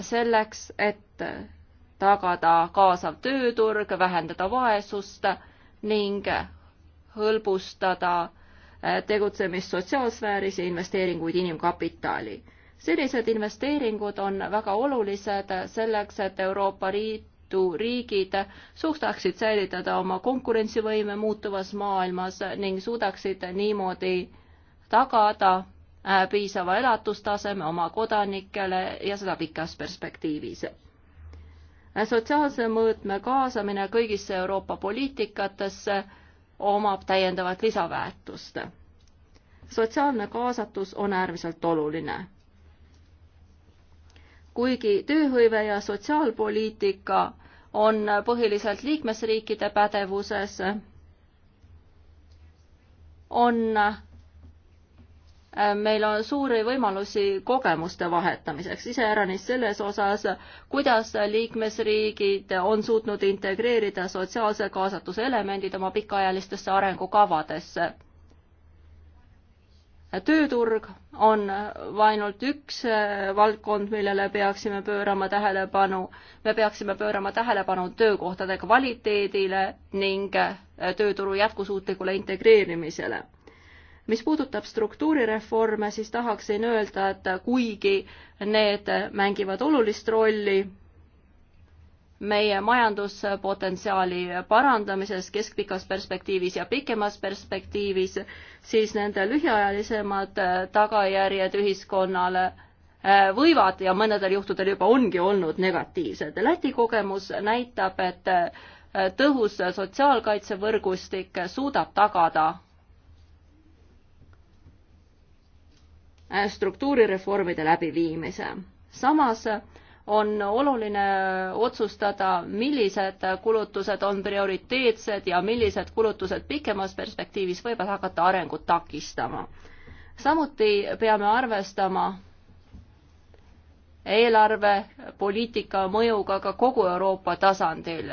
[SPEAKER 2] selleks, et tagada kaasav tööturg, vähendada vaesust ning hõlbustada tegutsemist sotsiaalsfääris ja investeeringuid inimkapitali sellised investeeringud on väga olulised selleks, et Euroopa Liidu riigid suudaksid säilitada oma konkurentsivõime muutuvas maailmas ning suudaksid niimoodi tagada äh, piisava elatustaseme oma kodanikele ja seda pikas perspektiivis. Äh, sotsiaalse mõõtme kaasamine kõigisse Euroopa poliitikatesse omab täiendavat lisaväärtust. sotsiaalne kaasatus on äärmiselt oluline kuigi tööhõive ja sotsiaalpoliitika on põhiliselt liikmesriikide pädevuses, on äh, meil on suuri võimalusi kogemuste vahetamiseks, iseäranis selles osas, kuidas liikmesriigid on suutnud integreerida sotsiaalse kaasatuse elemendid oma pikaajalistesse arengukavadesse tööturg on ainult üks äh, valdkond, millele peaksime pöörama tähelepanu. me peaksime pöörama tähelepanu töökohtade kvaliteedile ning äh, tööturu jätkusuutlikule integreerimisele. mis puudutab struktuurireforme, siis tahaksin öelda, et kuigi need mängivad olulist rolli meie majanduspotentsiaali parandamises keskpikas perspektiivis ja pikemas perspektiivis, siis nende lühiajalisemad äh, tagajärjed ühiskonnale äh, võivad ja mõnedel juhtudel juba ongi olnud negatiivsed. Läti kogemus näitab, et äh, tõhus sotsiaalkaitsevõrgustik suudab tagada struktuurireformide läbiviimise. samas on oluline otsustada, millised kulutused on prioriteetsed ja millised kulutused pikemas perspektiivis võivad hakata arengut takistama. samuti peame arvestama eelarvepoliitika mõjuga ka kogu Euroopa tasandil.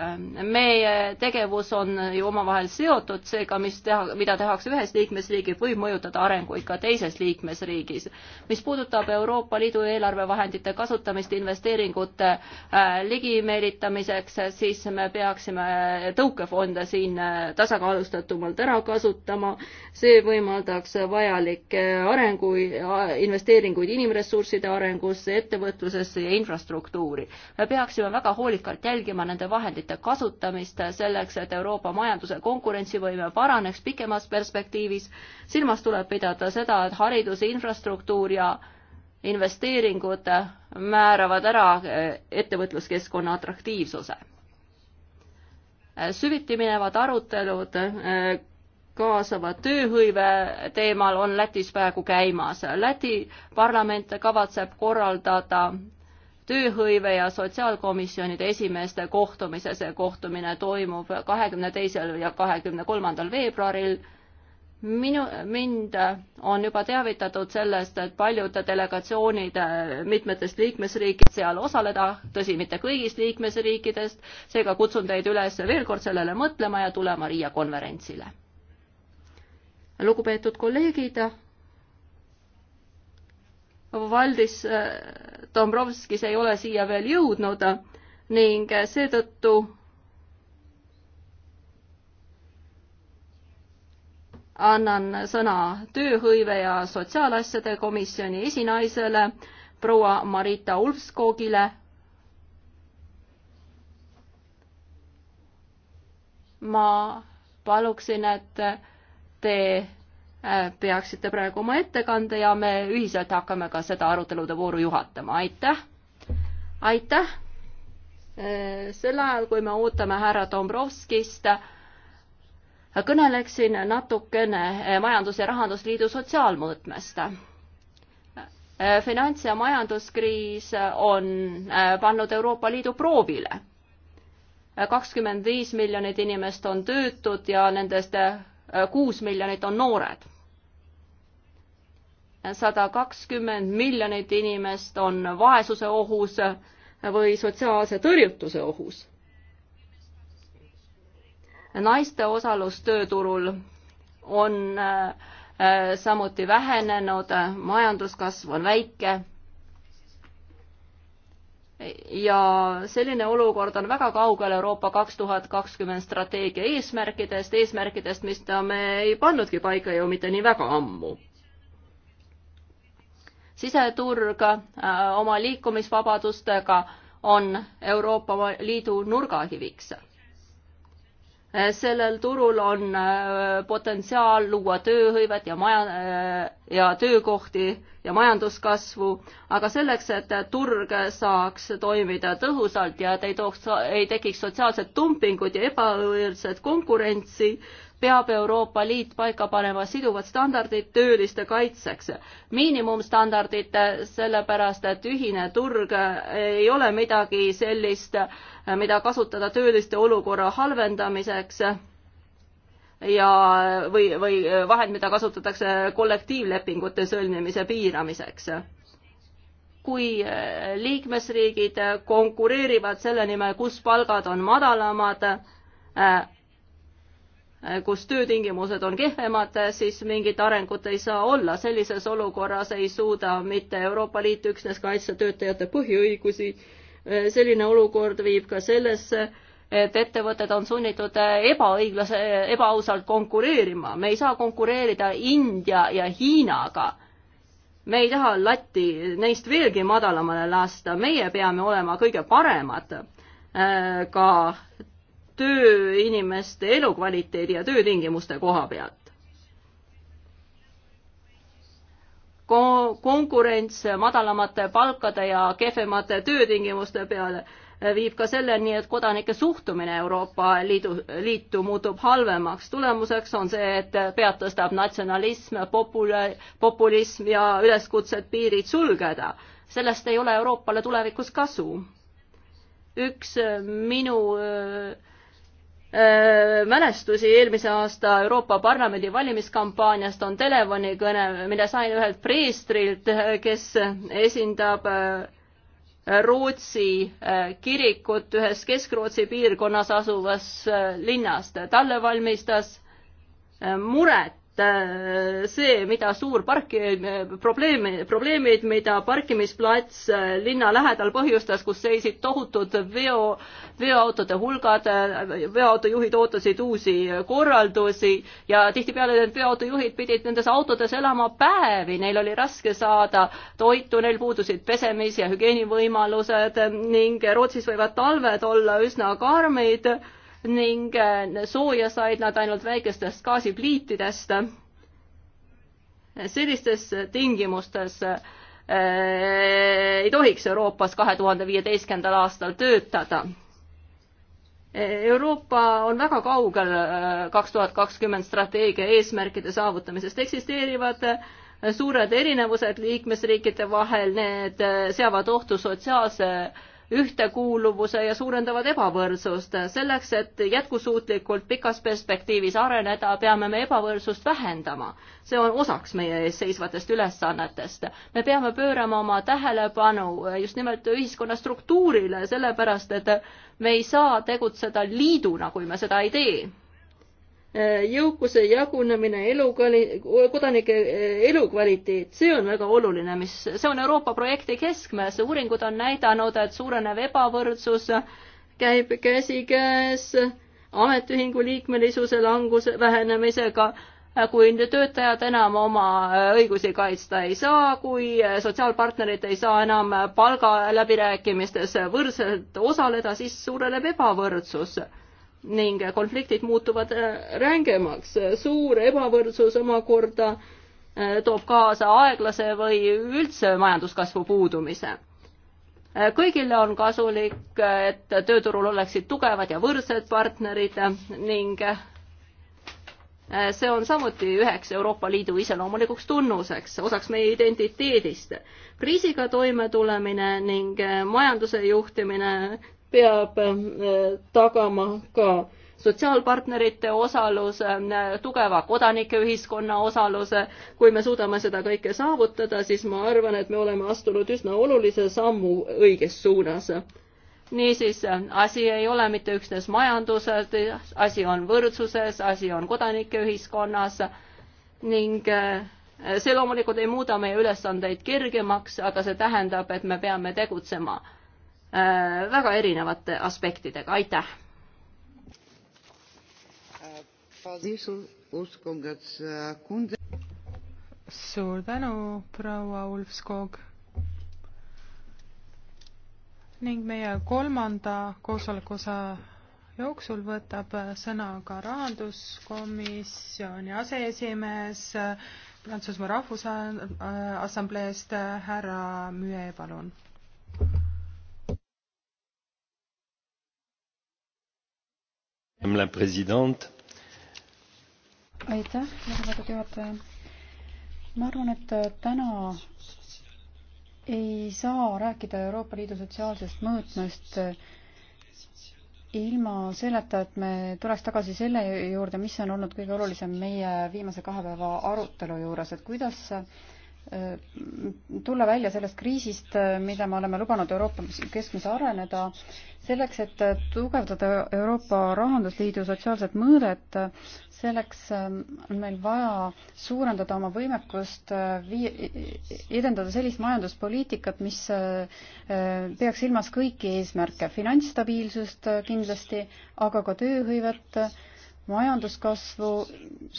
[SPEAKER 2] meie tegevus on ju omavahel seotud, seega mis teha, mida tehakse ühes liikmesriigis, võib mõjutada arenguid ka teises liikmesriigis. mis puudutab Euroopa Liidu eelarvevahendite kasutamist investeeringute äh, ligimeelitamiseks, siis me peaksime tõukefonde siin äh, tasakaalustatumalt ära kasutama, see võimaldaks vajalikke arengu, äh, investeeringuid inimressursside arengusse, ettevõtete tööstusesse ja infrastruktuuri. me peaksime väga hoolikalt jälgima nende vahendite kasutamist selleks, et Euroopa majanduse konkurentsivõime paraneks pikemas perspektiivis. silmas tuleb pidada seda, et haridus, infrastruktuur ja investeeringud määravad ära ettevõtluskeskkonna atraktiivsuse süviti minevad arutelud kaasava tööhõive teemal on Lätis praegu käimas. Läti parlament kavatseb korraldada tööhõive ja sotsiaalkomisjonide esimeeste kohtumise, see kohtumine toimub kahekümne teisel ja kahekümne kolmandal veebruaril. minu, mind on juba teavitatud sellest, et paljud delegatsioonid mitmetest liikmesriikidest seal osaleda, tõsi, mitte kõigist liikmesriikidest, seega kutsun teid üles veel kord sellele mõtlema ja tulema Riia konverentsile lugupeetud kolleegid, Valdis äh, Dombrovskis ei ole siia veel jõudnud ning seetõttu annan sõna tööhõive ja sotsiaalasjade komisjoni esinaisele proua Marita Ulfskogile. ma paluksin, et te äh, peaksite praegu oma ettekande ja me ühiselt hakkame ka seda arutelude vooru juhatama, aitäh. aitäh. Äh, sel ajal, kui me ootame härra Dombrovskist, äh, kõneleksin natukene Majandus- ja Rahandusliidu sotsiaalmõõtmest finants- ja majanduskriis on pannud Euroopa Liidu proovile. kakskümmend viis miljonit inimest on töötud ja nendest kuus miljonit on noored. sada kakskümmend miljonit inimest on vaesuse ohus või sotsiaalse tõrjutuse ohus. naiste osalus tööturul on äh, samuti vähenenud, majanduskasv on väike ja selline olukord on väga kaugel Euroopa kaks tuhat kakskümmend strateegia eesmärkidest, eesmärkidest, mis ta me ei pannudki paika ju mitte nii väga ammu. siseturg äh, oma liikumisvabadustega on Euroopa Liidu nurgakiviks Äh, sellel turul on äh, potentsiaal luua tööhõivet ja maja, äh, ja töökohti ja majanduskasvu, aga selleks, et turg saaks toimida tõhusalt ja et ei tooks, ei tekiks sotsiaalset dumpingut ja ebaõõrset konkurentsi, peab Euroopa Liit paika panema siduvad standardid tööliste kaitseks. miinimumstandardid, sellepärast et ühine turg ei ole midagi sellist, mida kasutada tööliste olukorra halvendamiseks ja, või, või vahend, mida kasutatakse kollektiivlepingute sõlmimise piiramiseks kui liikmesriigid konkureerivad selle nimel, kus palgad on madalamad, kus töötingimused on kehvemad, siis mingit arengut ei saa olla. sellises olukorras ei suuda mitte Euroopa Liit üksnes kaitsta töötajate põhiõigusi. selline olukord viib ka sellesse, et ettevõtted on sunnitud ebaõiglase, ebaausalt konkureerima. me ei saa konkureerida India ja Hiinaga. me ei taha latti neist veelgi madalamale lasta, meie peame olema kõige paremad äh, ka tööinimeste elukvaliteedi ja töötingimuste koha pealt. Ko-, konkurents madalamate palkade ja kehvemate töötingimuste peale eh, viib ka selleni, et kodanike suhtumine Euroopa Liidu, liitu muutub halvemaks. tulemuseks on see, et pead tõstab natsionalism, popul-, populism ja üleskutsed piirid sulgeda. sellest ei ole Euroopale tulevikus kasu. üks minu äh, Äh, mälestusi eelmise aasta Euroopa Parlamendi valimiskampaaniast on telefonikõne, mille sain ühelt preestrilt, kes esindab äh, Rootsi äh, kirikut ühes Kesk-Rootsi piirkonnas asuvas linnas. talle valmistas muret Äh, see, mida suur parki, probleeme, probleemid, mida parkimisplats äh, linna lähedal põhjustas, kus seisid tohutud veo, veoautode hulgad, äh, veoautojuhid ootasid uusi korraldusi ja tihtipeale need veoautojuhid pidid nendes autodes elama päevi, neil oli raske saada toitu, neil puudusid pesemis- ja hügieenivõimalused ning Rootsis võivad talved olla üsna karmid ning eh, sooja said nad ainult väikestest gaasipliitidest. sellistes tingimustes eh, ei tohiks Euroopas kahe tuhande viieteistkümnendal aastal töötada. Euroopa on väga kaugel eh, kaks tuhat kakskümmend strateegia eesmärkide saavutamisest, eksisteerivad suured erinevused liikmesriikide vahel, need seavad ohtu sotsiaalse ühtekuuluvuse ja suurendavad ebavõrdsust. selleks, et jätkusuutlikult pikas perspektiivis areneda, peame me ebavõrdsust vähendama. see on osaks meie ees seisvatest ülesannetest. me peame pöörama oma tähelepanu just nimelt ühiskonna struktuurile, sellepärast et me ei saa tegutseda liiduna, kui me seda ei tee Äh, jõukuse jagunemine, elukali-, kodanike äh, elukvaliteet, see on väga oluline, mis, see on Euroopa projekti keskmes, uuringud on näidanud, et suurenev ebavõrdsus käib käsikäes ametiühingu liikmelisuse languse, vähenemisega, kui töötajad enam oma äh, õigusi kaitsta ei saa, kui sotsiaalpartnerid ei saa enam palgaläbirääkimistes võrdselt osaleda, siis suureneb ebavõrdsus ning konfliktid muutuvad äh, rängemaks. suur ebavõrdsus omakorda äh, toob kaasa aeglase või üldse majanduskasvu puudumise. Äh, kõigile on kasulik, et tööturul oleksid tugevad ja võrdsed partnerid ning see on samuti üheks Euroopa Liidu iseloomulikuks tunnuseks, osaks meie identiteedist. kriisiga toimetulemine ning majanduse juhtimine peab äh, tagama ka sotsiaalpartnerite osaluse, äh, tugeva kodanikeühiskonna osaluse. kui me suudame seda kõike saavutada, siis ma arvan, et me oleme astunud üsna olulise sammu õiges suunas niisiis, äh, asi ei ole mitte üksnes majanduses, asi on võrdsuses, asi on kodanikeühiskonnas ning see loomulikult ei muuda meie ülesandeid kergemaks, aga see tähendab, et me peame tegutsema Äh, väga erinevate aspektidega, aitäh!
[SPEAKER 4] suur tänu, proua Ulfskog! ning meie kolmanda koosoleku osa jooksul võtab sõna ka rahanduskomisjoni aseesimees Prantsusmaa Rahvusassambleest härra Müe, palun.
[SPEAKER 3] aitäh,
[SPEAKER 6] lugupeetud juhataja. ma arvan, et täna ei saa rääkida Euroopa Liidu sotsiaalsest mõõtmest ilma selleta, et me tuleks tagasi selle juurde, mis on olnud kõige olulisem meie viimase kahe päeva arutelu juures, et kuidas äh, Äh, tulla välja sellest kriisist, äh, mida me oleme lubanud Euroopa keskmise areneda, selleks, et äh, tugevdada Euroopa Rahandusliidu sotsiaalset mõõdet, selleks on meil vaja suurendada oma võimekust, vii-, edendada sellist majanduspoliitikat, mis peaks silmas kõiki eesmärke, finantsstabiilsust kindlasti, aga ka tööhõivet, majanduskasvu,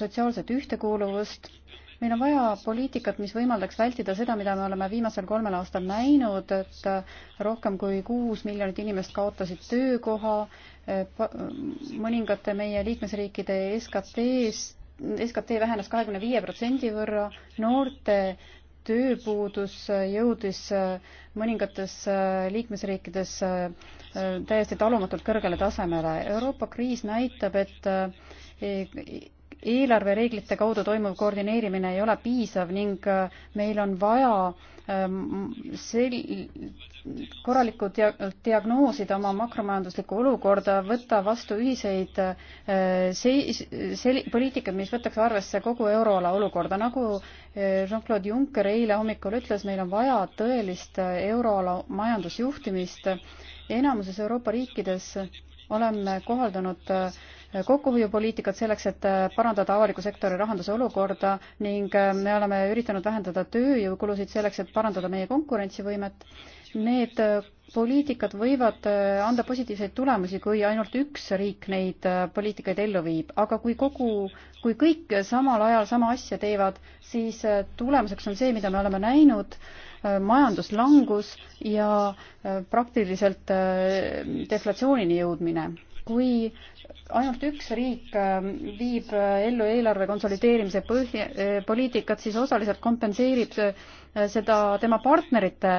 [SPEAKER 6] sotsiaalset ühtekuuluvust meil on vaja poliitikat, mis võimaldaks vältida seda, mida me oleme viimasel kolmel aastal näinud, et rohkem kui kuus miljonit inimest kaotasid töökoha, mõningate meie liikmesriikide SKT-s, SKT vähenes kahekümne viie protsendi võrra, noorte tööpuudus jõudis mõningates liikmesriikides täiesti talumatult kõrgele tasemele. Euroopa kriis näitab, et eelarvereeglite kaudu toimuv koordineerimine ei ole piisav ning äh, meil on vaja ähm, sel-, korralikku dia-, diagnoosida oma makromajanduslikku olukorda, võtta vastu ühiseid äh, seis-, sel-, poliitikaid, mis võtaks arvesse kogu euroala olukorda, nagu äh, Jean-Claude Juncker eile hommikul ütles, meil on vaja tõelist euroala majandusjuhtimist, enamuses Euroopa riikides oleme kohaldanud äh, kokkuhoiupoliitikat selleks, et äh, parandada avaliku sektori rahanduse olukorda ning äh, me oleme üritanud vähendada tööjõukulusid selleks, et parandada meie konkurentsivõimet. Need äh, poliitikad võivad anda positiivseid tulemusi, kui ainult üks riik neid poliitikaid ellu viib, aga kui kogu, kui kõik samal ajal sama asja teevad, siis tulemuseks on see, mida me oleme näinud, majanduslangus ja praktiliselt deflatsioonini jõudmine kui ainult üks riik ähm, viib äh, ellu eelarve konsolideerimise põhja, äh, poliitikat, siis osaliselt kompenseerib äh, seda tema partnerite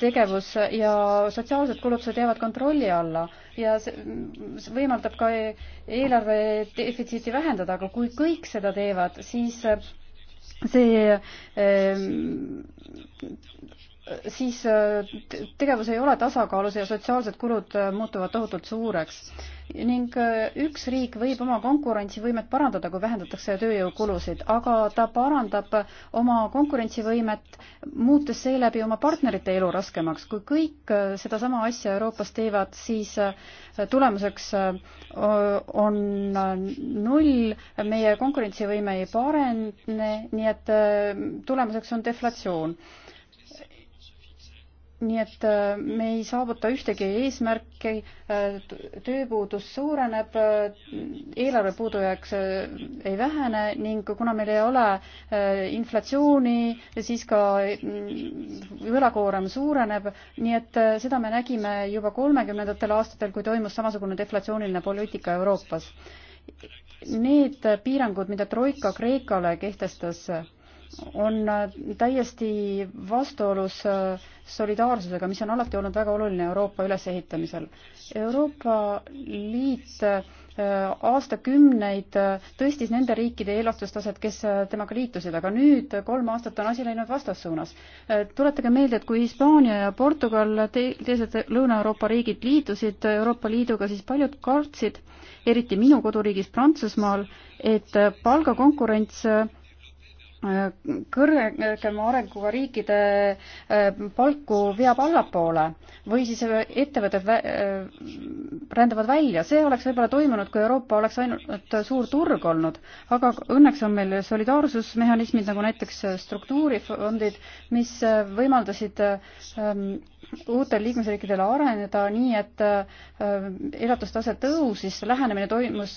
[SPEAKER 6] tegevus ja sotsiaalsed kulutused jäävad kontrolli alla ja see mm, võimaldab ka e-, eelarve defitsiiti vähendada, aga kui kõik seda teevad, siis see ähm, siis äh, tegevus ei ole tasakaalus ja sotsiaalsed kulud äh, muutuvad tohutult suureks. ning äh, üks riik võib oma konkurentsivõimet parandada, kui vähendatakse tööjõukulusid, aga ta parandab oma konkurentsivõimet, muutes seeläbi oma partnerite elu raskemaks. kui kõik sedasama asja Euroopas teevad, siis tulemuseks on null, meie konkurentsivõime ei parene, nii et tulemuseks on deflatsioon nii et äh, me ei saavuta ühtegi eesmärki, äh, tööpuudus suureneb, äh, eelarve puudujääk ei vähene ning kuna meil ei ole inflatsiooni, siis ka mm, võlakoorem suureneb, nii et seda me nägime juba kolmekümnendatel aastatel, kui toimus samasugune deflatsiooniline poliitika Euroopas. Need piirangud, mida Troika Kreekale kehtestas on äh, täiesti vastuolus äh, solidaarsusega, mis on alati olnud väga oluline Euroopa ülesehitamisel. Euroopa Liit äh, aastakümneid tõstis nende riikide elastustaset, kes temaga liitusid, aga nüüd kolm aastat on asi läinud vastassuunas. tuletage meelde, et kui Hispaania ja Portugal te, teised Lõuna-Euroopa riigid liitusid Euroopa Liiduga, siis paljud kartsid, eriti minu koduriigis Prantsusmaal, et palgakonkurents kõrgema arenguga riikide äh, palku veab allapoole või siis äh, ettevõtted vä äh, rändavad välja. see oleks võib-olla toimunud, kui Euroopa oleks ainult suur turg olnud, aga õnneks on meil solidaarsusmehhanismid nagu näiteks struktuurifondid, mis võimaldasid ähm, uutel liikmesriikidel areneda nii, et äh, elatustase tõusis, lähenemine toimus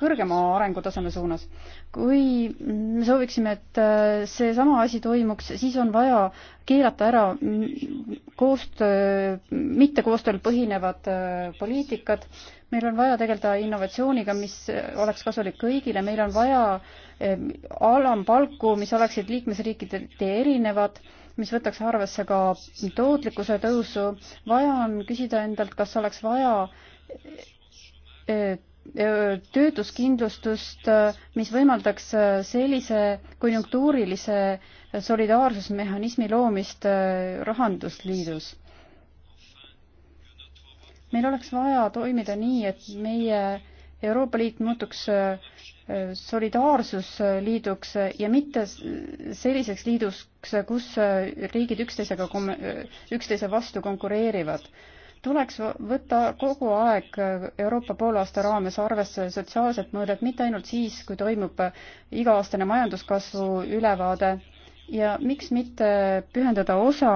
[SPEAKER 6] kõrgema arengutaseme suunas. kui me sooviksime, et äh, seesama asi toimuks, siis on vaja keelata ära koostöö, mittekoostööl põhinevad äh, poliitikad, meil on vaja tegeleda innovatsiooniga, mis oleks kasulik kõigile, meil on vaja alampalku, mis oleksid liikmesriikideti erinevad mis võtaks arvesse ka tootlikkuse tõusu. vaja on küsida endalt, kas oleks vaja e, e, töötuskindlustust, mis võimaldaks sellise konjunktuurilise solidaarsusmehhanismi loomist Rahandusliidus. meil oleks vaja toimida nii, et meie Euroopa Liit muutuks äh, solidaarsusliiduks ja mitte selliseks liiduks, kus äh, riigid üksteisega, äh, üksteise vastu konkureerivad. tuleks võtta kogu aeg Euroopa poolaasta raames arvesse sotsiaalset mõõdet, mitte ainult siis, kui toimub iga-aastane majanduskasvu ülevaade ja miks mitte pühendada osa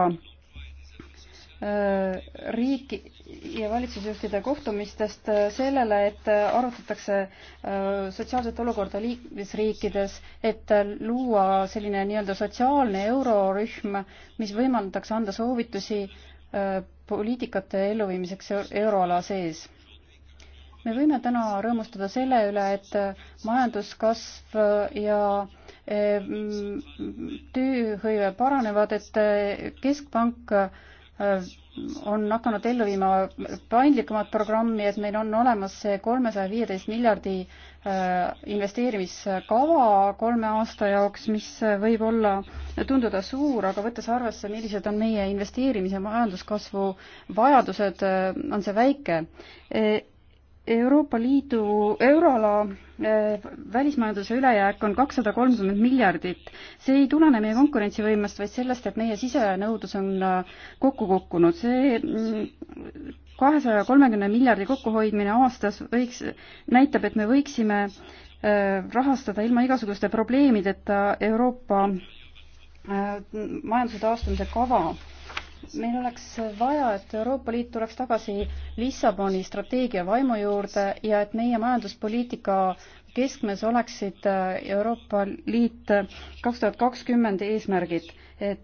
[SPEAKER 6] riiki, ja valitsusjuhtide kohtumistest äh, sellele, et äh, arutatakse äh, sotsiaalset olukorda liikmesriikides, et luua selline nii-öelda sotsiaalne eurorühm, mis võimaldaks anda soovitusi poliitikate elluviimiseks euroala sees. me võime täna rõõmustada selle üle, et majanduskasv ja tööhõive paranevad, et keskpank on hakanud ellu viima paindlikumat programmi, et meil on olemas see kolmesaja viieteist miljardi äh, investeerimiskava kolme aasta jaoks, mis äh, võib olla, tunduda suur, aga võttes arvesse, millised on meie investeerimise majanduskasvu vajadused, äh, on see väike Euroopa Liidu euroala eh, välismajanduse ülejääk on kakssada kolmkümmend miljardit. see ei tulene meie konkurentsivõimest, vaid sellest, et meie sisenõudlus on eh, kokku kukkunud. see mm, kahesaja kolmekümne miljardi kokkuhoidmine aastas võiks, näitab, et me võiksime eh, rahastada ilma igasuguste probleemideta Euroopa majanduse taastumise kava meil oleks vaja, et Euroopa Liit tuleks tagasi Lissaboni strateegia vaimu juurde ja et meie majanduspoliitika keskmes oleksid Euroopa Liit kaks tuhat kakskümmend eesmärgid.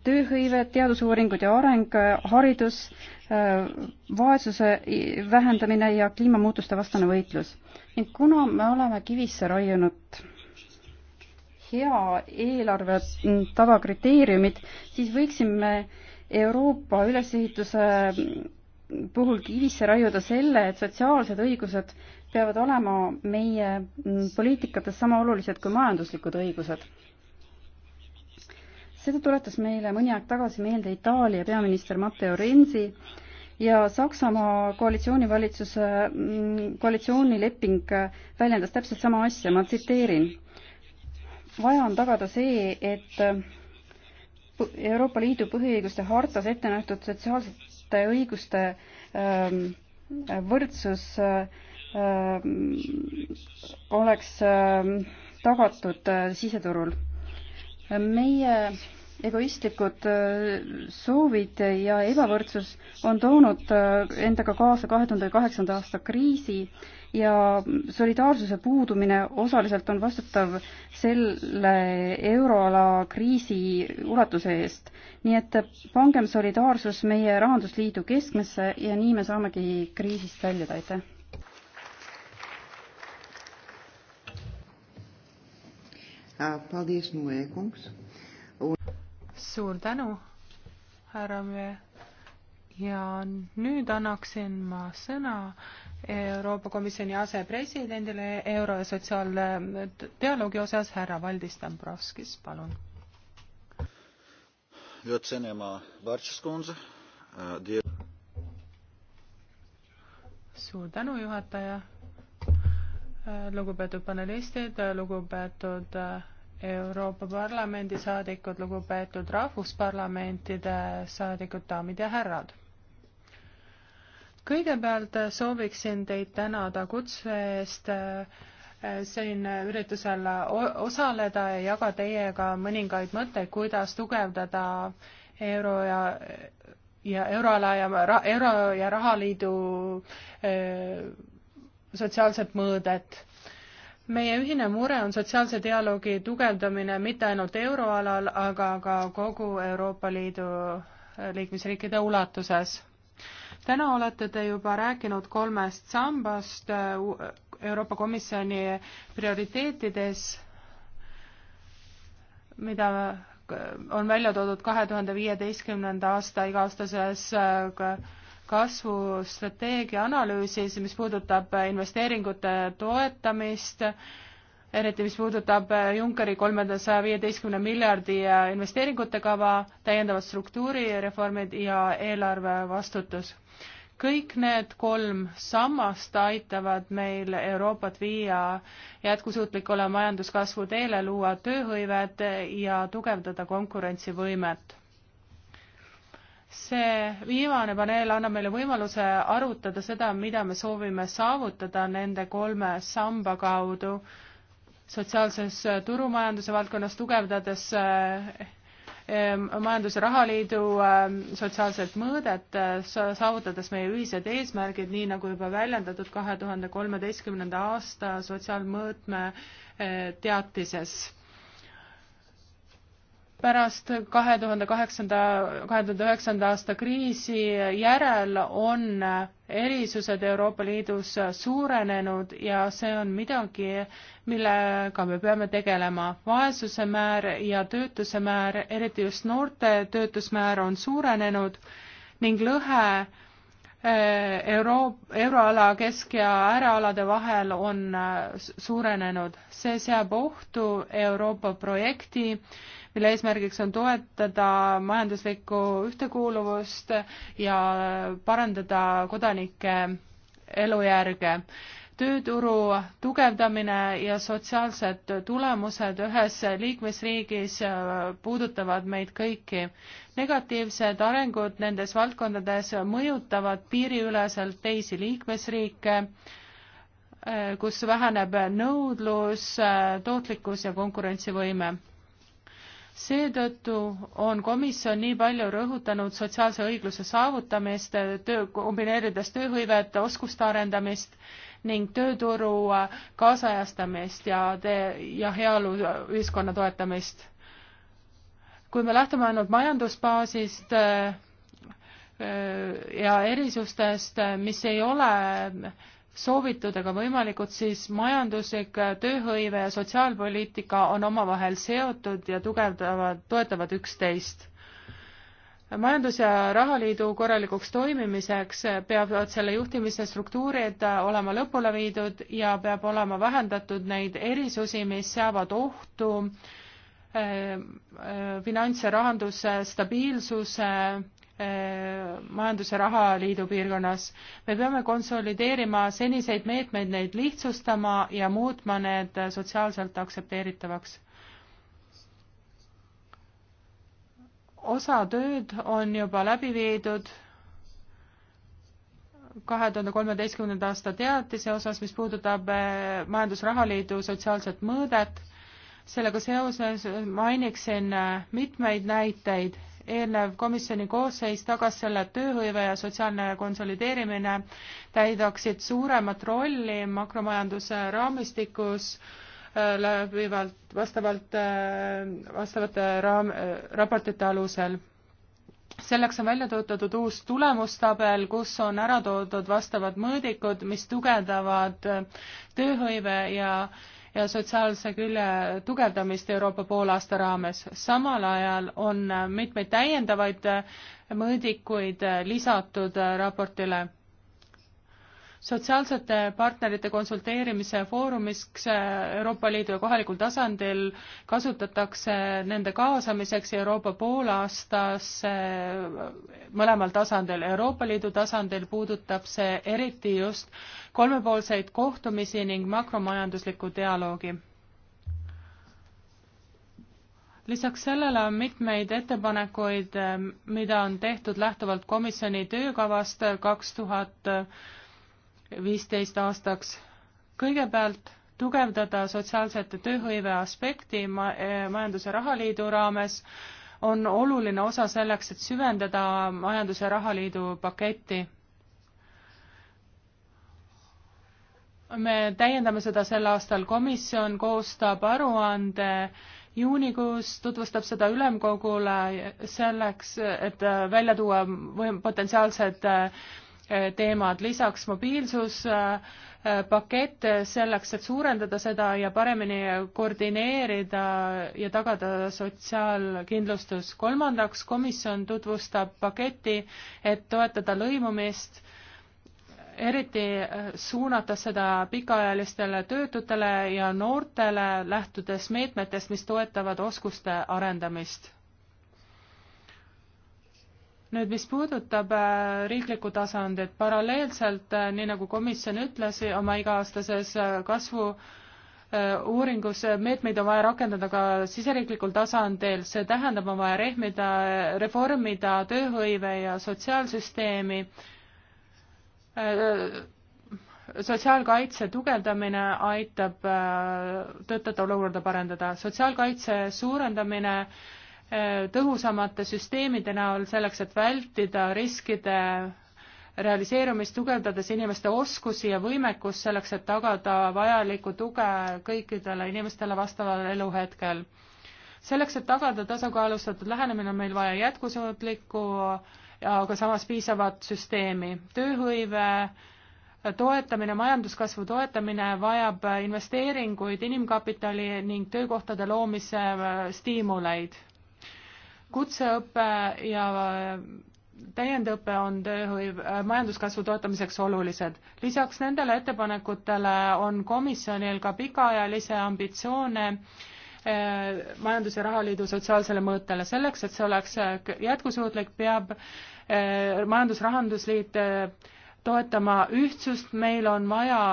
[SPEAKER 6] tööhõive, teadusuuringud ja areng, haridus, vaesuse vähendamine ja kliimamuutuste vastane võitlus. ning kuna me oleme kivisse raiunud hea eelarve tavakriteeriumid, siis võiksime Euroopa ülesehituse puhul kivisse raiuda selle, et sotsiaalsed õigused peavad olema meie poliitikates sama olulised kui majanduslikud õigused. seda tuletas meile mõni aeg tagasi meelde Itaalia peaminister Matteo Renzi ja Saksamaa koalitsioonivalitsuse koalitsioonileping väljendas täpselt sama asja, ma tsiteerin. vaja on tagada see, et Euroopa Liidu põhiõiguste hartas ette nähtud sotsiaalsete õiguste ähm, võrdsus ähm, oleks ähm, tagatud äh, siseturul. meie egoistlikud äh, soovid ja ebavõrdsus on toonud äh, endaga kaasa kahe tuhande kaheksanda aasta kriisi ja solidaarsuse puudumine osaliselt on vastutav selle euroala kriisi ulatuse eest. nii et pangem solidaarsus meie Rahandusliidu keskmesse ja nii me saamegi kriisist väljuda, aitäh!
[SPEAKER 4] Paldies no veikums! suur tänu, härra Möe. ja nüüd annaksin ma sõna Euroopa Komisjoni asepresidendile euro- ja sotsiaaldialoogi osas, härra Valdis Dombrovskis, palun. suur tänu, juhataja. lugupeetud panelistid, lugupeetud Euroopa Parlamendi saadikud, lugupeetud rahvusparlamentide saadikud, daamid ja härrad. kõigepealt sooviksin teid tänada kutse eest äh, siin üritusel osaleda ja jaga teiega mõningaid mõtteid, kuidas tugevdada euro ja ja euroala ja euro ja rahaliidu öö, äh, sotsiaalset mõõdet meie ühine mure on sotsiaalse dialoogi tugevdamine mitte ainult euroalal, aga ka kogu Euroopa Liidu äh, liikmesriikide ulatuses. täna olete te juba rääkinud kolmest sambast äh, Euroopa Komisjoni prioriteetides, mida äh, on välja toodud kahe tuhande viieteistkümnenda aasta iga-aastases kasvustrateegia analüüsis, mis puudutab investeeringute toetamist, eriti mis puudutab Junckeri kolmesaja viieteistkümne miljardi investeeringute kava, täiendavad struktuurireformid ja eelarve vastutus. kõik need kolm sammast aitavad meil Euroopat viia jätkusuutlikule majanduskasvu teele, luua tööhõivet ja tugevdada konkurentsivõimet see viimane paneel annab meile võimaluse arutada seda, mida me soovime saavutada nende kolme samba kaudu sotsiaalses äh, turumajanduse valdkonnas, tugevdades äh, majandus- ja rahaliidu ähm, sotsiaalset mõõdet, äh, saavutades meie ühised eesmärgid, nii nagu juba väljendatud kahe tuhande kolmeteistkümnenda aasta sotsiaalmõõtme teatises pärast kahe tuhande kaheksanda, kahe tuhande üheksanda aasta kriisi järel on erisused Euroopa Liidus suurenenud ja see on midagi, millega me peame tegelema. vaesuse määr ja töötuse määr, eriti just noorte töötusmäär on suurenenud ning lõhe eh, euro, euroala kesk- ja äärealade vahel on suurenenud. see seab ohtu Euroopa projekti mille eesmärgiks on toetada majanduslikku ühtekuuluvust ja parandada kodanike elujärge. tööturu tugevdamine ja sotsiaalsed tulemused ühes liikmesriigis äh, puudutavad meid kõiki. negatiivsed arengud nendes valdkondades mõjutavad piiriüleselt teisi liikmesriike, äh, kus väheneb nõudlus, äh, tootlikkus ja konkurentsivõime seetõttu on komisjon nii palju rõhutanud sotsiaalse õigluse saavutamist, töö, kombineerides tööhõivet, oskuste arendamist ning tööturu äh, kaasajastamist ja te- ja heaoluühiskonna toetamist. kui me lähtume ainult majandusbaasist äh, äh, ja erisustest, mis ei ole soovitud, aga võimalikud, siis majanduslik, tööhõive ja sotsiaalpoliitika on omavahel seotud ja tugevdavad, toetavad üksteist. majandus- ja rahaliidu korralikuks toimimiseks peavad selle juhtimise struktuurid olema lõpule viidud ja peab olema vähendatud neid erisusi, mis seavad ohtu eh, eh, finants- ja rahanduse stabiilsuse Äh, majandus- ja rahaliidu piirkonnas. me peame konsolideerima seniseid meetmeid, neid lihtsustama ja muutma need sotsiaalselt aktsepteeritavaks. osa tööd on juba läbi viidud kahe tuhande kolmeteistkümnenda aasta teatise osas, mis puudutab äh, Majandus-Rahaliidu sotsiaalset mõõdet. sellega seoses mainiksin äh, mitmeid näiteid eelnev komisjoni koosseis tagas selle, et tööhõive ja sotsiaalne konsolideerimine täidaksid suuremat rolli makromajanduse raamistikus äh, läbivalt vastavalt, äh, vastavate raam, äh, raportite alusel. selleks on välja töötatud uus tulemustabel, kus on ära toodud vastavad mõõdikud, mis tugevdavad tööhõive ja ja sotsiaalse külje tugevdamist Euroopa poolaasta raames. samal ajal on mitmeid täiendavaid mõõdikuid lisatud raportile sotsiaalsete partnerite konsulteerimise foorumiks äh, Euroopa Liidu ja kohalikul tasandil kasutatakse nende kaasamiseks Euroopa poolaastasse äh, mõlemal tasandil. Euroopa Liidu tasandil puudutab see eriti just kolmepoolseid kohtumisi ning makromajanduslikku dialoogi lisaks sellele on mitmeid ettepanekuid, äh, mida on tehtud lähtuvalt komisjoni töökavast kaks tuhat viisteist aastaks. kõigepealt tugevdada sotsiaalsete tööhõive aspekti ma-, eh, Majandus- ja Rahaliidu raames, on oluline osa selleks, et süvendada Majandus- ja Rahaliidu paketti. me täiendame seda sel aastal, komisjon koostab aruande juunikuus tutvustab seda ülemkogule selleks, et välja tuua või potentsiaalsed eh, Eh, teemad, lisaks mobiilsuspakett selleks, et suurendada seda ja paremini koordineerida ja tagada sotsiaalkindlustus. kolmandaks, komisjon tutvustab paketti, et toetada lõimumist, eriti eh, suunata seda pikaajalistele töötutele ja noortele, lähtudes meetmetest, mis toetavad oskuste arendamist nüüd, mis puudutab äh, riiklikku tasandit, paralleelselt, äh, nii nagu komisjon ütles oma iga-aastases äh, kasvu uuringus, meetmeid on vaja rakendada ka siseriiklikul tasandil, see tähendab, on vaja rehmida, reformida tööhõive ja sotsiaalsüsteemi, sotsiaalkaitse tugevdamine aitab töötajate olukorda parandada, sotsiaalkaitse suurendamine äh, Äh, tõhusamate süsteemide näol selleks, et vältida riskide realiseerumist, tugevdades inimeste oskusi ja võimekust selleks, et tagada vajalikku tuge kõikidele inimestele vastaval eluhetkel. selleks, et tagada tasakaalustatud lähenemine, on meil vaja jätkusuutlikku, aga samas piisavat süsteemi. tööhõive toetamine, majanduskasvu toetamine vajab investeeringuid inimkapitali ning töökohtade loomise stiimuleid kutseõpe ja äh, täiendõpe on tööhõiv, äh, majanduskasvu toetamiseks olulised. lisaks nendele ettepanekutele on komisjonil ka pikaajalisi ambitsioone eh, majandus- ja rahaliidu sotsiaalsele mõõtele. selleks, et see oleks jätkusuutlik, peab eh, Majandus-Rahandusliit eh, toetama ühtsust, meil on vaja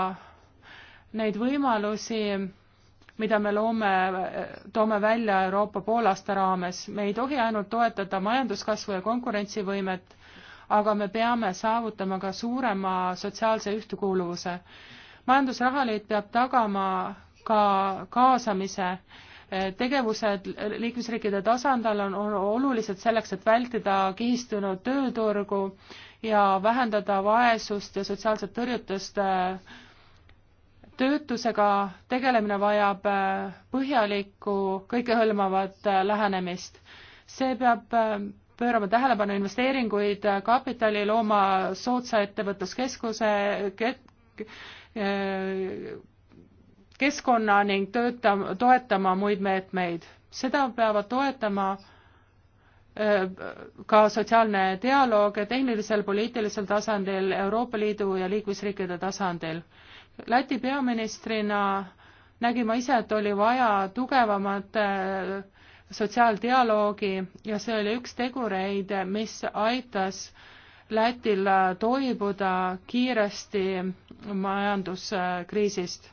[SPEAKER 4] neid võimalusi mida me loome, toome välja Euroopa poolaasta raames. me ei tohi ainult toetada majanduskasvu ja konkurentsivõimet, aga me peame saavutama ka suurema sotsiaalse ühtekuuluvuse. majandusrahaliit peab tagama ka kaasamise tegevused liikmesriikide tasandil on olulised selleks, et vältida kihistunud tööturgu ja vähendada vaesust ja sotsiaalset tõrjutust töötusega tegelemine vajab äh, põhjalikku, kõikehõlmavat äh, lähenemist. see peab äh, pöörama tähelepanu investeeringuid kapitali, looma soodsa ettevõtluskeskuse ket,, keskkonna ning tööta, toetama muid meetmeid. seda peavad toetama ka sotsiaalne dialoog tehnilisel, poliitilisel tasandil, Euroopa Liidu ja liikmesriikide tasandil Läti peaministrina nägin ma ise, et oli vaja tugevamat äh, sotsiaaldialoogi ja see oli üks tegureid, mis aitas Lätil äh, toibuda kiiresti majanduskriisist.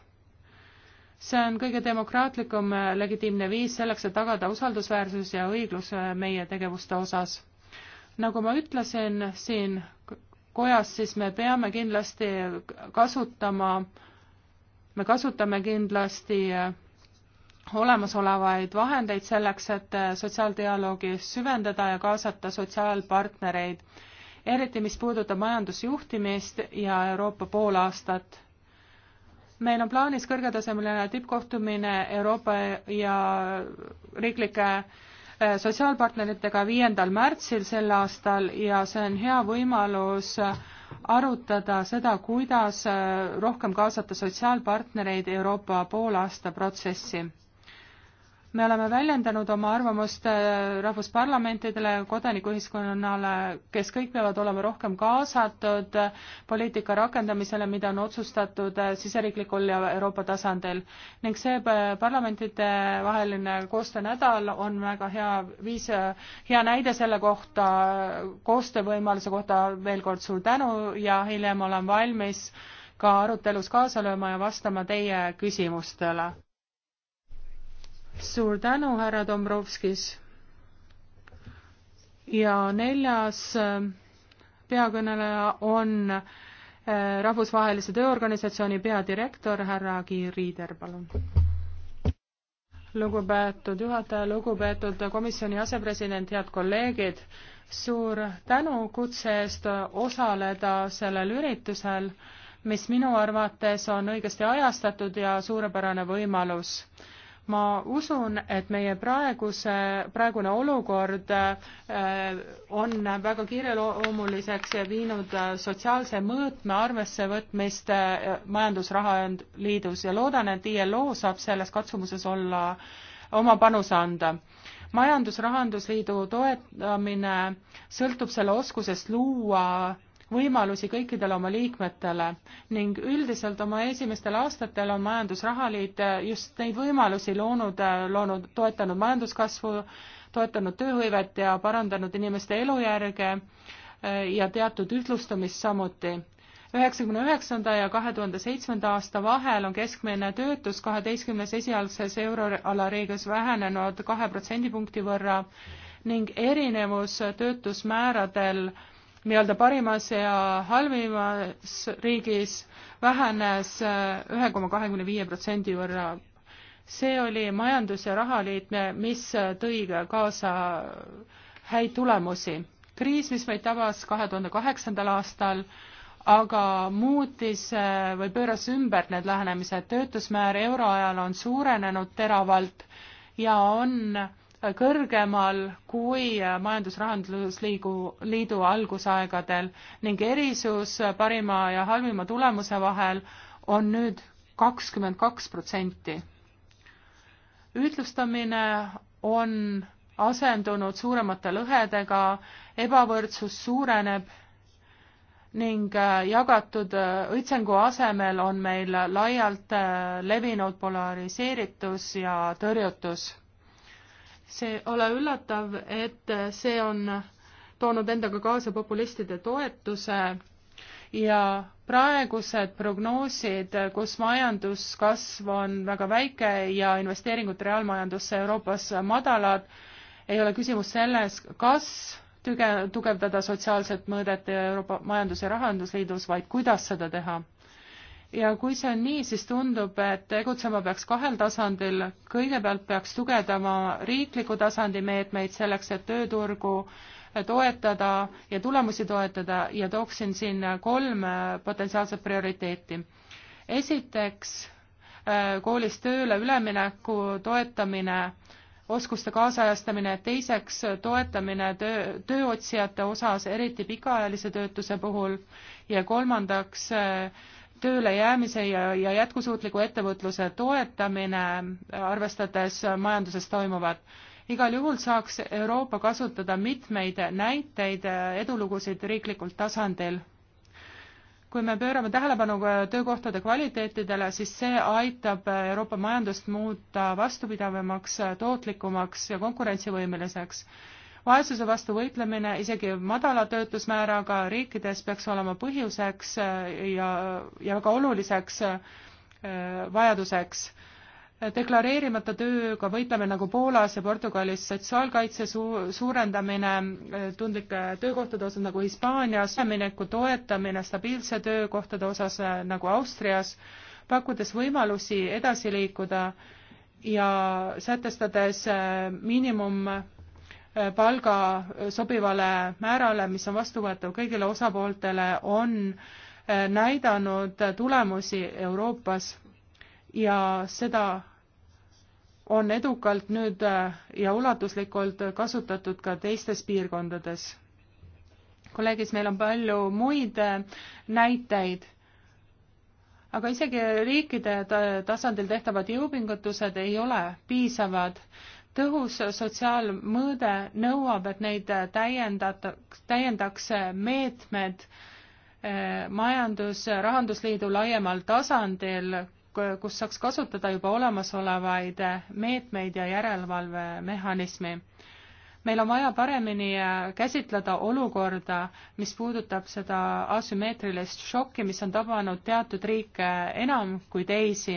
[SPEAKER 4] see on kõige demokraatlikum äh, legitiimne viis selleks, et tagada usaldusväärsus ja õiglus meie tegevuste osas. nagu ma ütlesin, siin kojas, siis me peame kindlasti kasutama, me kasutame kindlasti olemasolevaid vahendeid selleks, et sotsiaaldialoogi süvendada ja kaasata sotsiaalpartnereid, eriti mis puudutab majandusjuhtimist ja Euroopa poolaastat. meil on plaanis kõrgetasemeline tippkohtumine Euroopa ja riiklike Äh, sotsiaalpartneritega viiendal märtsil sel aastal ja see on hea võimalus äh, arutada seda, kuidas äh, rohkem kaasata sotsiaalpartnereid Euroopa poolaasta protsessi me oleme väljendanud oma arvamust äh, rahvusparlamentidele, kodanikuühiskonnale, kes kõik peavad olema rohkem kaasatud äh, poliitika rakendamisele, mida on otsustatud äh, siseriiklikul ja Euroopa tasandil. ning see parlamentidevaheline koostöönädal on väga hea viis, hea näide selle kohta, koostöövõimaluse kohta veel kord suur tänu ja hiljem olen valmis ka arutelus kaasa lööma ja vastama teie küsimustele suur tänu, härra Dombrovskis. ja neljas äh, peakõneleja on äh, Rahvusvahelise Tööorganisatsiooni peadirektor härra Kiir Riider, palun. lugupeetud juhataja, lugupeetud komisjoni asepresident, head kolleegid, suur tänu kutse eest osaleda sellel üritusel, mis minu arvates on õigesti ajastatud ja suurepärane võimalus ma usun, et meie praeguse, praegune olukord äh, on väga kiireloomuliseks viinud äh, sotsiaalse mõõtme arvessevõtmist äh, majandusraha liidus ja loodan, et ILO saab selles katsumuses olla, oma panuse anda majandus-rahandusliidu toetamine sõltub selle oskusest luua võimalusi kõikidele oma liikmetele ning üldiselt oma esimestel aastatel on Majandusrahaliit äh, just neid võimalusi loonud, äh, loonud, toetanud majanduskasvu, toetanud tööhõivet ja parandanud inimeste elujärge äh, ja teatud ühtlustamist samuti. üheksakümne üheksanda ja kahe tuhande seitsmenda aasta vahel on keskmine töötus kaheteistkümnes esialgses euroala riigis vähenenud kahe protsendipunkti võrra ning erinevus töötusmääradel nii-öelda parimas ja halvimas riigis vähenes äh, ühe koma kahekümne viie protsendi võrra. see oli Majandus- ja Rahaliit, mis äh, tõi kaasa häid tulemusi. kriis, mis meid tabas kahe tuhande kaheksandal aastal, aga muutis äh, või pööras ümber need lähenemised, töötusmäär euroajal on suurenenud teravalt ja on äh, kõrgemal kui äh, Majandus-Rahandusliidu liidu algusaegadel ning erisus parima ja halvima tulemuse vahel on nüüd kakskümmend kaks protsenti. ühtlustamine on asendunud suuremate lõhedega, ebavõrdsus suureneb ning äh, jagatud äh, õitsengu asemel on meil laialt levinud polariseeritus ja tõrjutus see ole üllatav, et see on toonud endaga kaasa populistide toetuse ja praegused prognoosid, kus majanduskasv on väga väike ja investeeringud reaalmajandusse Euroopas madalad, ei ole küsimus selles, kas tüge-, tugevdada sotsiaalset mõõdet Euroopa Majandus- ja Rahandusliidus, vaid kuidas seda teha ja kui see on nii, siis tundub, et tegutsema peaks kahel tasandil. kõigepealt peaks tugevdama riikliku tasandi meetmeid selleks, et tööturgu toetada ja tulemusi toetada ja tooksin siin kolm potentsiaalset prioriteeti. esiteks, äh, koolist tööle ülemineku toetamine, oskuste kaasajastamine, teiseks toetamine töö, tööotsijate osas, eriti pikaajalise töötuse puhul, ja kolmandaks äh, tööle jäämise ja, ja jätkusuutliku ettevõtluse toetamine, arvestades majanduses toimuvat. igal juhul saaks Euroopa kasutada mitmeid näiteid, edulugusid riiklikul tasandil. kui me pöörame tähelepanu töökohtade kvaliteetidele, siis see aitab Euroopa majandust muuta vastupidavamaks, tootlikumaks ja konkurentsivõimeliseks vaesuse vastu võitlemine isegi madala töötusmääraga riikides peaks olema põhjuseks äh, ja, ja väga oluliseks äh, vajaduseks deklareerimata tööga võitleme nagu Poolas ja Portugalis, sotsiaalkaitse su-, suurendamine äh, tundlike töökohtade osas nagu Hispaanias, ülemineku toetamine stabiilse töökohtade osas nagu Austrias, pakkudes võimalusi edasi liikuda ja sätestades miinimum palga sobivale määrale, mis on vastuvõetav kõigile osapooltele, on eh, näidanud tulemusi Euroopas ja seda on edukalt nüüd eh, ja ulatuslikult kasutatud ka teistes piirkondades. kolleegis, meil on palju muid eh, näiteid, aga isegi riikide tasandil tehtavad jõupingutused ei ole piisavad tõhus sotsiaalmõõde nõuab, et neid täiendataks, täiendaks meetmed eh, majandus, rahandusliidu laiemal tasandil, kus saaks kasutada juba olemasolevaid meetmeid ja järelevalvemehhanismi. meil on vaja paremini eh, käsitleda olukorda, mis puudutab seda asümmeetrilist šokki, mis on tabanud teatud riike enam kui teisi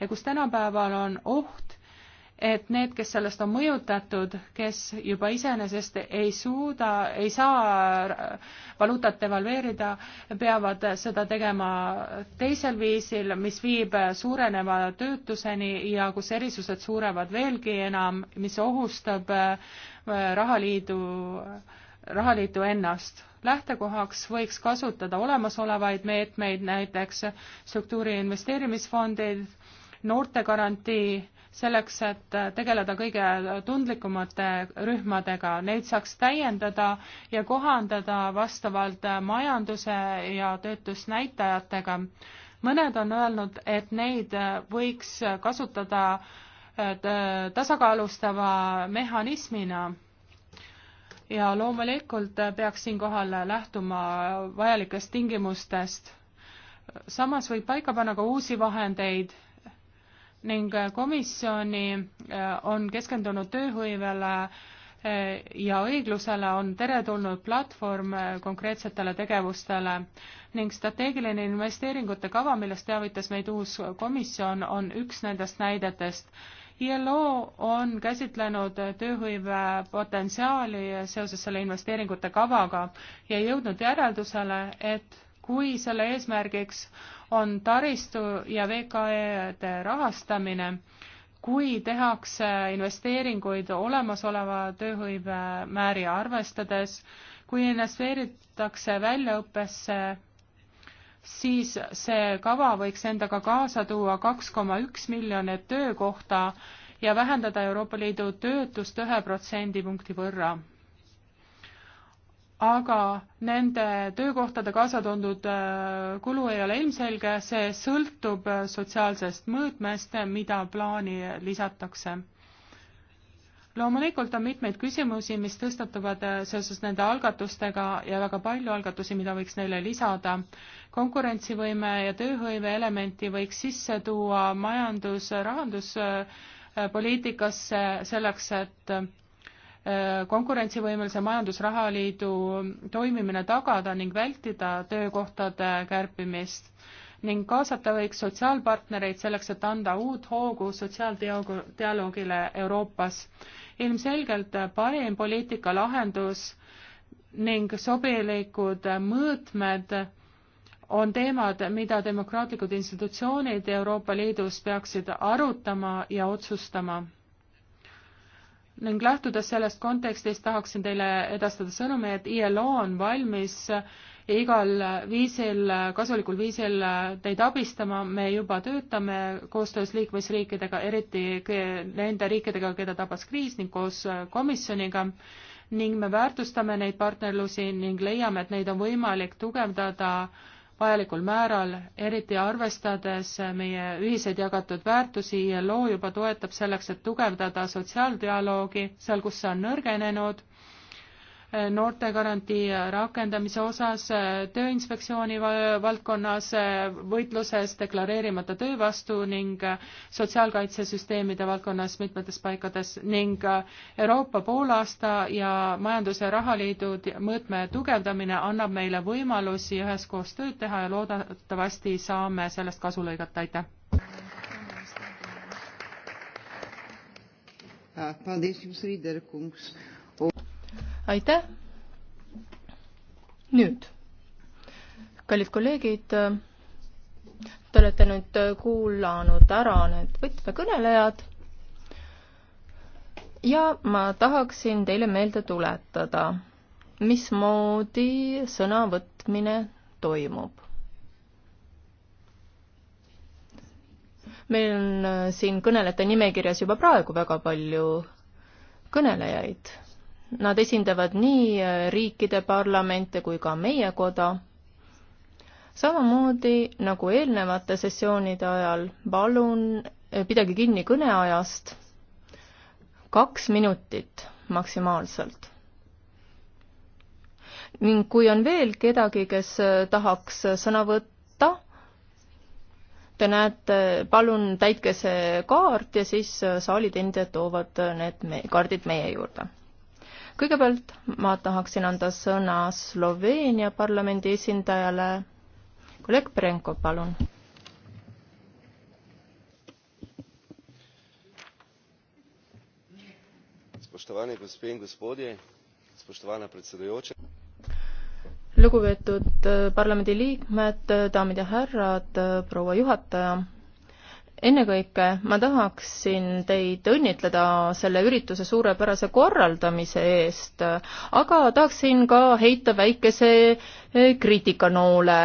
[SPEAKER 4] ja kus tänapäeval on oht, et need, kes sellest on mõjutatud, kes juba iseenesest ei suuda, ei saa valuutat devalveerida, peavad seda tegema teisel viisil, mis viib suureneva töötuseni ja kus erisused suurevad veelgi enam, mis ohustab äh, rahaliidu, rahaliitu ennast lähtekohaks võiks kasutada olemasolevaid meetmeid, näiteks struktuuri investeerimisfondid, noortegarantii selleks, et tegeleda kõige tundlikumate rühmadega, neid saaks täiendada ja kohandada vastavalt majanduse ja töötusnäitajatega. mõned on öelnud, et neid võiks kasutada äh, tasakaalustava mehhanismina ja loomulikult peaks siinkohal lähtuma vajalikest tingimustest. samas võib paika panna ka uusi vahendeid ning äh, komisjoni äh, on keskendunud tööhõivele äh, ja õiglusele on teretulnud platvorm konkreetsetele tegevustele ning strateegiline investeeringute kava, millest teavitas meid uus komisjon, on üks nendest näidetest. ILO on käsitlenud tööhõive potentsiaali seoses selle investeeringute kavaga ja jõudnud järeldusele, et kui selle eesmärgiks on taristu ja VKE-de rahastamine, kui tehakse investeeringuid olemasoleva tööhõive määri arvestades, kui investeeritakse väljaõppesse, siis see kava võiks endaga kaasa tuua kaks koma üks miljonit töökohta ja vähendada Euroopa Liidu töötust ühe protsendipunkti võrra aga nende töökohtade kaasa toodud äh, kulu ei ole ilmselge, see sõltub äh, sotsiaalsest mõõtmest, äh, mida plaani lisatakse. loomulikult on mitmeid küsimusi, mis tõstatuvad seoses nende algatustega ja väga palju algatusi, mida võiks neile lisada. konkurentsivõime ja tööhõive elementi võiks sisse tuua majandus, rahanduspoliitikasse selleks, et konkurentsivõimelise majandusrahaliidu toimimine tagada ning vältida töökohtade kärpimist ning kaasata võiks sotsiaalpartnereid selleks, et anda uut hoogu sotsiaaldialoogile Euroopas. ilmselgelt parim poliitika lahendus ning sobilikud mõõtmed on teemad, mida demokraatlikud institutsioonid Euroopa Liidus peaksid arutama ja otsustama ning lähtudes sellest kontekstist tahaksin teile edastada sõnumi, et ILO on valmis igal viisil, kasulikul viisil teid abistama, me juba töötame koostöös liikmesriikidega, eriti nende riikidega, keda tabas kriis ning koos komisjoniga ning me väärtustame neid partnerlusi ning leiame, et neid on võimalik tugevdada äh, vajalikul määral, eriti arvestades meie ühiseid jagatud väärtusi, ILO juba toetab selleks, et tugevdada sotsiaaldialoogi seal, kus see on nõrgenenud noortegarantii rakendamise osas, Tööinspektsiooni valdkonnas, võitluses deklareerimata töö vastu ning sotsiaalkaitsesüsteemide valdkonnas mitmetes paikades ning Euroopa poolaasta ja Majandus- ja Rahaliidu mõõtme tugevdamine annab meile võimalusi üheskoos tööd teha ja loodetavasti saame sellest kasu lõigata, aitäh! Ah, paldies jums, Riider Kungs!
[SPEAKER 5] aitäh. nüüd, kallid kolleegid, te olete nüüd kuulanud ära need võtmekõnelejad ja ma tahaksin teile meelde tuletada, mismoodi sõnavõtmine toimub. meil on siin kõnelejate nimekirjas juba praegu väga palju kõnelejaid Nad esindavad nii äh, riikide parlamente kui ka meie koda. samamoodi nagu eelnevate sessioonide ajal, palun äh, pidage kinni kõneajast, kaks minutit maksimaalselt. ning kui on veel kedagi, kes äh, tahaks sõna võtta, te näete, palun täitke see kaart ja siis saali teenindajad toovad need me kaardid meie juurde kõigepealt ma tahaksin anda sõna Sloveenia parlamendi esindajale. kolleeg Perenko, palun. lugupeetud eh, parlamendiliikmed, daamid ja härrad, proua juhataja ennekõike ma tahaksin teid õnnitleda selle ürituse suurepärase korraldamise eest, aga tahaksin ka heita väikese eh, kriitikanoole.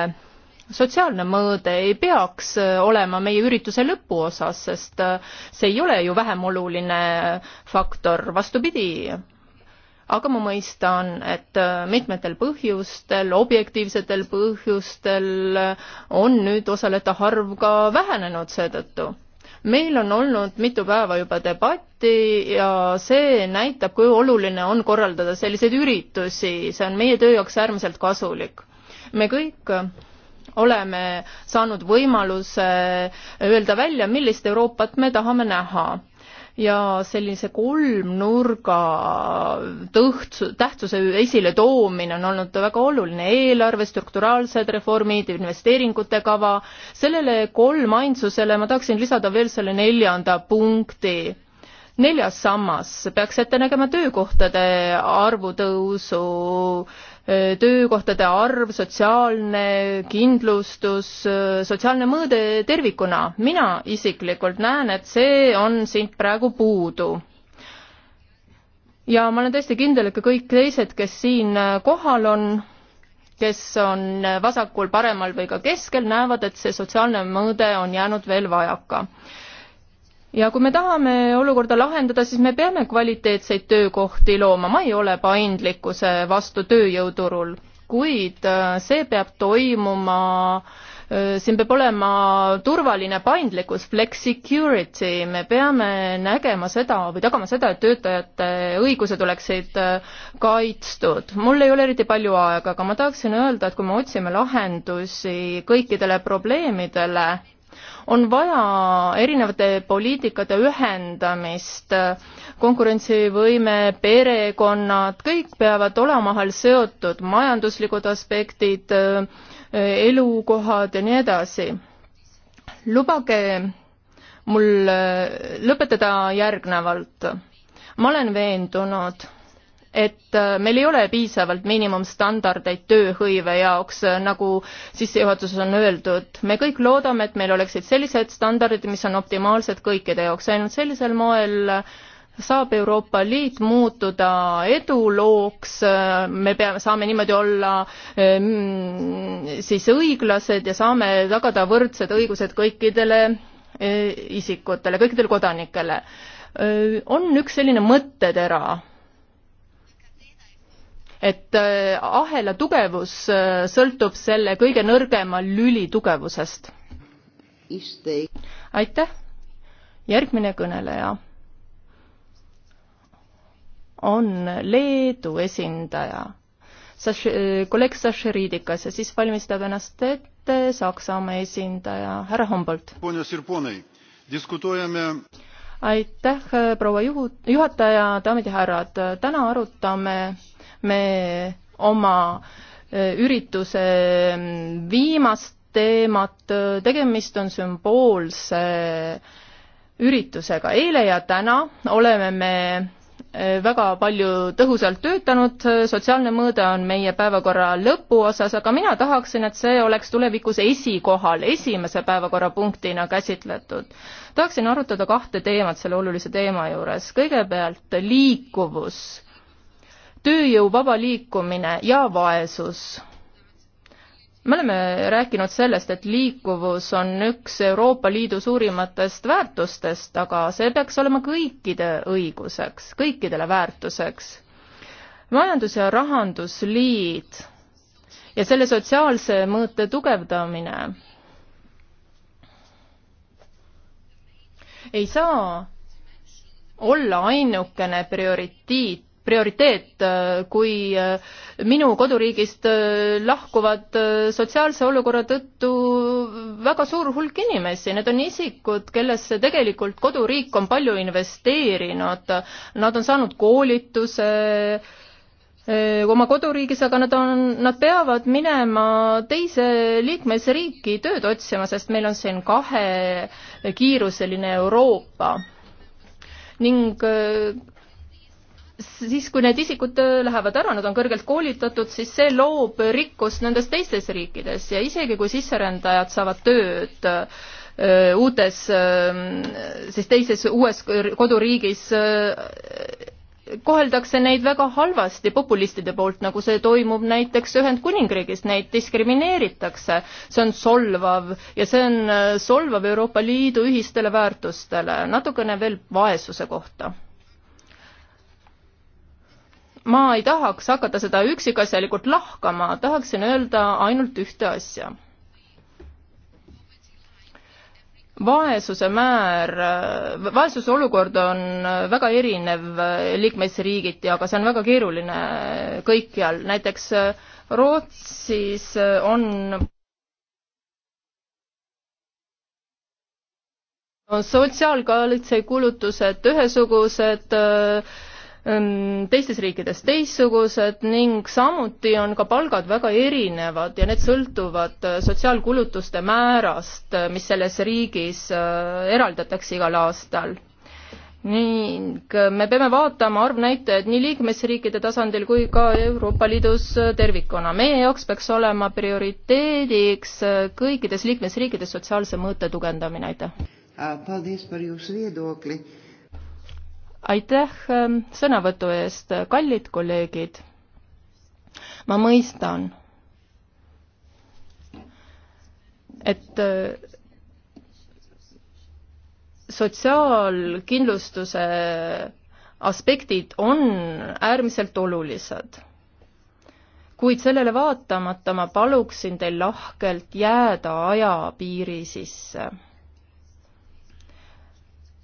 [SPEAKER 5] sotsiaalne mõõde ei peaks eh, olema meie ürituse lõpuosas, sest eh, see ei ole ju vähem oluline faktor, vastupidi, aga ma mõistan, et äh, mitmetel põhjustel, objektiivsetel põhjustel äh, on nüüd osalejate arv ka vähenenud seetõttu meil on olnud mitu päeva juba debatti ja see näitab, kui oluline on korraldada selliseid üritusi, see on meie töö jaoks äärmiselt kasulik. me kõik äh, oleme saanud võimaluse öelda välja, millist Euroopat me tahame näha ja sellise kolmnurga tõhtsu, tähtsuse esiletoomine on olnud väga oluline, eelarve, strukturaalsed reformid, investeeringute kava, sellele kolmainsusele ma tahaksin lisada veel selle neljanda punkti. neljas sammas peaks ette nägema töökohtade arvu tõusu, töökohtade arv, sotsiaalne kindlustus, sotsiaalne mõõde tervikuna. mina isiklikult näen, et see on siit praegu puudu ja ma olen täiesti kindel, et ka kõik teised, kes siin kohal on, kes on vasakul, paremal või ka keskel, näevad, et see sotsiaalne mõõde on jäänud veel vajaka ja kui me tahame olukorda lahendada, siis me peame kvaliteetseid töökohti looma, ma ei ole paindlikkuse vastu tööjõuturul, kuid äh, see peab toimuma äh, siin peab olema turvaline paindlikkus, flexicurity, me peame nägema seda või tagama seda, et töötajate õigused oleksid äh, kaitstud. mul ei ole eriti palju aega, aga ma tahaksin öelda, et kui me otsime lahendusi kõikidele probleemidele, on vaja erinevate poliitikate ühendamist, konkurentsivõime, perekonnad, kõik peavad olema omavahel seotud, majanduslikud aspektid, elukohad ja nii edasi. lubage mul lõpetada järgnevalt. ma olen veendunud et äh, meil ei ole piisavalt miinimumstandardeid tööhõive jaoks, äh, nagu sissejuhatuses on öeldud. me kõik loodame, et meil oleksid sellised standardid, mis on optimaalsed kõikide jaoks, ainult sellisel moel äh, saab Euroopa Liit muutuda edulooks, me peame, saame niimoodi olla mm, siis õiglased ja saame tagada võrdsed õigused kõikidele isikutele, kõikidele kodanikele. on üks selline mõttetera et äh, ahela tugevus äh, sõltub selle kõige nõrgema lüli tugevusest. aitäh, järgmine kõneleja on Leedu esindaja, äh, kolleeg Saša Riidikas ja siis valmistab ennast ette Saksamaa esindaja härra Humboldt. aitäh, proua juhu-, juhataja, daamid ja härrad, täna arutame me oma ürituse viimast teemat, tegemist on sümboolse üritusega. eile ja täna oleme me väga palju tõhusalt töötanud, sotsiaalne mõõde on meie päevakorra lõpuosas, aga mina tahaksin, et see oleks tulevikus esikohal, esimese päevakorrapunktina käsitletud. tahaksin arutada kahte teemat selle olulise teema juures. kõigepealt liikuvus tööjõu vaba liikumine ja vaesus. me oleme rääkinud sellest, et liikuvus on üks Euroopa Liidu suurimatest väärtustest, aga see peaks olema kõikide õiguseks, kõikidele väärtuseks. majandus- ja rahandusliit ja selle sotsiaalse mõõte tugevdamine ei saa olla ainukene prioriteet prioriteet, äh, kui äh, minu koduriigist äh, lahkuvad sotsiaalse olukorra tõttu väga suur hulk inimesi, need on isikud, kellesse tegelikult koduriik on palju investeerinud, nad on saanud koolituse, oma koduriigis, aga nad on, nad peavad minema teise liikmesriiki tööd otsima, sest meil on siin kahekiiruseline Euroopa. ning siis, kui need isikud äh, lähevad ära, nad on kõrgelt koolitatud, siis see loob rikkust nendes teistes riikides ja isegi kui sisserändajad saavad tööd äh, uutes, äh, siis teises uues koduriigis koheldakse neid väga halvasti populistide poolt, nagu see toimub näiteks Ühendkuningriigis, neid diskrimineeritakse. see on solvav ja see on solvav Euroopa Liidu ühistele väärtustele. natukene veel vaesuse kohta ma ei tahaks hakata seda üksikasjalikult lahkama, tahaksin öelda ainult ühte asja. vaesuse määr, vaesuse olukord on väga erinev liikmesriigiti, aga see on väga keeruline kõikjal, näiteks Rootsis on sotsiaalkaitsekulutused ühesugused äh, teistes riikides teistsugused ning samuti on ka palgad väga erinevad ja need sõltuvad äh, sotsiaalkulutuste määrast, äh, mis selles riigis äh, eraldatakse igal aastal. ning me peame vaatama arvnäitajaid nii liikmesriikide tasandil kui ka Euroopa Liidus tervikuna. meie jaoks peaks olema prioriteediks kõikides liikmesriikides sotsiaalse mõõte tugevdamine, aitäh! aitäh ähm, sõnavõtu eest, kallid kolleegid. ma mõistan, et äh, sotsiaalkindlustuse aspektid on äärmiselt olulised. kuid sellele vaatamata ma paluksin teil lahkelt jääda ajapiiri sisse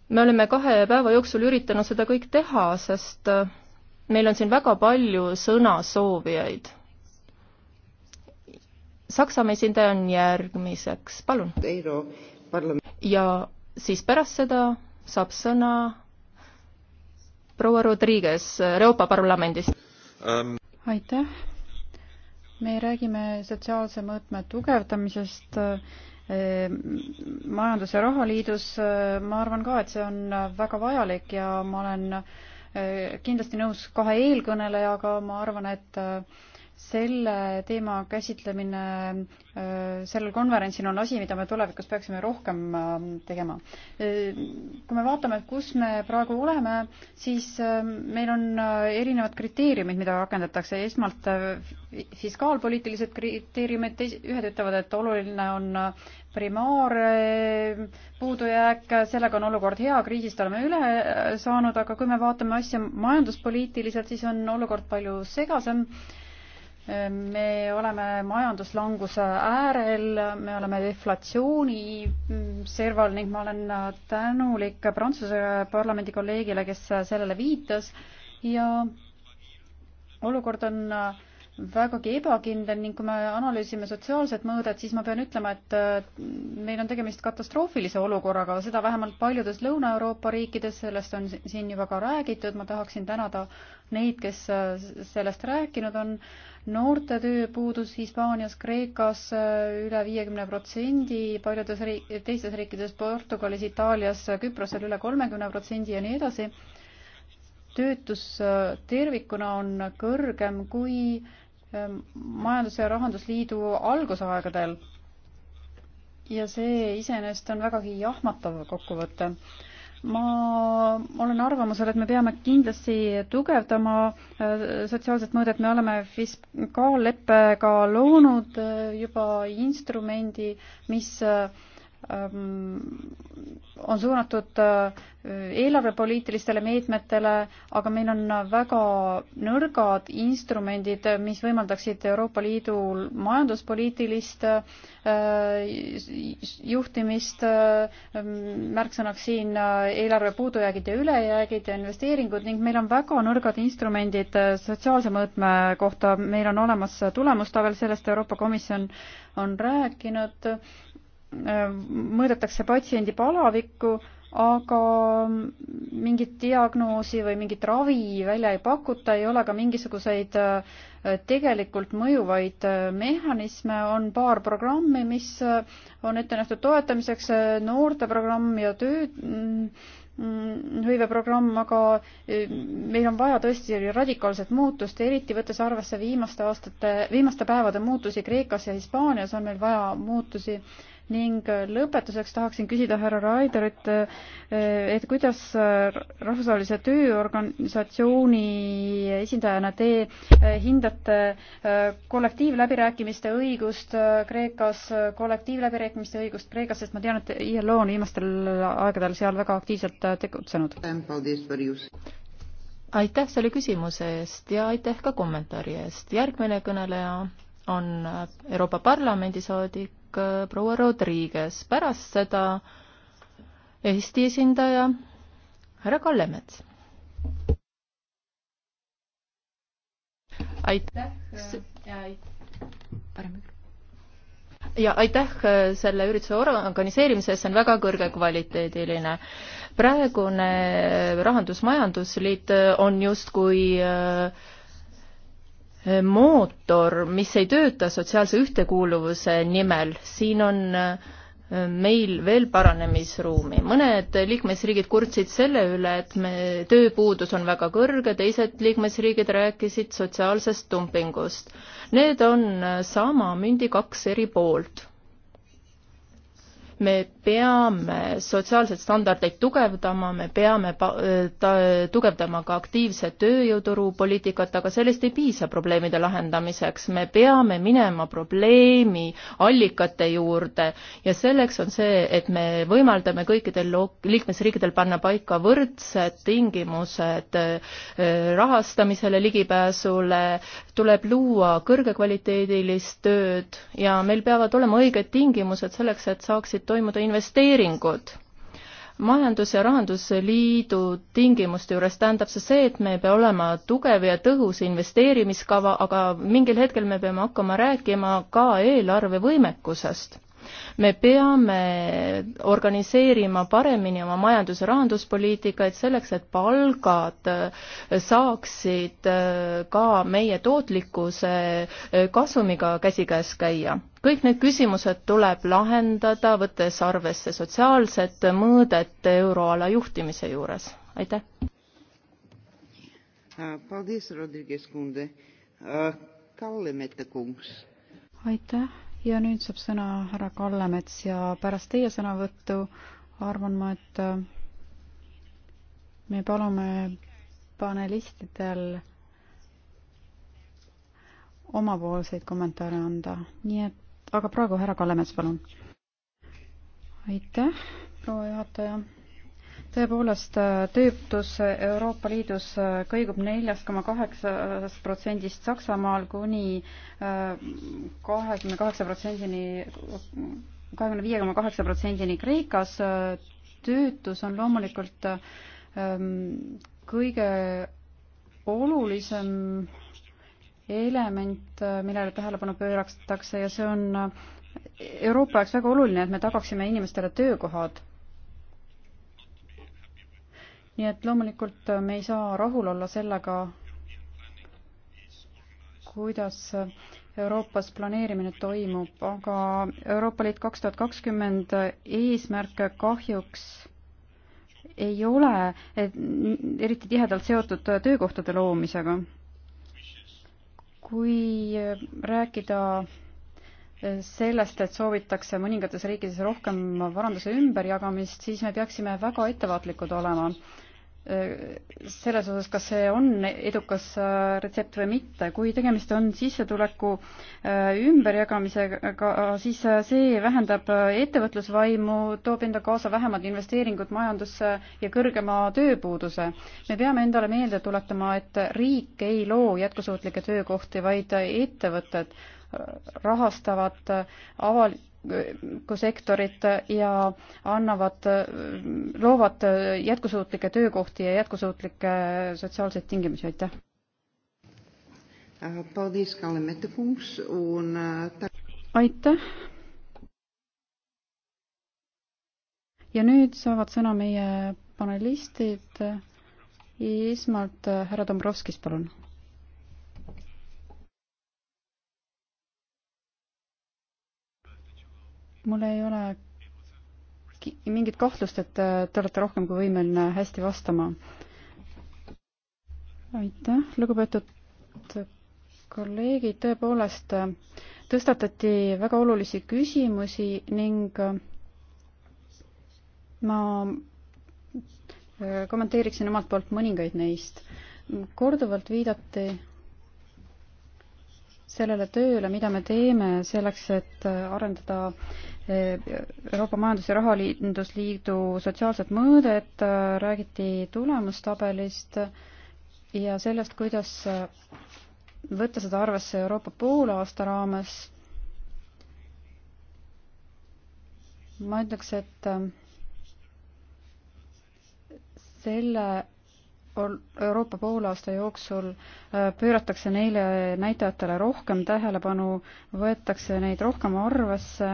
[SPEAKER 5] me oleme kahe päeva jooksul üritanud seda kõik teha, sest äh, meil on siin väga palju sõnasoovijaid. Saksamaa esindaja on järgmiseks, palun. ja siis pärast seda saab sõna proua Rodriguez äh, Euroopa Parlamendist
[SPEAKER 1] um....
[SPEAKER 6] aitäh. me räägime sotsiaalse mõõtme tugevdamisest äh, Ehm, majandus- ja rahaliidus, ehm, ma arvan ka, et see on äh, väga vajalik ja ma olen äh, kindlasti nõus kahe eelkõnelejaga, ma arvan, et äh, selle teema käsitlemine äh, sellel konverentsil on asi, mida me tulevikus peaksime rohkem äh, tegema. Äh, kui me vaatame, et kus me praegu oleme, siis meil on erinevad kriteeriumid, mida rakendatakse. esmalt fiskaalpoliitilised kriteeriumid, ühed ütlevad, et oluline on primaarpuudujääk, sellega on olukord hea, kriisist oleme üle saanud, aga kui me vaatame asja majanduspoliitiliselt, siis on olukord palju segasem me oleme majanduslanguse äärel, me oleme deflatsiooni serval ning ma olen tänulik Prantsuse parlamendi kolleegile, kes sellele viitas ja olukord on vägagi ebakindel ning kui me analüüsime sotsiaalsed mõõdet, siis ma pean ütlema, et äh, meil on tegemist katastroofilise olukorraga, seda vähemalt paljudes Lõuna-Euroopa riikides, sellest on siin juba ka räägitud, ma tahaksin tänada neid, kes äh, sellest rääkinud on noorte tööpuudus Hispaanias, Kreekas äh, üle viiekümne protsendi, paljudes riik, teistes riikides, Portugalis, Itaalias, Küprosel üle kolmekümne protsendi ja nii edasi. töötus äh, tervikuna on kõrgem kui ähm, Majandus- ja Rahandusliidu algusaegadel. ja see iseenesest on vägagi jahmatav kokkuvõte ma olen arvamusel, et me peame kindlasti tugevdama äh, sotsiaalset mõõdet, me oleme fiskaalleppega loonud äh, juba instrumendi, mis äh, Ähm, on suunatud äh, eelarvepoliitilistele meetmetele, aga meil on väga nõrgad instrumendid, mis võimaldaksid Euroopa Liidul majanduspoliitilist äh, juhtimist, äh, märksõnaks siin eelarve puudujäägid ja ülejäägid ja investeeringud ning meil on väga nõrgad instrumendid sotsiaalse mõõtme kohta, meil on olemas tulemustabel, sellest Euroopa Komisjon on rääkinud Äh, mõõdetakse patsiendi palavikku, aga mingit diagnoosi või mingit ravi välja ei pakuta, ei ole ka mingisuguseid äh, tegelikult mõjuvaid äh, mehhanisme, on paar programmi, mis on ette nähtud toetamiseks, noorteprogramm ja töö mm, hõiveprogramm, aga meil on vaja tõesti radikaalset muutust, eriti võttes arvesse viimaste aastate, viimaste päevade muutusi Kreekas ja Hispaanias on meil vaja muutusi äh, ning äh, lõpetuseks tahaksin küsida härra Raiderit, äh, et kuidas äh, Rahvusvahelise Tööorganisatsiooni esindajana te hindate kollektiivläbirääkimiste õigust Kreekas, kollektiivläbirääkimiste õigust Kreekas, sest ma tean, et ILO on viimastel aegadel seal väga aktiivselt tegutsenud.
[SPEAKER 5] aitäh selle küsimuse eest ja aitäh ka kommentaari eest. järgmine kõneleja on Euroopa Parlamendi saadik Äh, proua Rodriguez, pärast seda Eesti esindaja härra Kallemets. aitäh äh, ja aitäh äh, selle ürituse organiseerimise eest, see on väga kõrgekvaliteediline. praegune Rahandus-Majandusliit on justkui äh, mootor, mis ei tööta sotsiaalse ühtekuuluvuse nimel, siin on äh, meil veel paranemisruumi. mõned liikmesriigid kurtsid selle üle, et me, tööpuudus on väga kõrge, teised liikmesriigid rääkisid sotsiaalsest dumpingust. Need on äh, sama mündi kaks eri poolt me peame sotsiaalseid standardeid tugevdama, me peame ta, tugevdama ka aktiivse tööjõuturu poliitikat, aga sellest ei piisa probleemide lahendamiseks. me peame minema probleemi allikate juurde ja selleks on see, et me võimaldame kõikidel liikmesriikidel panna paika võrdsed tingimused äh, rahastamisele, ligipääsule, tuleb luua kõrgekvaliteedilist tööd ja meil peavad olema õiged tingimused selleks, et saaksid toimuda investeeringud. majandus- ja Rahandusliidu tingimuste juures tähendab see see, et me ei pea olema tugev ja tõhus investeerimiskava, aga mingil hetkel me peame hakkama rääkima ka eelarvevõimekusest me peame organiseerima paremini oma majandus- ja rahanduspoliitikaid selleks, et palgad äh, saaksid äh, ka meie tootlikkuse äh, kasumiga käsikäes käia kõik need küsimused tuleb lahendada, võttes arvesse sotsiaalset mõõdet euroala juhtimise juures. aitäh.
[SPEAKER 6] aitäh ja nüüd saab sõna härra Kallemets ja pärast teie sõnavõttu arvan ma, et äh, me palume panelistidel omapoolseid kommentaare anda, nii et aga praegu härra Kallemets, palun. aitäh, proua juhataja tõepoolest, töötus Euroopa Liidus kõigub neljast koma kaheksast protsendist Saksamaal kuni äh, kahekümne kaheksa protsendini, kahekümne viie koma kaheksa protsendini Kreekas. töötus on loomulikult ähm, kõige olulisem element, millele tähelepanu pööratakse ja see on Euroopa jaoks väga oluline, et me tagaksime inimestele töökohad nii et loomulikult äh, me ei saa rahul olla sellega, kuidas äh, Euroopas planeerimine toimub, aga Euroopa Liit kaks tuhat kakskümmend eesmärke kahjuks ei ole eriti tihedalt seotud äh, töökohtade loomisega. kui rääkida sellest, et soovitakse mõningates riikides rohkem varanduse ümberjagamist, siis me peaksime väga ettevaatlikud olema Äh, selles osas, kas see on edukas äh, retsept või mitte. kui tegemist on sissetuleku äh, ümberjagamisega, siis see vähendab ettevõtlusvaimu, toob enda kaasa vähemad investeeringud majandusse ja kõrgema tööpuuduse. me peame endale meelde tuletama, et riik ei loo jätkusuutlikke töökohti, vaid ettevõtted rahastavad aval-, avalikku sektorit ja annavad, loovad jätkusuutlikke töökohti ja jätkusuutlikke sotsiaalseid tingimusi, aitäh! Äh, aitäh! ja nüüd saavad sõna meie panelistid. esmalt härra Dombrovskis, palun mul ei ole mingit kahtlust, et äh, te olete rohkem kui võimeline hästi vastama. aitäh, lugupeetud kolleegid, tõepoolest äh, tõstatati väga olulisi küsimusi ning äh, ma kommenteeriksin omalt poolt mõningaid neist. korduvalt viidati sellele tööle, mida me teeme selleks, et arendada eh, Euroopa Majandus- ja Rahaliidusliidu sotsiaalset mõõdet, räägiti tulemustabelist ja sellest, kuidas võtta seda arvesse Euroopa poolaasta raames. ma ütleks, et selle Euroopa poolaasta jooksul äh, pööratakse neile näitajatele rohkem tähelepanu, võetakse neid rohkem arvesse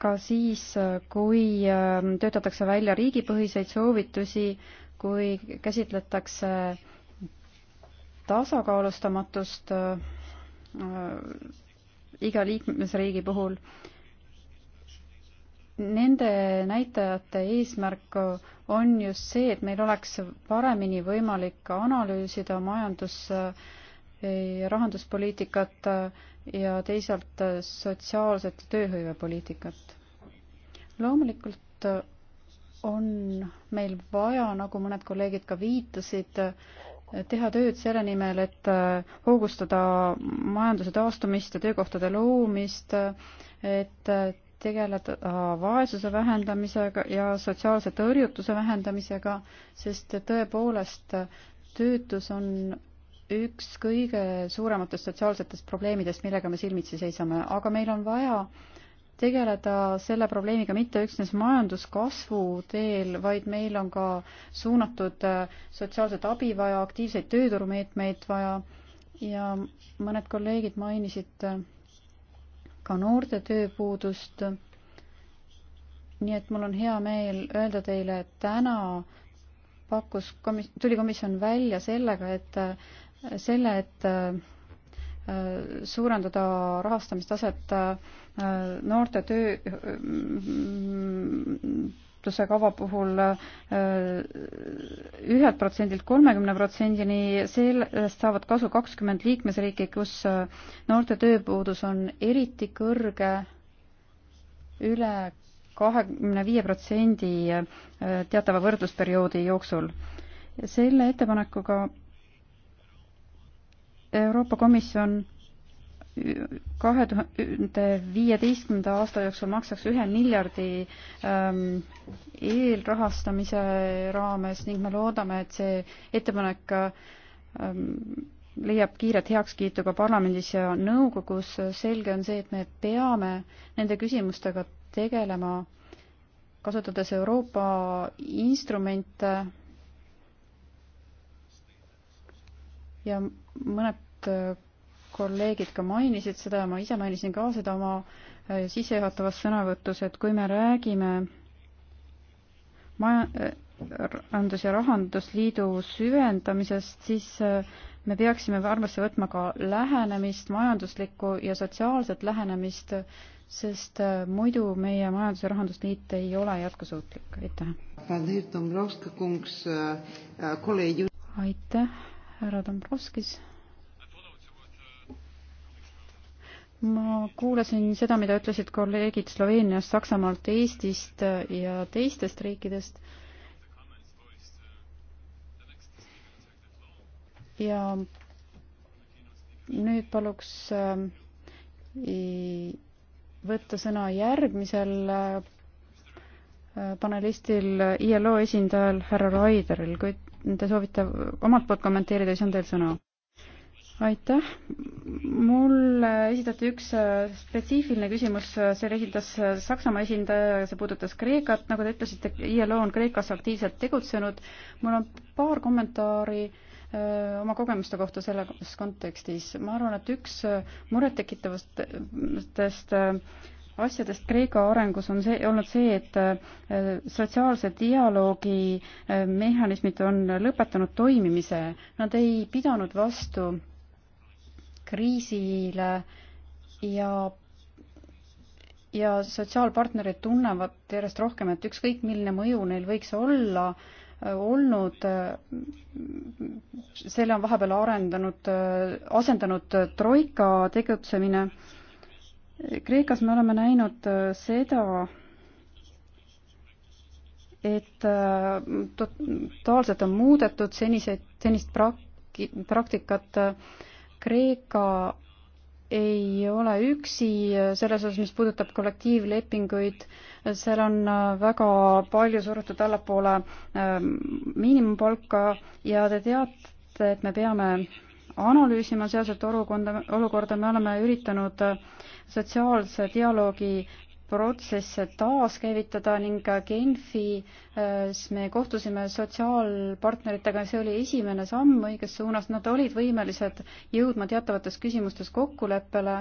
[SPEAKER 6] ka siis, kui äh, töötatakse välja riigipõhiseid soovitusi, kui käsitletakse tasakaalustamatust äh, iga liikmesriigi puhul äh, nende näitajate eesmärk on just see, et meil oleks paremini võimalik analüüsida majandus- ja rahanduspoliitikat ja teisalt sotsiaalset tööhõivepoliitikat. loomulikult on meil vaja, nagu mõned kolleegid ka viitasid, teha tööd selle nimel, et hoogustada majanduse taastumist ja töökohtade loomist, et tegeleda äh, vaesuse vähendamisega ja sotsiaalse tõrjutuse vähendamisega, sest tõepoolest töötus on üks kõige suurematest sotsiaalsetest probleemidest, millega me silmitsi seisame, aga meil on vaja tegeleda selle probleemiga mitte üksnes majanduskasvu teel, vaid meil on ka suunatud äh, sotsiaalset abi vaja, aktiivseid tööturumeetmeid vaja ja mõned kolleegid mainisid äh, ka noorte tööpuudust. nii et mul on hea meel öelda teile, et täna pakkus komis-, tuli komisjon välja sellega, et selle, et äh, suurendada rahastamistaset äh, noorte töö äh, toetuse kava puhul äh, ühelt protsendilt kolmekümne protsendini, sellest saavad kasu kakskümmend liikmesriiki, kus äh, noorte tööpuudus on eriti kõrge üle, üle kahekümne viie protsendi äh, teatava võrdlusperioodi jooksul. selle ettepanekuga Euroopa Komisjon kahe tuhande viieteistkümnenda aasta jooksul maksaks ühe miljardi ähm, eelrahastamise raames ning me loodame, et see ettepanek ähm, leiab kiiret heakskiitu ka parlamendis ja nõukogus. selge on see, et me peame nende küsimustega tegelema, kasutades Euroopa instrumente ja mõned kolleegid ka mainisid seda ja ma ise mainisin ka seda oma äh, sissejuhatavas sõnavõtus, et kui me räägime maja, äh, Rahandus- ja Rahandusliidu süvendamisest, siis äh, me peaksime arvesse võtma ka lähenemist, majanduslikku ja sotsiaalset lähenemist, sest muidu meie Majandus- ja Rahandusliit ei ole jätkusuutlik. aitäh. aitäh, härra Dombrovskis ma kuulasin seda, mida ütlesid kolleegid Sloveeniast, Saksamaalt, Eestist ja teistest riikidest. ja nüüd paluks ähm, võtta sõna järgmisel äh, panelistil, ILO esindajal härra Raideril, kui te soovite omalt poolt kommenteerida, siis on teil sõna aitäh. mulle esitati üks äh, spetsiifiline küsimus, selle esitas äh, Saksamaa esindaja ja see puudutas Kreekat. nagu te ütlesite, ILO on Kreekas aktiivselt tegutsenud. mul on paar kommentaari öö, äh, oma kogemuste kohta selles kontekstis. ma arvan, et üks murettekitavatest asjadest Kreeka arengus on see, olnud see, et sotsiaalse dialoogi mehhanismid on lõpetanud toimimise. Nad ei pidanud vastu kriisile ja ja sotsiaalpartnerid tunnevad järjest rohkem, et ükskõik, milline mõju neil võiks olla, äh, olnud, äh, selle on vahepeal arendanud, äh, asendanud troika tegutsemine. Kreekas me oleme näinud seda, et totaalselt on muudetud seniseid, senist prak-, praktikat äh, Kreeka ei ole üksi selles osas, mis puudutab kollektiivlepinguid, seal on äh, väga palju surutud allapoole ähm, miinimumpalka ja te teate, et me peame analüüsima sealset olukorda, olukorda, me oleme üritanud äh, sotsiaalse dialoogi protsesse taaskäivitada ning Genfis me kohtusime sotsiaalpartneritega ja see oli esimene samm õiges suunas. Nad olid võimelised jõudma teatavates küsimustes kokkuleppele,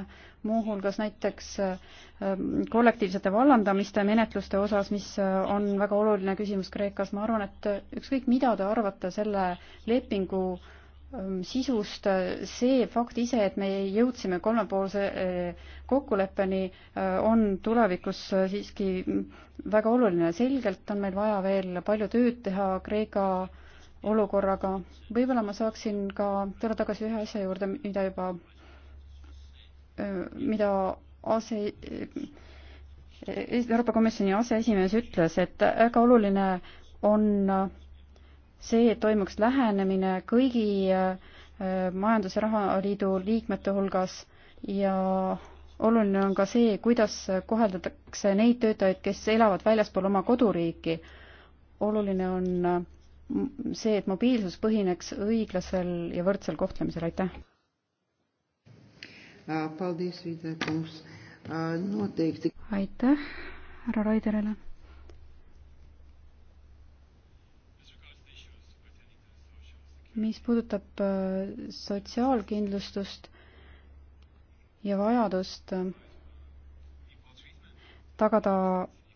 [SPEAKER 6] muuhulgas näiteks ähm, kollektiivsete vallandamiste menetluste osas, mis on väga oluline küsimus Kreekas. ma arvan, et ükskõik, mida te arvate selle lepingu Ehm, sisust äh, see fakt ise, et me jõudsime kolmepoolse äh, kokkuleppeni, äh, on tulevikus siiski väga oluline. selgelt on meil vaja veel palju tööd teha Kreeka olukorraga. võib-olla ma saaksin ka tulla tagasi ühe asja juurde, mida juba, mida ase, Euroopa Komisjoni aseesimees ütles, et väga oluline on see, et toimuks lähenemine kõigi äh, majandus- ja rahaliidu liikmete hulgas ja oluline on ka see, kuidas koheldatakse neid töötajaid, kes elavad väljaspool oma koduriiki. oluline on äh, see, et mobiilsus põhineks õiglasel ja võrdsel kohtlemisel, aitäh! aitäh härra Raiderile! mis puudutab äh, sotsiaalkindlustust ja vajadust äh, tagada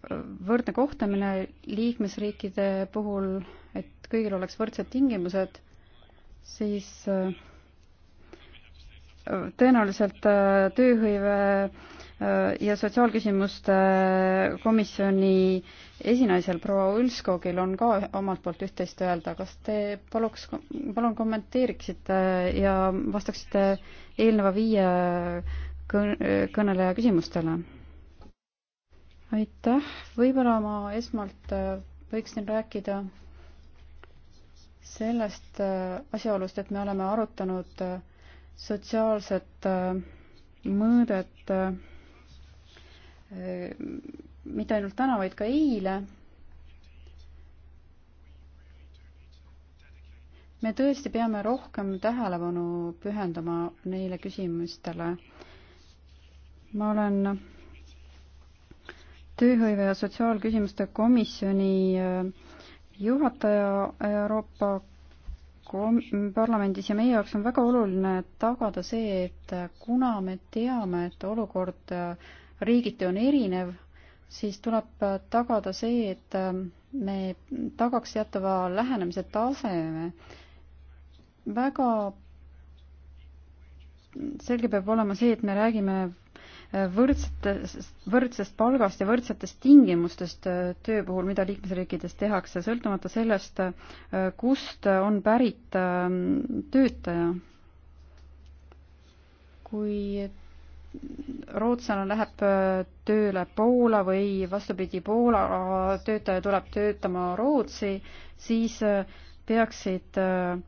[SPEAKER 6] äh, võrdne kohtlemine liikmesriikide puhul, et kõigil oleks võrdsed tingimused, siis tõenäoliselt tööhõive Äh, ja sotsiaalküsimuste komisjoni esinaisel proua Ulskogil on ka omalt poolt üht-teist öelda. kas te paluks, palun kommenteeriksite ja vastaksite eelneva viie kõneleja küsimustele? aitäh, võib-olla ma esmalt äh, võiksin rääkida sellest äh, asjaolust, et me oleme arutanud sotsiaalset mõõdet äh, Äh, mitte ainult täna, vaid ka eile. me tõesti peame rohkem tähelepanu pühendama neile küsimustele. ma olen tööhõive ja sotsiaalküsimuste komisjoni äh, juhataja Euroopa parlamendis ja meie jaoks on väga oluline tagada see, et kuna me teame, et olukord äh, riigiti on erinev, siis tuleb äh, tagada see, et äh, me tagaks teatava lähenemise taseme. väga selge peab olema see, et me räägime äh, võrdsetest, võrdsest palgast ja võrdsetest tingimustest töö puhul, mida liikmesriikides tehakse, sõltumata sellest, kust on pärit ähm, töötaja. kui rootslane läheb äh, tööle Poola või vastupidi, Poola töötaja tuleb töötama Rootsi, siis äh, peaksid äh,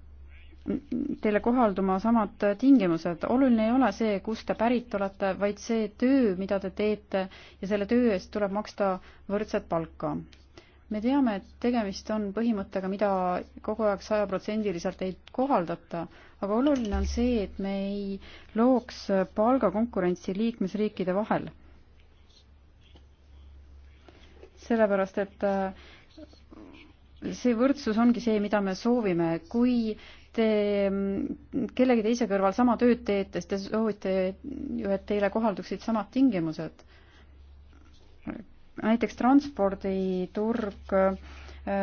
[SPEAKER 6] teile kohalduma samad tingimused. oluline ei ole see, kust te pärit olete, vaid see töö, mida te teete ja selle töö eest tuleb maksta võrdset palka. me teame, et tegemist on põhimõttega, mida kogu aeg sajaprotsendiliselt ei kohaldata, aga oluline on see, et me ei looks palgakonkurentsi liikmesriikide vahel. sellepärast, et äh, see võrdsus ongi see, mida me soovime, kui te mm, kellegi teise kõrval sama tööd teete, siis te soovite ju, et teile kohalduksid samad tingimused. näiteks transporditurg äh,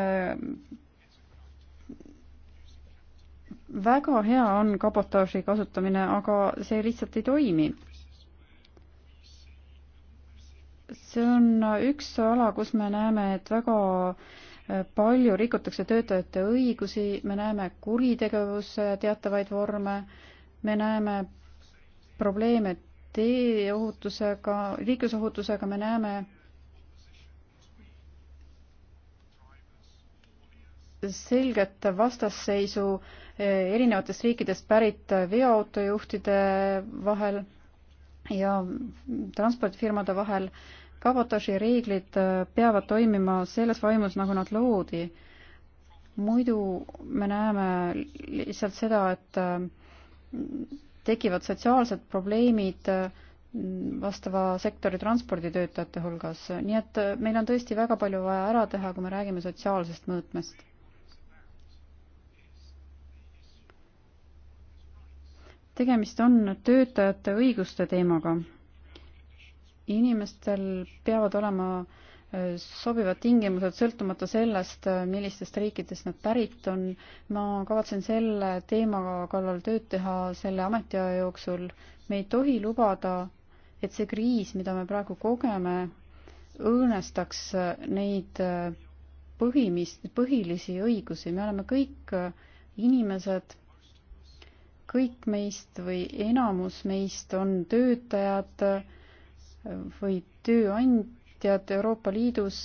[SPEAKER 6] väga hea on kabotaaži kasutamine, aga see lihtsalt ei toimi. see on üks ala, kus me näeme, et väga äh, palju rikutakse töötajate õigusi, me näeme kuritegevuse teatavaid vorme, me näeme probleeme teeohutusega, liiklusohutusega, me näeme selget vastasseisu eh, erinevatest riikidest pärit veoautojuhtide vahel ja transpordifirmade vahel. kabotaaži reeglid eh, peavad toimima selles vaimus, nagu nad loodi. muidu me näeme lihtsalt seda, et eh, tekivad sotsiaalsed probleemid vastava sektori transporditöötajate hulgas, nii et meil on tõesti väga palju vaja ära teha, kui me räägime sotsiaalsest mõõtmest tegemist on töötajate õiguste teemaga. inimestel peavad olema äh, sobivad tingimused, sõltumata sellest, äh, millistest riikidest nad pärit on. ma kavatsen selle teema kallal tööd teha selle ametiaja jooksul. me ei tohi lubada, et see kriis, mida me praegu kogeme, õõnestaks äh, neid põhimis-, põhilisi õigusi. me oleme kõik inimesed kõik meist või enamus meist on töötajad või tööandjad Euroopa Liidus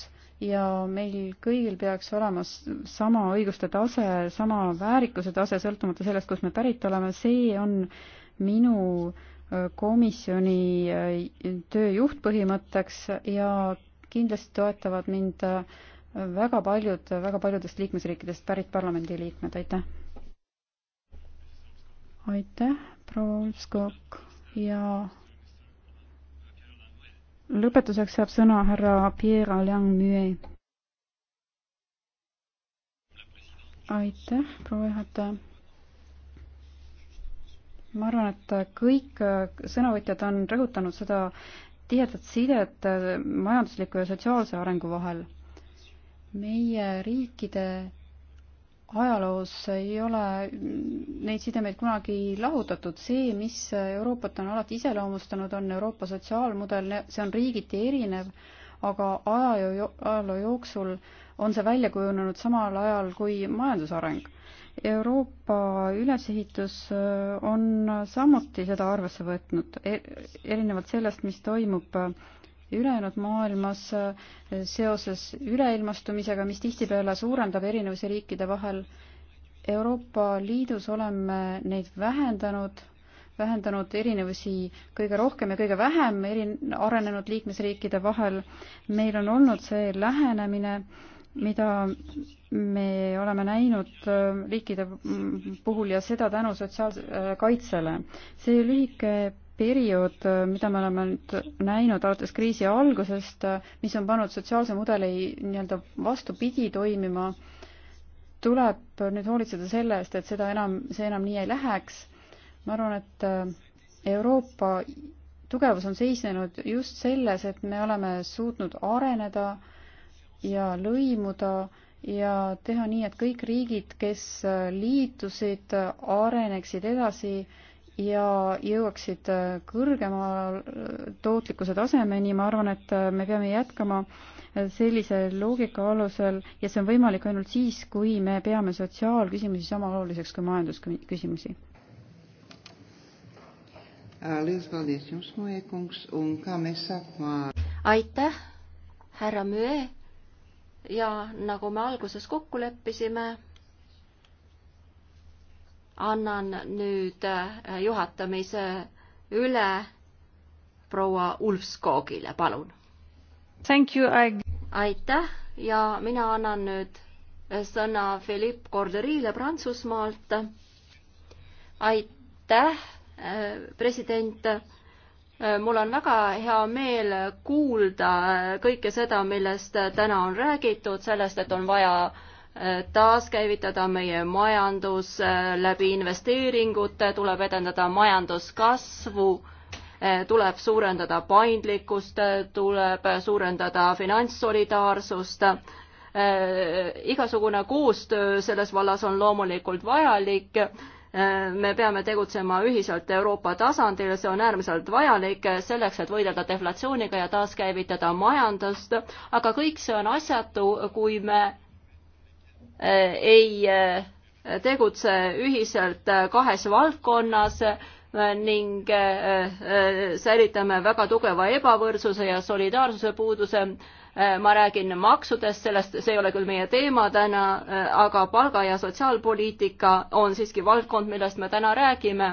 [SPEAKER 6] ja meil kõigil peaks olema sama õiguste tase, sama väärikuse tase, sõltumata sellest, kust me pärit oleme, see on minu äh, komisjoni äh, töö juhtpõhimõtteks ja kindlasti toetavad mind äh, väga paljud väga paljudest liikmesriikidest pärit parlamendiliikmed, aitäh! aitäh, proua Ulfskog ja lõpetuseks saab sõna härra Pierre Alain Mue. aitäh, proua juhataja. ma arvan, et kõik sõnavõtjad on rõhutanud seda tihedat sidet majandusliku ja sotsiaalse arengu vahel. meie riikide ajaloos ei ole neid sidemeid kunagi lahutatud. see, mis Euroopat on alati iseloomustanud, on Euroopa sotsiaalmudel, see on riigiti erinev, aga aja, ajaloo jooksul on see välja kujunenud samal ajal kui majandusareng. Euroopa ülesehitus äh, on samuti seda arvesse võtnud, e-, erinevalt sellest, mis toimub äh, ülejäänud maailmas eh, seoses üleilmastumisega, mis tihtipeale suurendab erinevusi riikide vahel. Euroopa Liidus oleme neid vähendanud, vähendanud erinevusi kõige rohkem ja kõige vähem eri, arenenud liikmesriikide vahel. meil on olnud see lähenemine, mida me oleme näinud eh, riikide mm, puhul ja seda tänu sotsiaalsele eh, kaitsele. see lühike periood, äh, mida me oleme nüüd näinud alates kriisi algusest, äh, mis on pannud sotsiaalse mudeli nii-öelda vastupidi toimima, tuleb nüüd hoolitseda selle eest, et seda enam, see enam nii ei läheks. ma arvan, et äh, Euroopa tugevus on seisnenud just selles, et me oleme suutnud areneda ja lõimuda ja teha nii, et kõik riigid, kes liitusid, areneksid edasi äh, ja jõuaksid äh, kõrgema äh, tootlikkuse tasemeni, ma arvan, et äh, me peame jätkama sellise loogika alusel ja see on võimalik ainult siis, kui me peame sotsiaalküsimusi sama oluliseks kui majandusküsimusi.
[SPEAKER 2] aitäh, härra Müe ja nagu me alguses kokku leppisime annan nüüd äh, juhatamise üle proua Ulfskogile, palun. I... aitäh ja mina annan nüüd äh, sõna Philippe Corderile Prantsusmaalt. aitäh, äh, president. mul on väga hea meel kuulda kõike seda, millest täna on räägitud, sellest, et on vaja taaskäivitada meie majandus äh, läbi investeeringute, tuleb edendada majanduskasvu, äh, tuleb suurendada paindlikkust, äh, tuleb suurendada finantssolidaarsust. igasugune koostöö selles vallas on loomulikult vajalik me peame tegutsema ühiselt Euroopa tasandil, see on äärmiselt vajalik selleks, et võidelda deflatsiooniga ja taaskäivitada majandust, aga kõik see on asjatu, kui me Äh, ei äh, tegutse ühiselt äh, kahes valdkonnas ning säilitame väga tugeva ebavõrdsuse ja solidaarsuse puuduse. ma räägin maksudest, sellest, see ei ole küll meie teema täna, aga palga- ja sotsiaalpoliitika on siiski valdkond, millest me täna räägime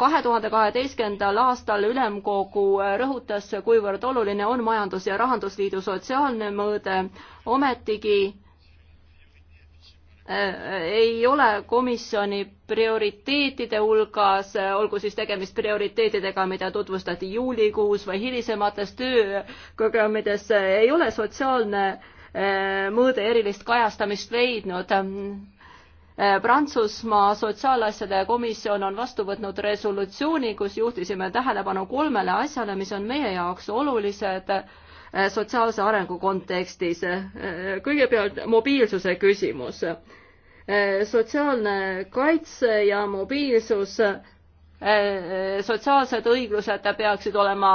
[SPEAKER 2] kahe tuhande kaheteistkümnendal aastal ülemkogu rõhutas, kuivõrd oluline on majandus- ja rahandusliidu sotsiaalne mõõde, ometigi Äh, ei ole komisjoni prioriteetide hulgas, äh, olgu siis tegemist prioriteetidega, mida tutvustati juulikuus või hilisemates tööprogrammides, äh, ei ole sotsiaalne mõõde erilist kajastamist leidnud. Prantsusmaa sotsiaalasjade komisjon on vastu võtnud resolutsiooni, kus juhtisime tähelepanu kolmele asjale, mis on meie jaoks olulised Äh, sotsiaalse arengu kontekstis. Äh, kõigepealt mobiilsuse küsimus. Äh, sotsiaalne kaitse ja mobiilsus sotsiaalsed õiglused peaksid olema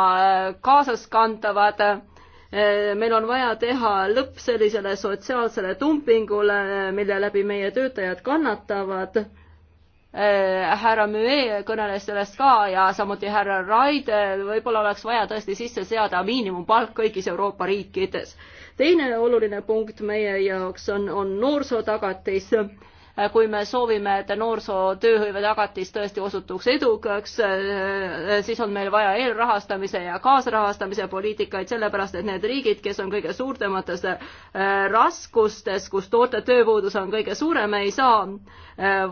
[SPEAKER 2] kaasaskantavad. meil on vaja teha lõpp sellisele sotsiaalsele dumpingule, mille läbi meie töötajad kannatavad Äh, härra Müe kõneles sellest ka ja samuti härra Raidel, äh, võib-olla oleks vaja tõesti sisse seada miinimumpalk kõigis Euroopa riikides. teine oluline punkt meie jaoks on, on noorsootagatis Äh, kui me soovime, et noorsootööhõive tagatis tõesti osutuks edukaks, äh, siis on meil vaja eelrahastamise ja kaasrahastamise poliitikaid, sellepärast et need riigid, kes on kõige suurtemates äh, raskustes, kus toorte tööpuudus on kõige suurem, ei saa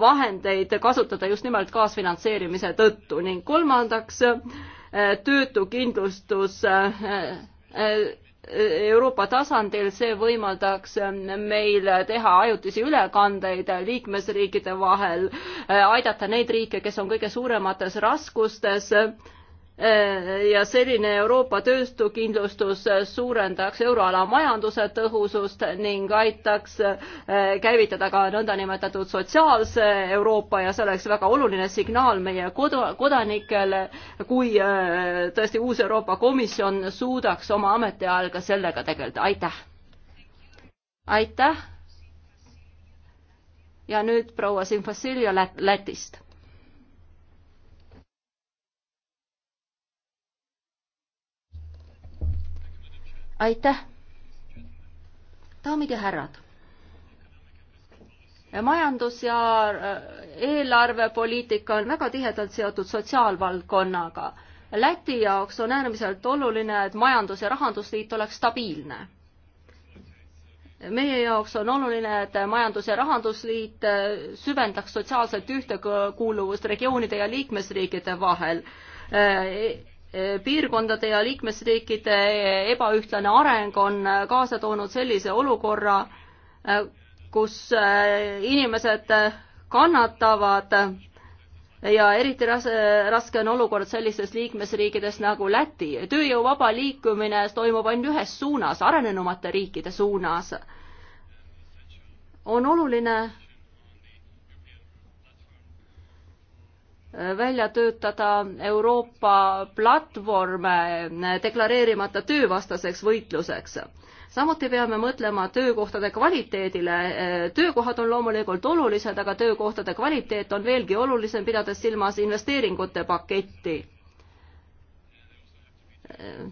[SPEAKER 2] vahendeid kasutada just nimelt kaasfinantseerimise tõttu ning kolmandaks töötukindlustus Euroopa tasandil, see võimaldaks meil teha ajutisi ülekandeid liikmesriikide vahel, aidata neid riike, kes on kõige suuremates raskustes Äh, ja selline Euroopa tööstukindlustus suurendaks euroala majanduse tõhusust ning aitaks äh, käivitada ka nõndanimetatud sotsiaalse Euroopa ja see oleks väga oluline signaal meie kodu, kodanikele, kui äh, tõesti uus Euroopa Komisjon suudaks oma ametiajal ka sellega tegeleda, aitäh! aitäh! ja nüüd proua Simfassilja Lätist aitäh. daamid ja härrad. majandus ja äh, eelarvepoliitika on väga tihedalt seotud sotsiaalvaldkonnaga. Läti jaoks on äärmiselt oluline, et majandus- ja rahandusliit oleks stabiilne meie jaoks on oluline, et Majandus- ja Rahandusliit äh, süvendaks sotsiaalset ühtekuuluvust regioonide ja liikmesriikide vahel. Äh, piirkondade ja liikmesriikide ebaühtlane areng on kaasa toonud sellise olukorra, kus inimesed kannatavad ja eriti ras-, raske on olukord sellistes liikmesriikides nagu Läti. tööjõu vaba liikumine toimub ainult ühes suunas, arenenumate riikide suunas. on oluline välja töötada Euroopa platvorm deklareerimata töövastaseks võitluseks. samuti peame mõtlema töökohtade kvaliteedile. töökohad on loomulikult olulised, aga töökohtade kvaliteet on veelgi olulisem, pidades silmas investeeringute paketti.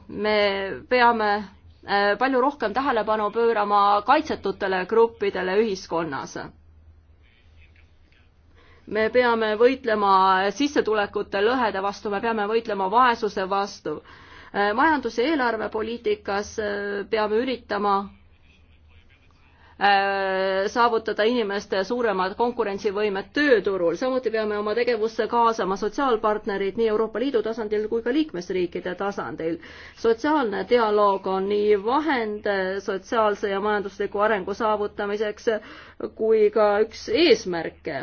[SPEAKER 2] me peame eh, palju rohkem tähelepanu pöörama kaitsetutele gruppidele ühiskonnas me peame võitlema sissetulekute lõhede vastu, me peame võitlema vaesuse vastu. majandus- ja eelarvepoliitikas eh, peame üritama Äh, saavutada inimeste suuremad konkurentsivõimed tööturul. samuti peame oma tegevusse kaasama sotsiaalpartnerid nii Euroopa Liidu tasandil kui ka liikmesriikide tasandil. sotsiaalne dialoog on nii vahend sotsiaalse ja majandusliku arengu saavutamiseks kui ka üks eesmärke.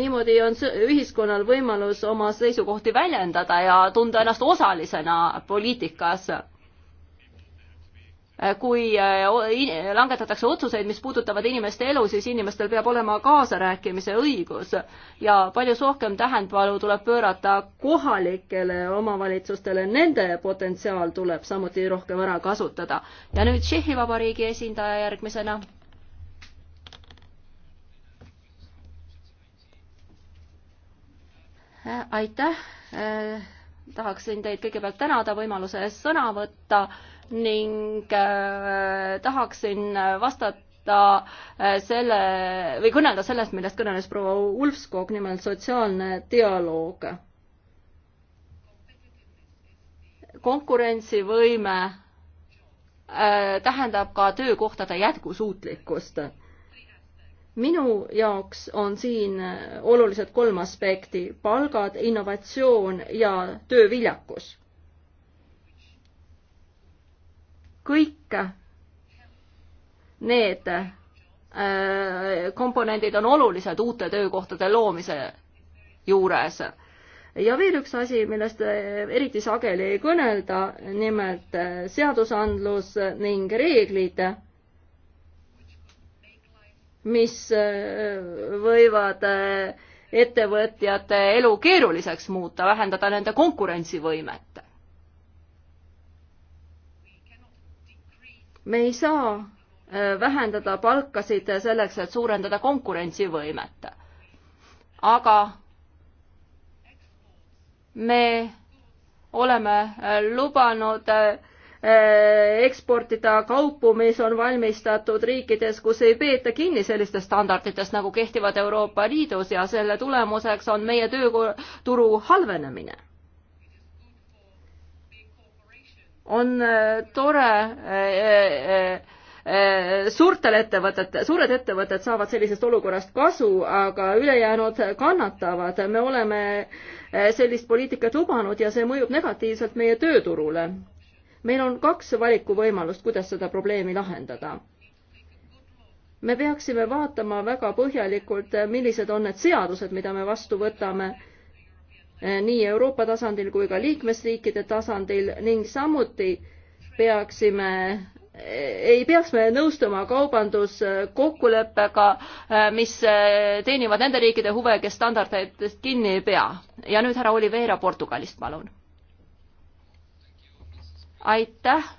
[SPEAKER 2] niimoodi on ühiskonnal võimalus oma seisukohti väljendada ja tunda ennast osalisena poliitikas Äh, kui äh, langetatakse otsuseid, mis puudutavad inimeste elu, siis inimestel peab olema kaasarääkimise õigus ja palju rohkem tähendvalu tuleb pöörata kohalikele omavalitsustele, nende potentsiaal tuleb samuti rohkem ära kasutada. ja nüüd Tšehhi Vabariigi esindaja järgmisena. Äh, aitäh, tahaksin teid kõigepealt tänada võimaluse eest sõna võtta ning äh, tahaksin äh, vastata äh, selle või kõnelda sellest, millest kõneles proua Ulfskog, nimelt sotsiaalne dialoog. konkurentsivõime äh, tähendab ka töökohtade jätkusuutlikkust minu jaoks on siin äh, olulised kolm aspekti, palgad, innovatsioon ja tööviljakus. kõik need äh, komponendid on olulised uute töökohtade loomise juures. ja veel üks asi, millest eriti sageli ei kõnelda, nimelt seadusandlus ning reeglid, mis äh, võivad äh, ettevõtjate elu keeruliseks muuta, vähendada nende konkurentsivõimet me ei saa äh, vähendada palkasid selleks, et suurendada konkurentsivõimet. aga me oleme äh, lubanud äh, eksportida kaupu, mis on valmistatud riikides, kus ei peeta kinni sellistest standarditest, nagu kehtivad Euroopa Liidus ja selle tulemuseks on meie tööturu halvenemine. on äh, tore äh, äh, suurtel ettevõtet, suured ettevõtted saavad sellisest olukorrast kasu, aga ülejäänud kannatavad. me oleme sellist poliitikat lubanud ja see mõjub negatiivselt meie tööturule. meil on kaks valikuvõimalust, kuidas seda probleemi lahendada. me peaksime vaatama väga põhjalikult, millised on need seadused, mida me vastu võtame Eh, nii Euroopa tasandil kui ka liikmesriikide tasandil ning samuti peaksime eh, ei peaks me nõustuma kaubanduskokkuleppega, eh, mis teenivad nende riikide huve, kes standarditest kinni ei pea. ja nüüd härra Oliveira Portugalist, palun. aitäh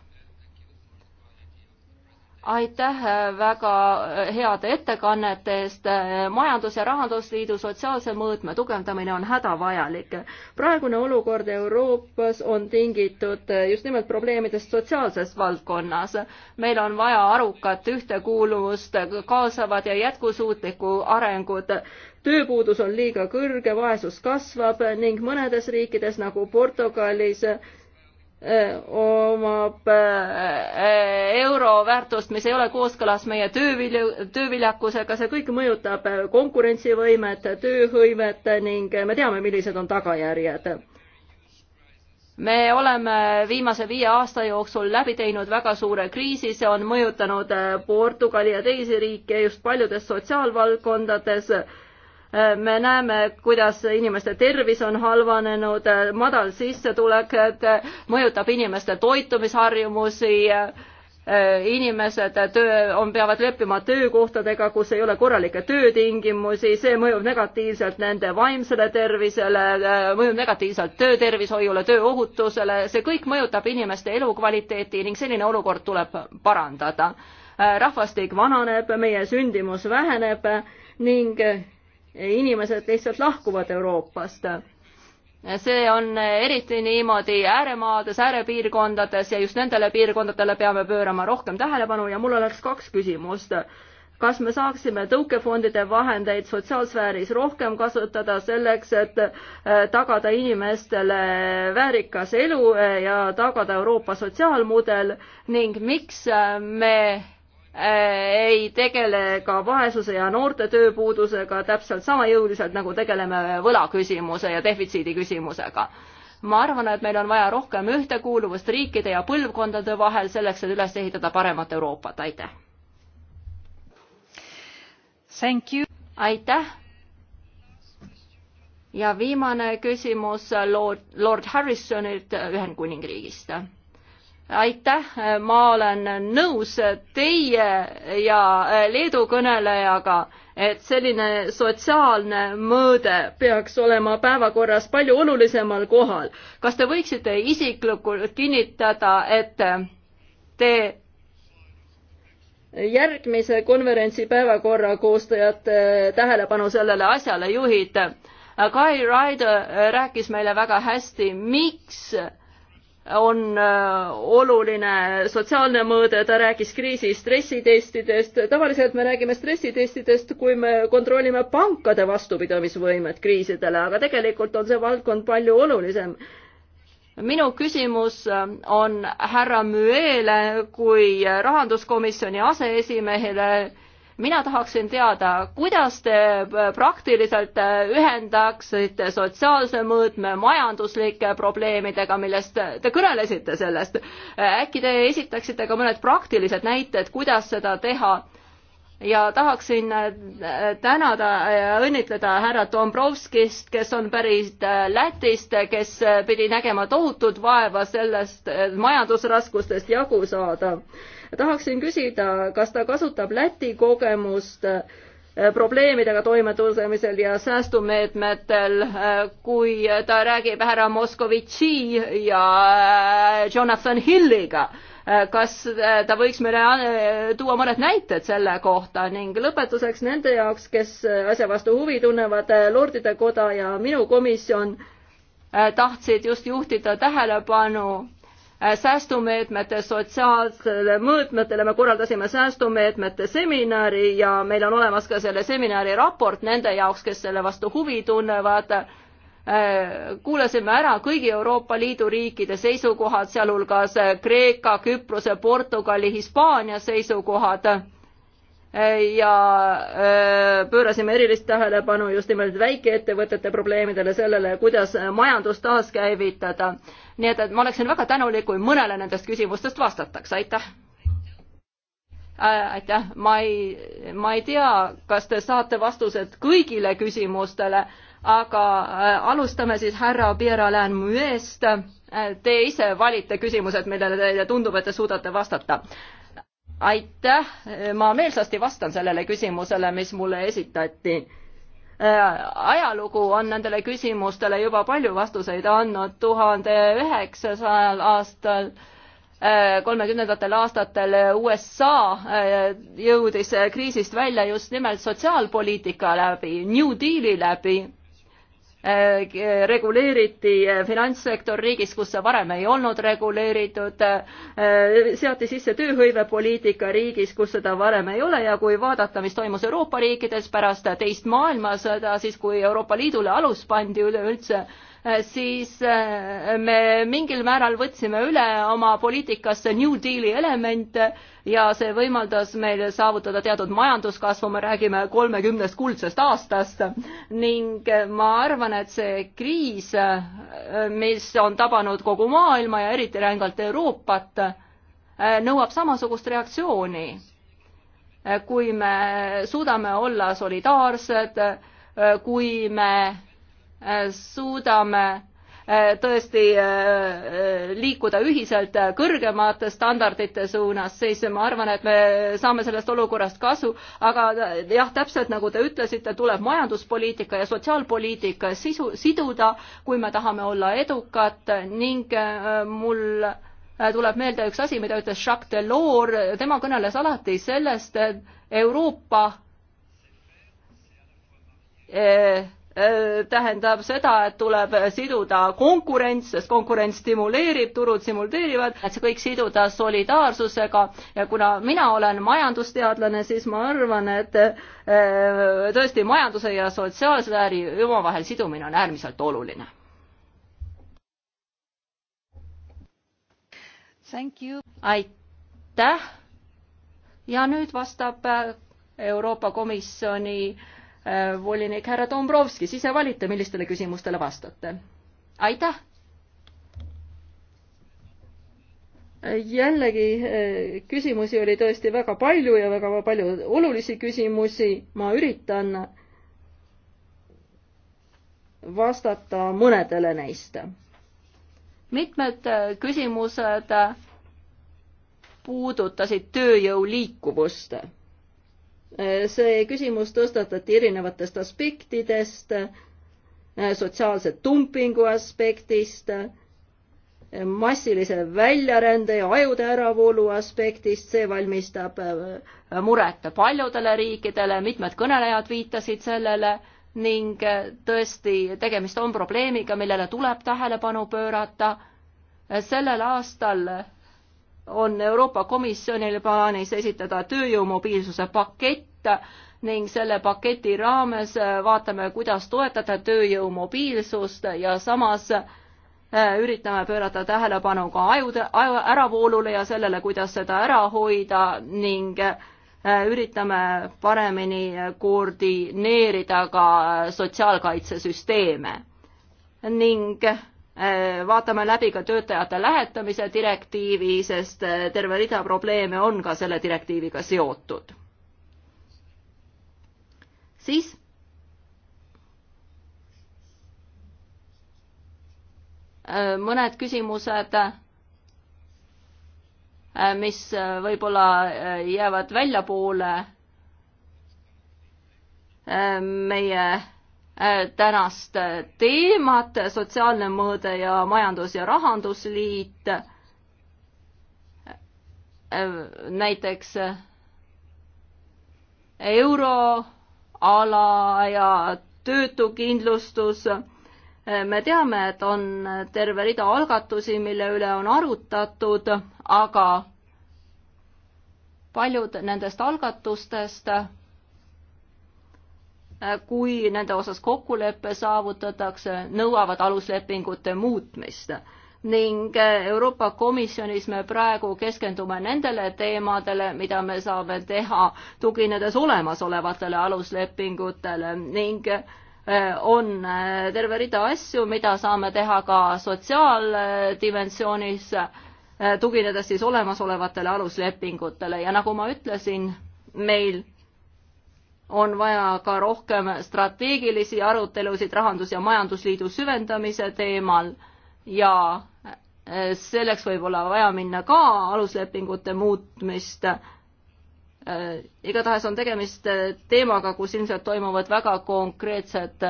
[SPEAKER 2] aitäh väga heade ettekannete eest. majandus- ja rahandusliidu sotsiaalse mõõtme tugevdamine on hädavajalik. praegune olukord Euroopas on tingitud just nimelt probleemidest sotsiaalses valdkonnas. meil on vaja arukat ühtekuuluvust, kaasavat ja jätkusuutlikku arengut tööpuudus on liiga kõrge, vaesus kasvab ning mõnedes riikides nagu Portugalis omab euro väärtust, mis ei ole kooskõlas meie töövilju, tööviljakusega, see kõik mõjutab konkurentsivõimet, tööhõivet ning me teame, millised on tagajärjed. me oleme viimase viie aasta jooksul läbi teinud väga suure kriisi, see on mõjutanud Portugali ja teisi riike just paljudes sotsiaalvaldkondades me näeme, kuidas inimeste tervis on halvanenud, madal sissetulek mõjutab inimeste toitumisharjumusi, inimesed töö, on, peavad leppima töökohtadega, kus ei ole korralikke töötingimusi, see mõjub negatiivselt nende vaimsele tervisele, mõjub negatiivselt töötervishoiule, tööohutusele, see kõik mõjutab inimeste elukvaliteeti ning selline olukord tuleb parandada. rahvastik vananeb, meie sündimus väheneb ning inimesed lihtsalt lahkuvad Euroopast. see on eriti niimoodi ääremaades, äärepiirkondades ja just nendele piirkondadele peame pöörama rohkem tähelepanu ja mul oleks kaks küsimust kas me saaksime tõukefondide vahendeid sotsiaalsfääris rohkem kasutada selleks, et eh, tagada inimestele väärikas elu eh, ja tagada Euroopa sotsiaalmudel ning miks eh, me Äh, ei tegele ka vaesuse ja noorte tööpuudusega täpselt sama jõuliselt, nagu tegeleme võlaküsimuse ja defitsiidi küsimusega. ma arvan, et meil on vaja rohkem ühtekuuluvust riikide ja põlvkondade vahel selleks, et üles ehitada paremat Euroopat, aitäh! aitäh! ja viimane küsimus Lord, Lord Harrisonilt Ühendkuningriigist aitäh, ma olen nõus teie ja äh, Leedu kõnelejaga, et selline sotsiaalne mõõde peaks olema päevakorras palju olulisemal kohal. kas te võiksite isiklikult kinnitada, et te järgmise konverentsi päevakorra koostajate tähelepanu sellele asjale juhite? Guy Ryder rääkis meile väga hästi, miks äh, on äh, oluline sotsiaalne mõõde, ta rääkis kriisi stressitestidest, tavaliselt me räägime stressitestidest, kui me kontrollime pankade vastupidamisvõimet kriisidele, aga tegelikult on see valdkond palju olulisem. minu küsimus äh, on härra Müele kui rahanduskomisjoni aseesimehele mina tahaksin teada, kuidas te äh, praktiliselt äh, ühendaksite sotsiaalse mõõtme majanduslike probleemidega, millest te kõnelesite sellest. Äh, äkki te esitaksite ka mõned praktilised näited, kuidas seda teha? ja tahaksin tänada ja õnnitleda härra Dombrovskist, kes on pärit Lätist, kes pidi nägema tohutut vaeva sellest majandusraskustest jagu saada tahaksin küsida, kas ta kasutab Läti kogemust äh, probleemidega toimetulemisel ja säästumeetmetel, äh, kui ta räägib härra Moskovitši ja äh, Jonathan Hilliga. kas ta võiks meile tuua mõned näited selle kohta ning lõpetuseks nende jaoks, kes asja vastu huvi tunnevad, Lordide Koda ja minu komisjon tahtsid just juhtida tähelepanu Äh, säästumeetmete sotsiaalsele mõõtmetele, me korraldasime säästumeetmete seminari ja meil on olemas ka selle seminari raport nende jaoks, kes selle vastu huvi tunnevad. Äh, kuulasime ära kõigi Euroopa Liidu riikide seisukohad, sealhulgas Kreeka, Küprose, Portugali, Hispaania seisukohad ja äh, pöörasime erilist tähelepanu just nimelt väikeettevõtete probleemidele, sellele, kuidas majandust taaskäivitada. nii et, et ma oleksin väga tänulik, kui mõnele nendest küsimustest vastataks, aitäh. Äh, aitäh, ma ei, ma ei tea, kas te saate vastused kõigile küsimustele, aga äh, alustame siis härra Pierre-Alain Muest. Te ise valite küsimused, millele teile tundub, et te suudate vastata aitäh, ma meelsasti vastan sellele küsimusele, mis mulle esitati. Äh, ajalugu on nendele küsimustele juba palju vastuseid andnud, tuhande üheksasajal aastal äh, kolmekümnendatel aastatel USA äh, jõudis kriisist välja just nimelt sotsiaalpoliitika läbi, New Deali läbi Äh, reguleeriti äh, finantssektor riigis, kus see varem ei olnud reguleeritud, äh, seati sisse tööhõivepoliitika riigis, kus seda varem ei ole ja kui vaadata, mis toimus Euroopa riikides pärast teist maailmasõda, siis kui Euroopa Liidule alus pandi üleüldse Äh, siis äh, me mingil määral võtsime üle oma poliitikasse New Deali elemente ja see võimaldas meil saavutada teatud majanduskasvu, me räägime kolmekümnest kuldsest aastast ning ma arvan, et see kriis, äh, mis on tabanud kogu maailma ja eriti rängalt Euroopat, nõuab samasugust reaktsiooni. kui me suudame olla solidaarsed, kui me suudame äh, tõesti äh, äh, liikuda ühiselt kõrgemate standardite suunas, siis ma arvan, et me saame sellest olukorrast kasu, aga jah, täpselt nagu te ütlesite, tuleb majanduspoliitika ja sotsiaalpoliitika sisu, siduda, kui me tahame olla edukad ning mul tuleb meelde üks asi, mida ütles Jacques Delors, tema kõneles alati sellest, et Euroopa eh, Äh, tähendab seda, et tuleb siduda konkurents, sest konkurents stimuleerib, turud stimuleerivad, et see kõik siduda solidaarsusega ja kuna mina olen majandusteadlane, siis ma arvan, et äh, tõesti majanduse ja sotsiaalse äri omavahel sidumine on äärmiselt oluline. aitäh ja nüüd vastab äh, Euroopa Komisjoni äh, Äh, volinik härra Dombrovskis, ise valite, millistele küsimustele vastate. aitäh! jällegi äh, küsimusi oli tõesti väga palju ja väga palju olulisi küsimusi, ma üritan vastata mõnedele neist. mitmed äh, küsimused puudutasid tööjõu liikuvust see küsimus tõstatati erinevatest aspektidest, sotsiaalse dumpingu aspektist, massilise väljarände ja ajude äravoolu aspektist, see valmistab äh, muret paljudele riikidele, mitmed kõnelejad viitasid sellele ning äh, tõesti, tegemist on probleemiga, millele tuleb tähelepanu pöörata. Äh, sellel aastal on Euroopa Komisjonil plaanis esitada tööjõu mobiilsuse pakett ning selle paketi raames äh, vaatame, kuidas toetada tööjõu mobiilsust ja samas äh, üritame pöörata tähelepanu ka ajude aju, äravoolule ja sellele, kuidas seda ära hoida ning äh, üritame paremini koordineerida ka sotsiaalkaitsesüsteeme ning Äh, vaatame läbi ka töötajate lähetamise direktiivi, sest äh, terve rida probleeme on ka selle direktiiviga seotud. siis äh, mõned küsimused, mis võib-olla jäävad väljapoole meie Äh, tänast teemat, sotsiaalne mõõde ja majandus- ja rahandusliit. Äh, näiteks äh, euroala ja töötukindlustus. me teame, et on terve rida algatusi, mille üle on arutatud, aga paljud nendest algatustest Äh, kui nende osas kokkulepe saavutatakse, nõuavad aluslepingute muutmist. ning äh, Euroopa Komisjonis me praegu keskendume nendele teemadele, mida me saame teha, tuginedes olemasolevatele aluslepingutele ning äh, on terve rida asju, mida saame teha ka sotsiaaldimensioonis, tuginedes siis olemasolevatele aluslepingutele ja nagu ma ütlesin, meil on vaja ka rohkem strateegilisi arutelusid Rahandus- ja Majandusliidu süvendamise teemal ja eh, selleks võib olla vaja minna ka aluslepingute muutmist. Eh, igatahes on tegemist eh, teemaga, kus ilmselt toimuvad väga konkreetsed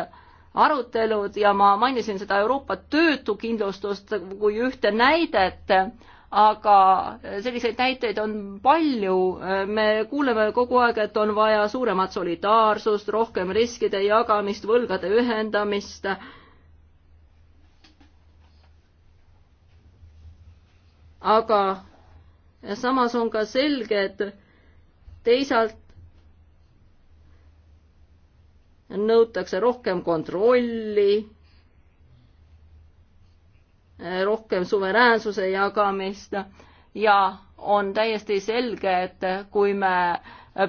[SPEAKER 2] arutelud ja ma mainisin seda Euroopa töötukindlustust kui ühte näidet aga selliseid näiteid on palju. me kuuleme kogu aeg, et on vaja suuremat solidaarsust, rohkem riskide jagamist, võlgade ühendamist. aga samas on ka selge, et teisalt nõutakse rohkem kontrolli rohkem suveräänsuse jagamist ja on täiesti selge, et kui me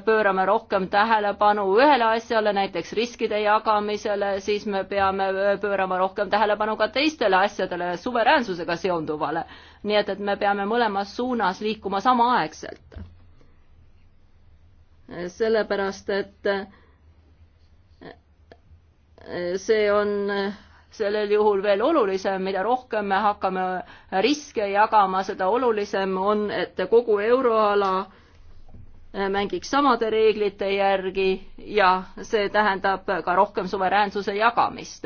[SPEAKER 2] pöörame rohkem tähelepanu ühele asjale, näiteks riskide jagamisele, siis me peame pöörama rohkem tähelepanu ka teistele asjadele, suveräänsusega seonduvale. nii et, et me peame mõlemas suunas liikuma samaaegselt. sellepärast, et see on sellel juhul veel olulisem, mida rohkem me hakkame riske jagama, seda olulisem on, et kogu euroala mängiks samade reeglite järgi ja see tähendab ka rohkem suveräänsuse jagamist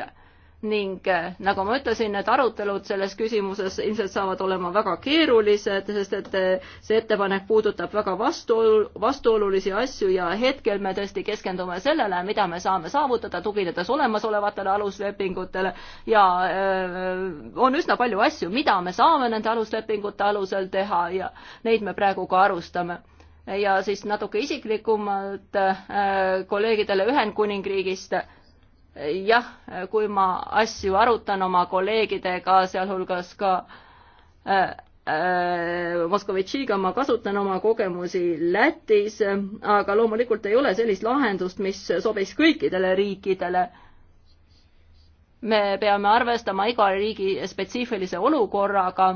[SPEAKER 2] ning äh, nagu ma ütlesin, need arutelud selles küsimuses ilmselt saavad olema väga keerulised, sest et äh, see ettepanek puudutab väga vastuolu, vastuolulisi asju ja hetkel me tõesti keskendume sellele, mida me saame saavutada, tuginedes olemasolevatele aluslepingutele ja öö, äh, on üsna palju asju, mida me saame nende aluslepingute alusel teha ja neid me praegu ka arustame ja siis natuke isiklikumalt äh, kolleegidele Ühendkuningriigist äh, jah, kui ma asju arutan oma kolleegidega, sealhulgas ka äh, äh, Moskovitšiga, ma kasutan oma kogemusi Lätis, aga loomulikult ei ole sellist lahendust, mis sobiks kõikidele riikidele. me peame arvestama iga riigi spetsiifilise olukorraga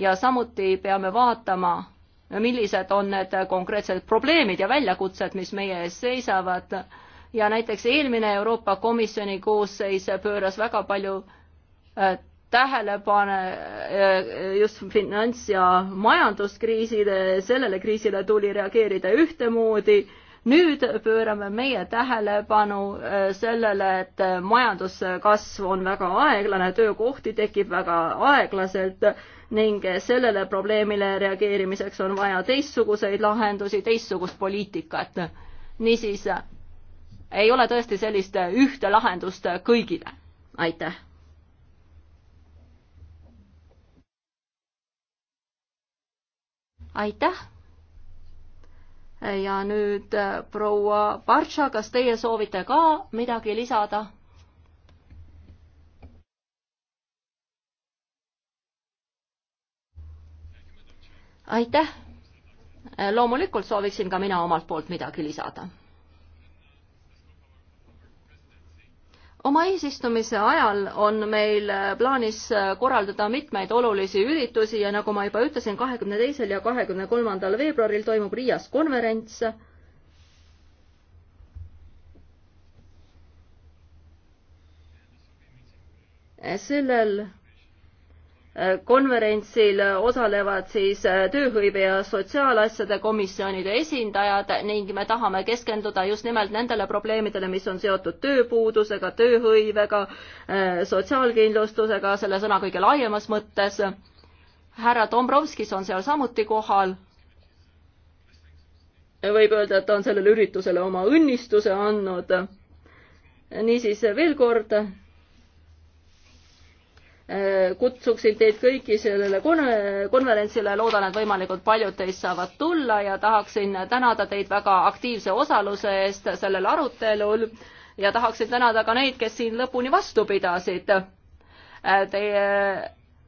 [SPEAKER 2] ja samuti peame vaatama, millised on need konkreetsed probleemid ja väljakutsed, mis meie ees seisavad ja näiteks eelmine Euroopa Komisjoni koosseis pööras väga palju äh, tähelepanu äh, just finants- ja majanduskriisile, sellele kriisile tuli reageerida ühtemoodi. nüüd pöörame meie tähelepanu äh, sellele, et majanduskasv on väga aeglane, töökohti tekib väga aeglaselt ning sellele probleemile reageerimiseks on vaja teistsuguseid lahendusi, teistsugust poliitikat. niisiis ei ole tõesti sellist ühte lahendust kõigile. aitäh. aitäh. ja nüüd äh, proua Partša, kas teie soovite ka midagi lisada? aitäh. loomulikult sooviksin ka mina omalt poolt midagi lisada oma eesistumise ajal on meil äh, plaanis äh, korraldada mitmeid olulisi üritusi ja nagu ma juba ütlesin, kahekümne teisel ja kahekümne kolmandal veebruaril toimub Riias konverents sellel konverentsil osalevad siis tööhõive ja sotsiaalasjade komisjonide esindajad ning me tahame keskenduda just nimelt nendele probleemidele, mis on seotud tööpuudusega, tööhõivega, äh, sotsiaalkindlustusega, selle sõna kõige laiemas mõttes. härra Dombrovskis on seal samuti kohal. võib öelda, et ta on sellele üritusele oma õnnistuse andnud. niisiis veel kord Äh, kutsuksin teid kõiki sellele konverentsile, loodan, et võimalikult paljud teist saavad tulla ja tahaksin tänada teid väga aktiivse osaluse eest sellel arutelul ja tahaksin tänada ka neid, kes siin lõpuni vastu pidasid. Äh, teie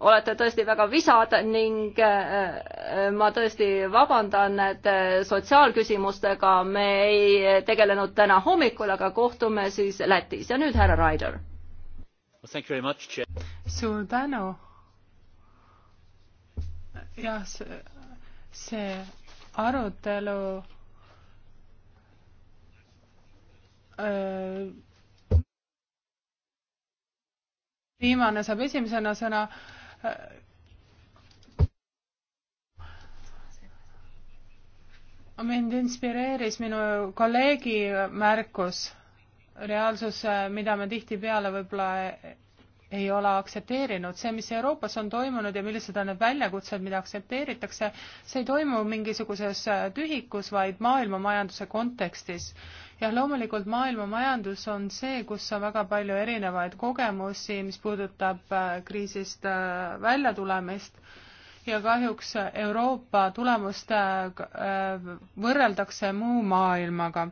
[SPEAKER 2] olete tõesti väga visad ning äh, ma tõesti vabandan, et sotsiaalküsimustega me ei tegelenud täna hommikul, aga kohtume siis Lätis ja nüüd härra Raider
[SPEAKER 4] suur tänu. jah, see arutelu öö, äh, viimane saab esimesena sõna. Äh, mind inspireeris minu kolleegi märkus reaalsus, mida me tihtipeale võib-olla ei ole aktsepteerinud. see, mis Euroopas on toimunud ja millised on need väljakutsed, mida aktsepteeritakse, see ei toimu mingisuguses tühikus, vaid maailmamajanduse kontekstis. jah, loomulikult maailmamajandus on see, kus on väga palju erinevaid kogemusi, mis puudutab äh, kriisist äh, väljatulemist ja kahjuks Euroopa tulemust äh, võrreldakse muu maailmaga.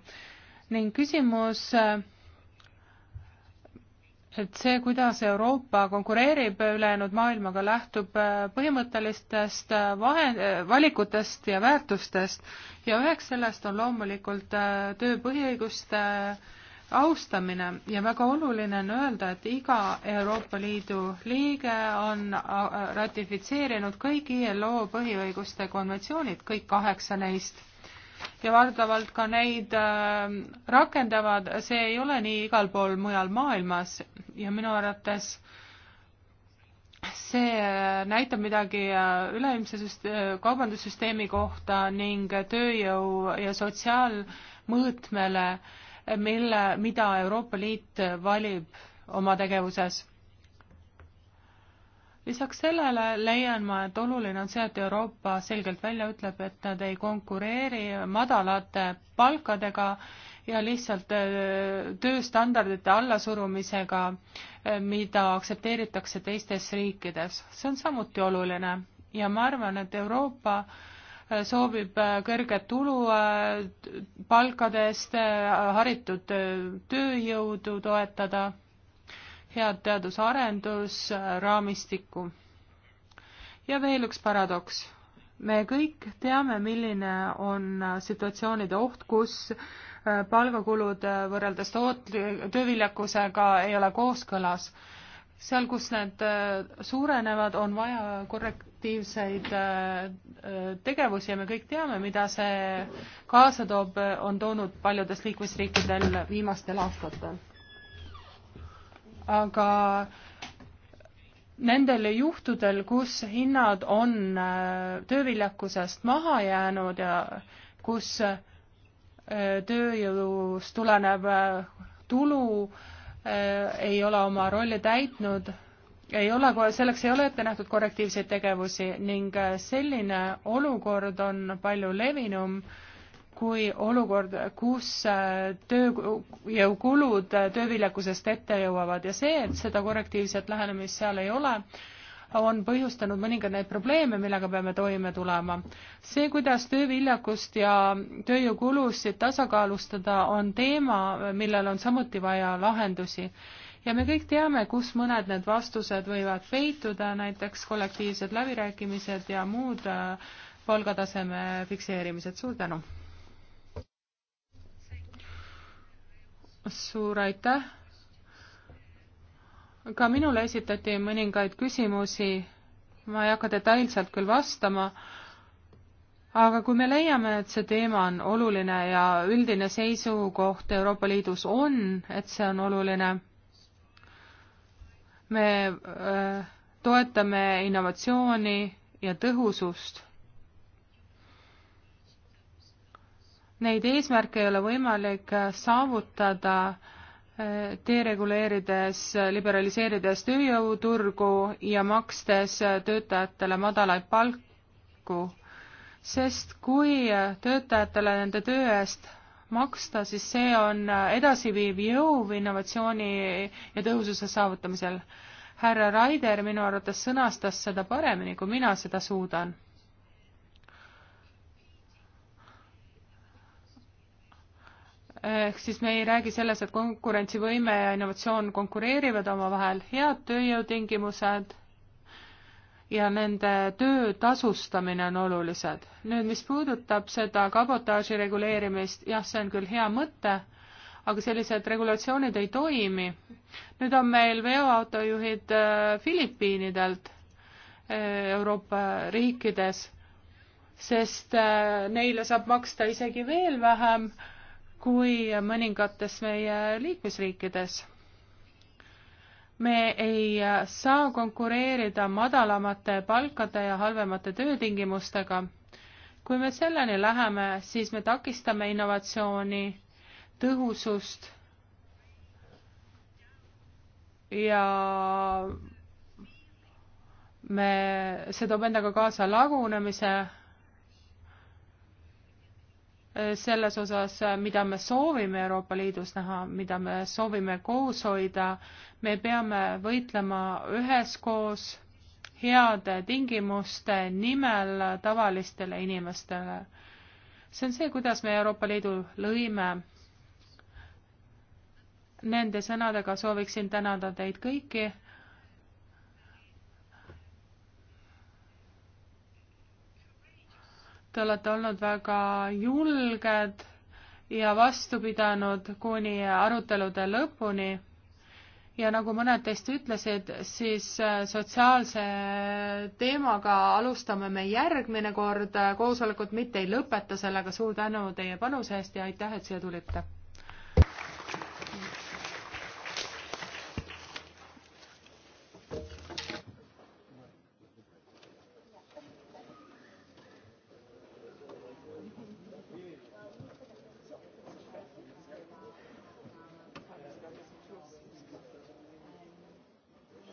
[SPEAKER 4] ning küsimus et see, kuidas Euroopa konkureerib ülejäänud maailmaga, lähtub äh, põhimõttelistest äh, vahe, äh, valikutest ja väärtustest ja üheks sellest on loomulikult töö põhiõiguste austamine ja väga oluline on öelda, et iga Euroopa Liidu liige on ratifitseerinud kõik ILO põhiõiguste konventsioonid, kõik kaheksa neist ja valdavalt ka neid äh, rakendavad, see ei ole nii igal pool mujal maailmas ja minu arvates see äh, näitab midagi äh, üleilmse kaubandussüsteemi kohta ning tööjõu ja sotsiaalmõõtmele, mille, mida Euroopa Liit valib oma tegevuses lisaks sellele leian ma, et oluline on see, et Euroopa selgelt välja ütleb, et nad ei konkureeri madalate palkadega ja lihtsalt äh, tööstandardite allasurumisega, äh, mida aktsepteeritakse teistes riikides. see on samuti oluline ja ma arvan, et Euroopa äh, soovib kõrget tulu palkadest, haritud tööjõudu toetada head teadus-arendusraamistikku. ja veel üks paradoks. me kõik teame, milline on situatsioonide oht, kus äh, palgakulud äh, võrreldes toot-, tööviljakusega ei ole kooskõlas. seal, kus need äh, suurenevad, on vaja korrektiivseid tegevusi ja me kõik teame, mida see kaasa toob, on toonud paljudes liikmesriikidel viimastel aastatel aga nendel juhtudel, kus hinnad on äh, tööviljakusest maha jäänud ja kus äh, tööjõust tulenev äh, tulu ei ole oma rolli täitnud, ei ole, selleks ei ole ette nähtud korrektiivseid tegevusi ning selline olukord on palju levinum äh, kui olukord, kus äh, tööjõukulud äh, tööviljakusest ette jõuavad ja see, et seda korrektiivset lähenemist seal ei ole, on põhjustanud mõningaid neid probleeme, millega peame toime tulema. see, kuidas tööviljakust ja tööjõukulusid tasakaalustada, on teema, millel on samuti vaja lahendusi. ja me kõik teame, kus mõned need vastused võivad peituda, näiteks kollektiivsed läbirääkimised ja muud äh, palgataseme fikseerimised. suur tänu! suur aitäh. ka minule esitati mõningaid küsimusi, ma ei hakka detailselt küll vastama, aga kui me leiame, et see teema on oluline ja üldine seisukoht Euroopa Liidus on, et see on oluline, me äh, toetame innovatsiooni ja tõhusust Neid eesmärke ei ole võimalik äh, saavutada äh, dereguleerides, äh, liberaliseerides tööjõuturgu ja makstes töötajatele madalaid palku, sest kui töötajatele nende töö eest maksta, siis see on edasiviiv jõuv innovatsiooni ja tõhususe saavutamisel. härra Raider minu arvates sõnastas seda paremini, kui mina seda suudan ehk siis me ei räägi selles, et konkurentsivõime ja innovatsioon konkureerivad omavahel, head tööjõutingimused ja nende töö tasustamine on olulised. nüüd, mis puudutab seda kabotaaži reguleerimist, jah, see on küll hea mõte, aga sellised regulatsioonid ei toimi. nüüd on meil veoautojuhid äh, Filipiinidelt äh, Euroopa riikides, sest äh, neile saab maksta isegi veel vähem äh, kui mõningates meie liikmesriikides. me ei saa konkureerida madalamate palkade ja halvemate töötingimustega. kui me selleni läheme, siis me takistame innovatsiooni, tõhusust ja me, see toob endaga kaasa lagunemise Äh, selles osas, äh, mida me soovime Euroopa Liidus näha, mida me soovime koos hoida, me peame võitlema üheskoos heade tingimuste nimel tavalistele inimestele. see on see, kuidas me Euroopa Liidu lõime. Nende sõnadega sooviksin tänada teid kõiki Te olete olnud väga julged ja vastu pidanud kuni arutelude lõpuni. ja nagu mõned teist ütlesid, siis äh, sotsiaalse teemaga alustame me järgmine kord koosolekut, mitte ei lõpeta sellega. suur tänu teie panuse eest ja aitäh, et siia tulite!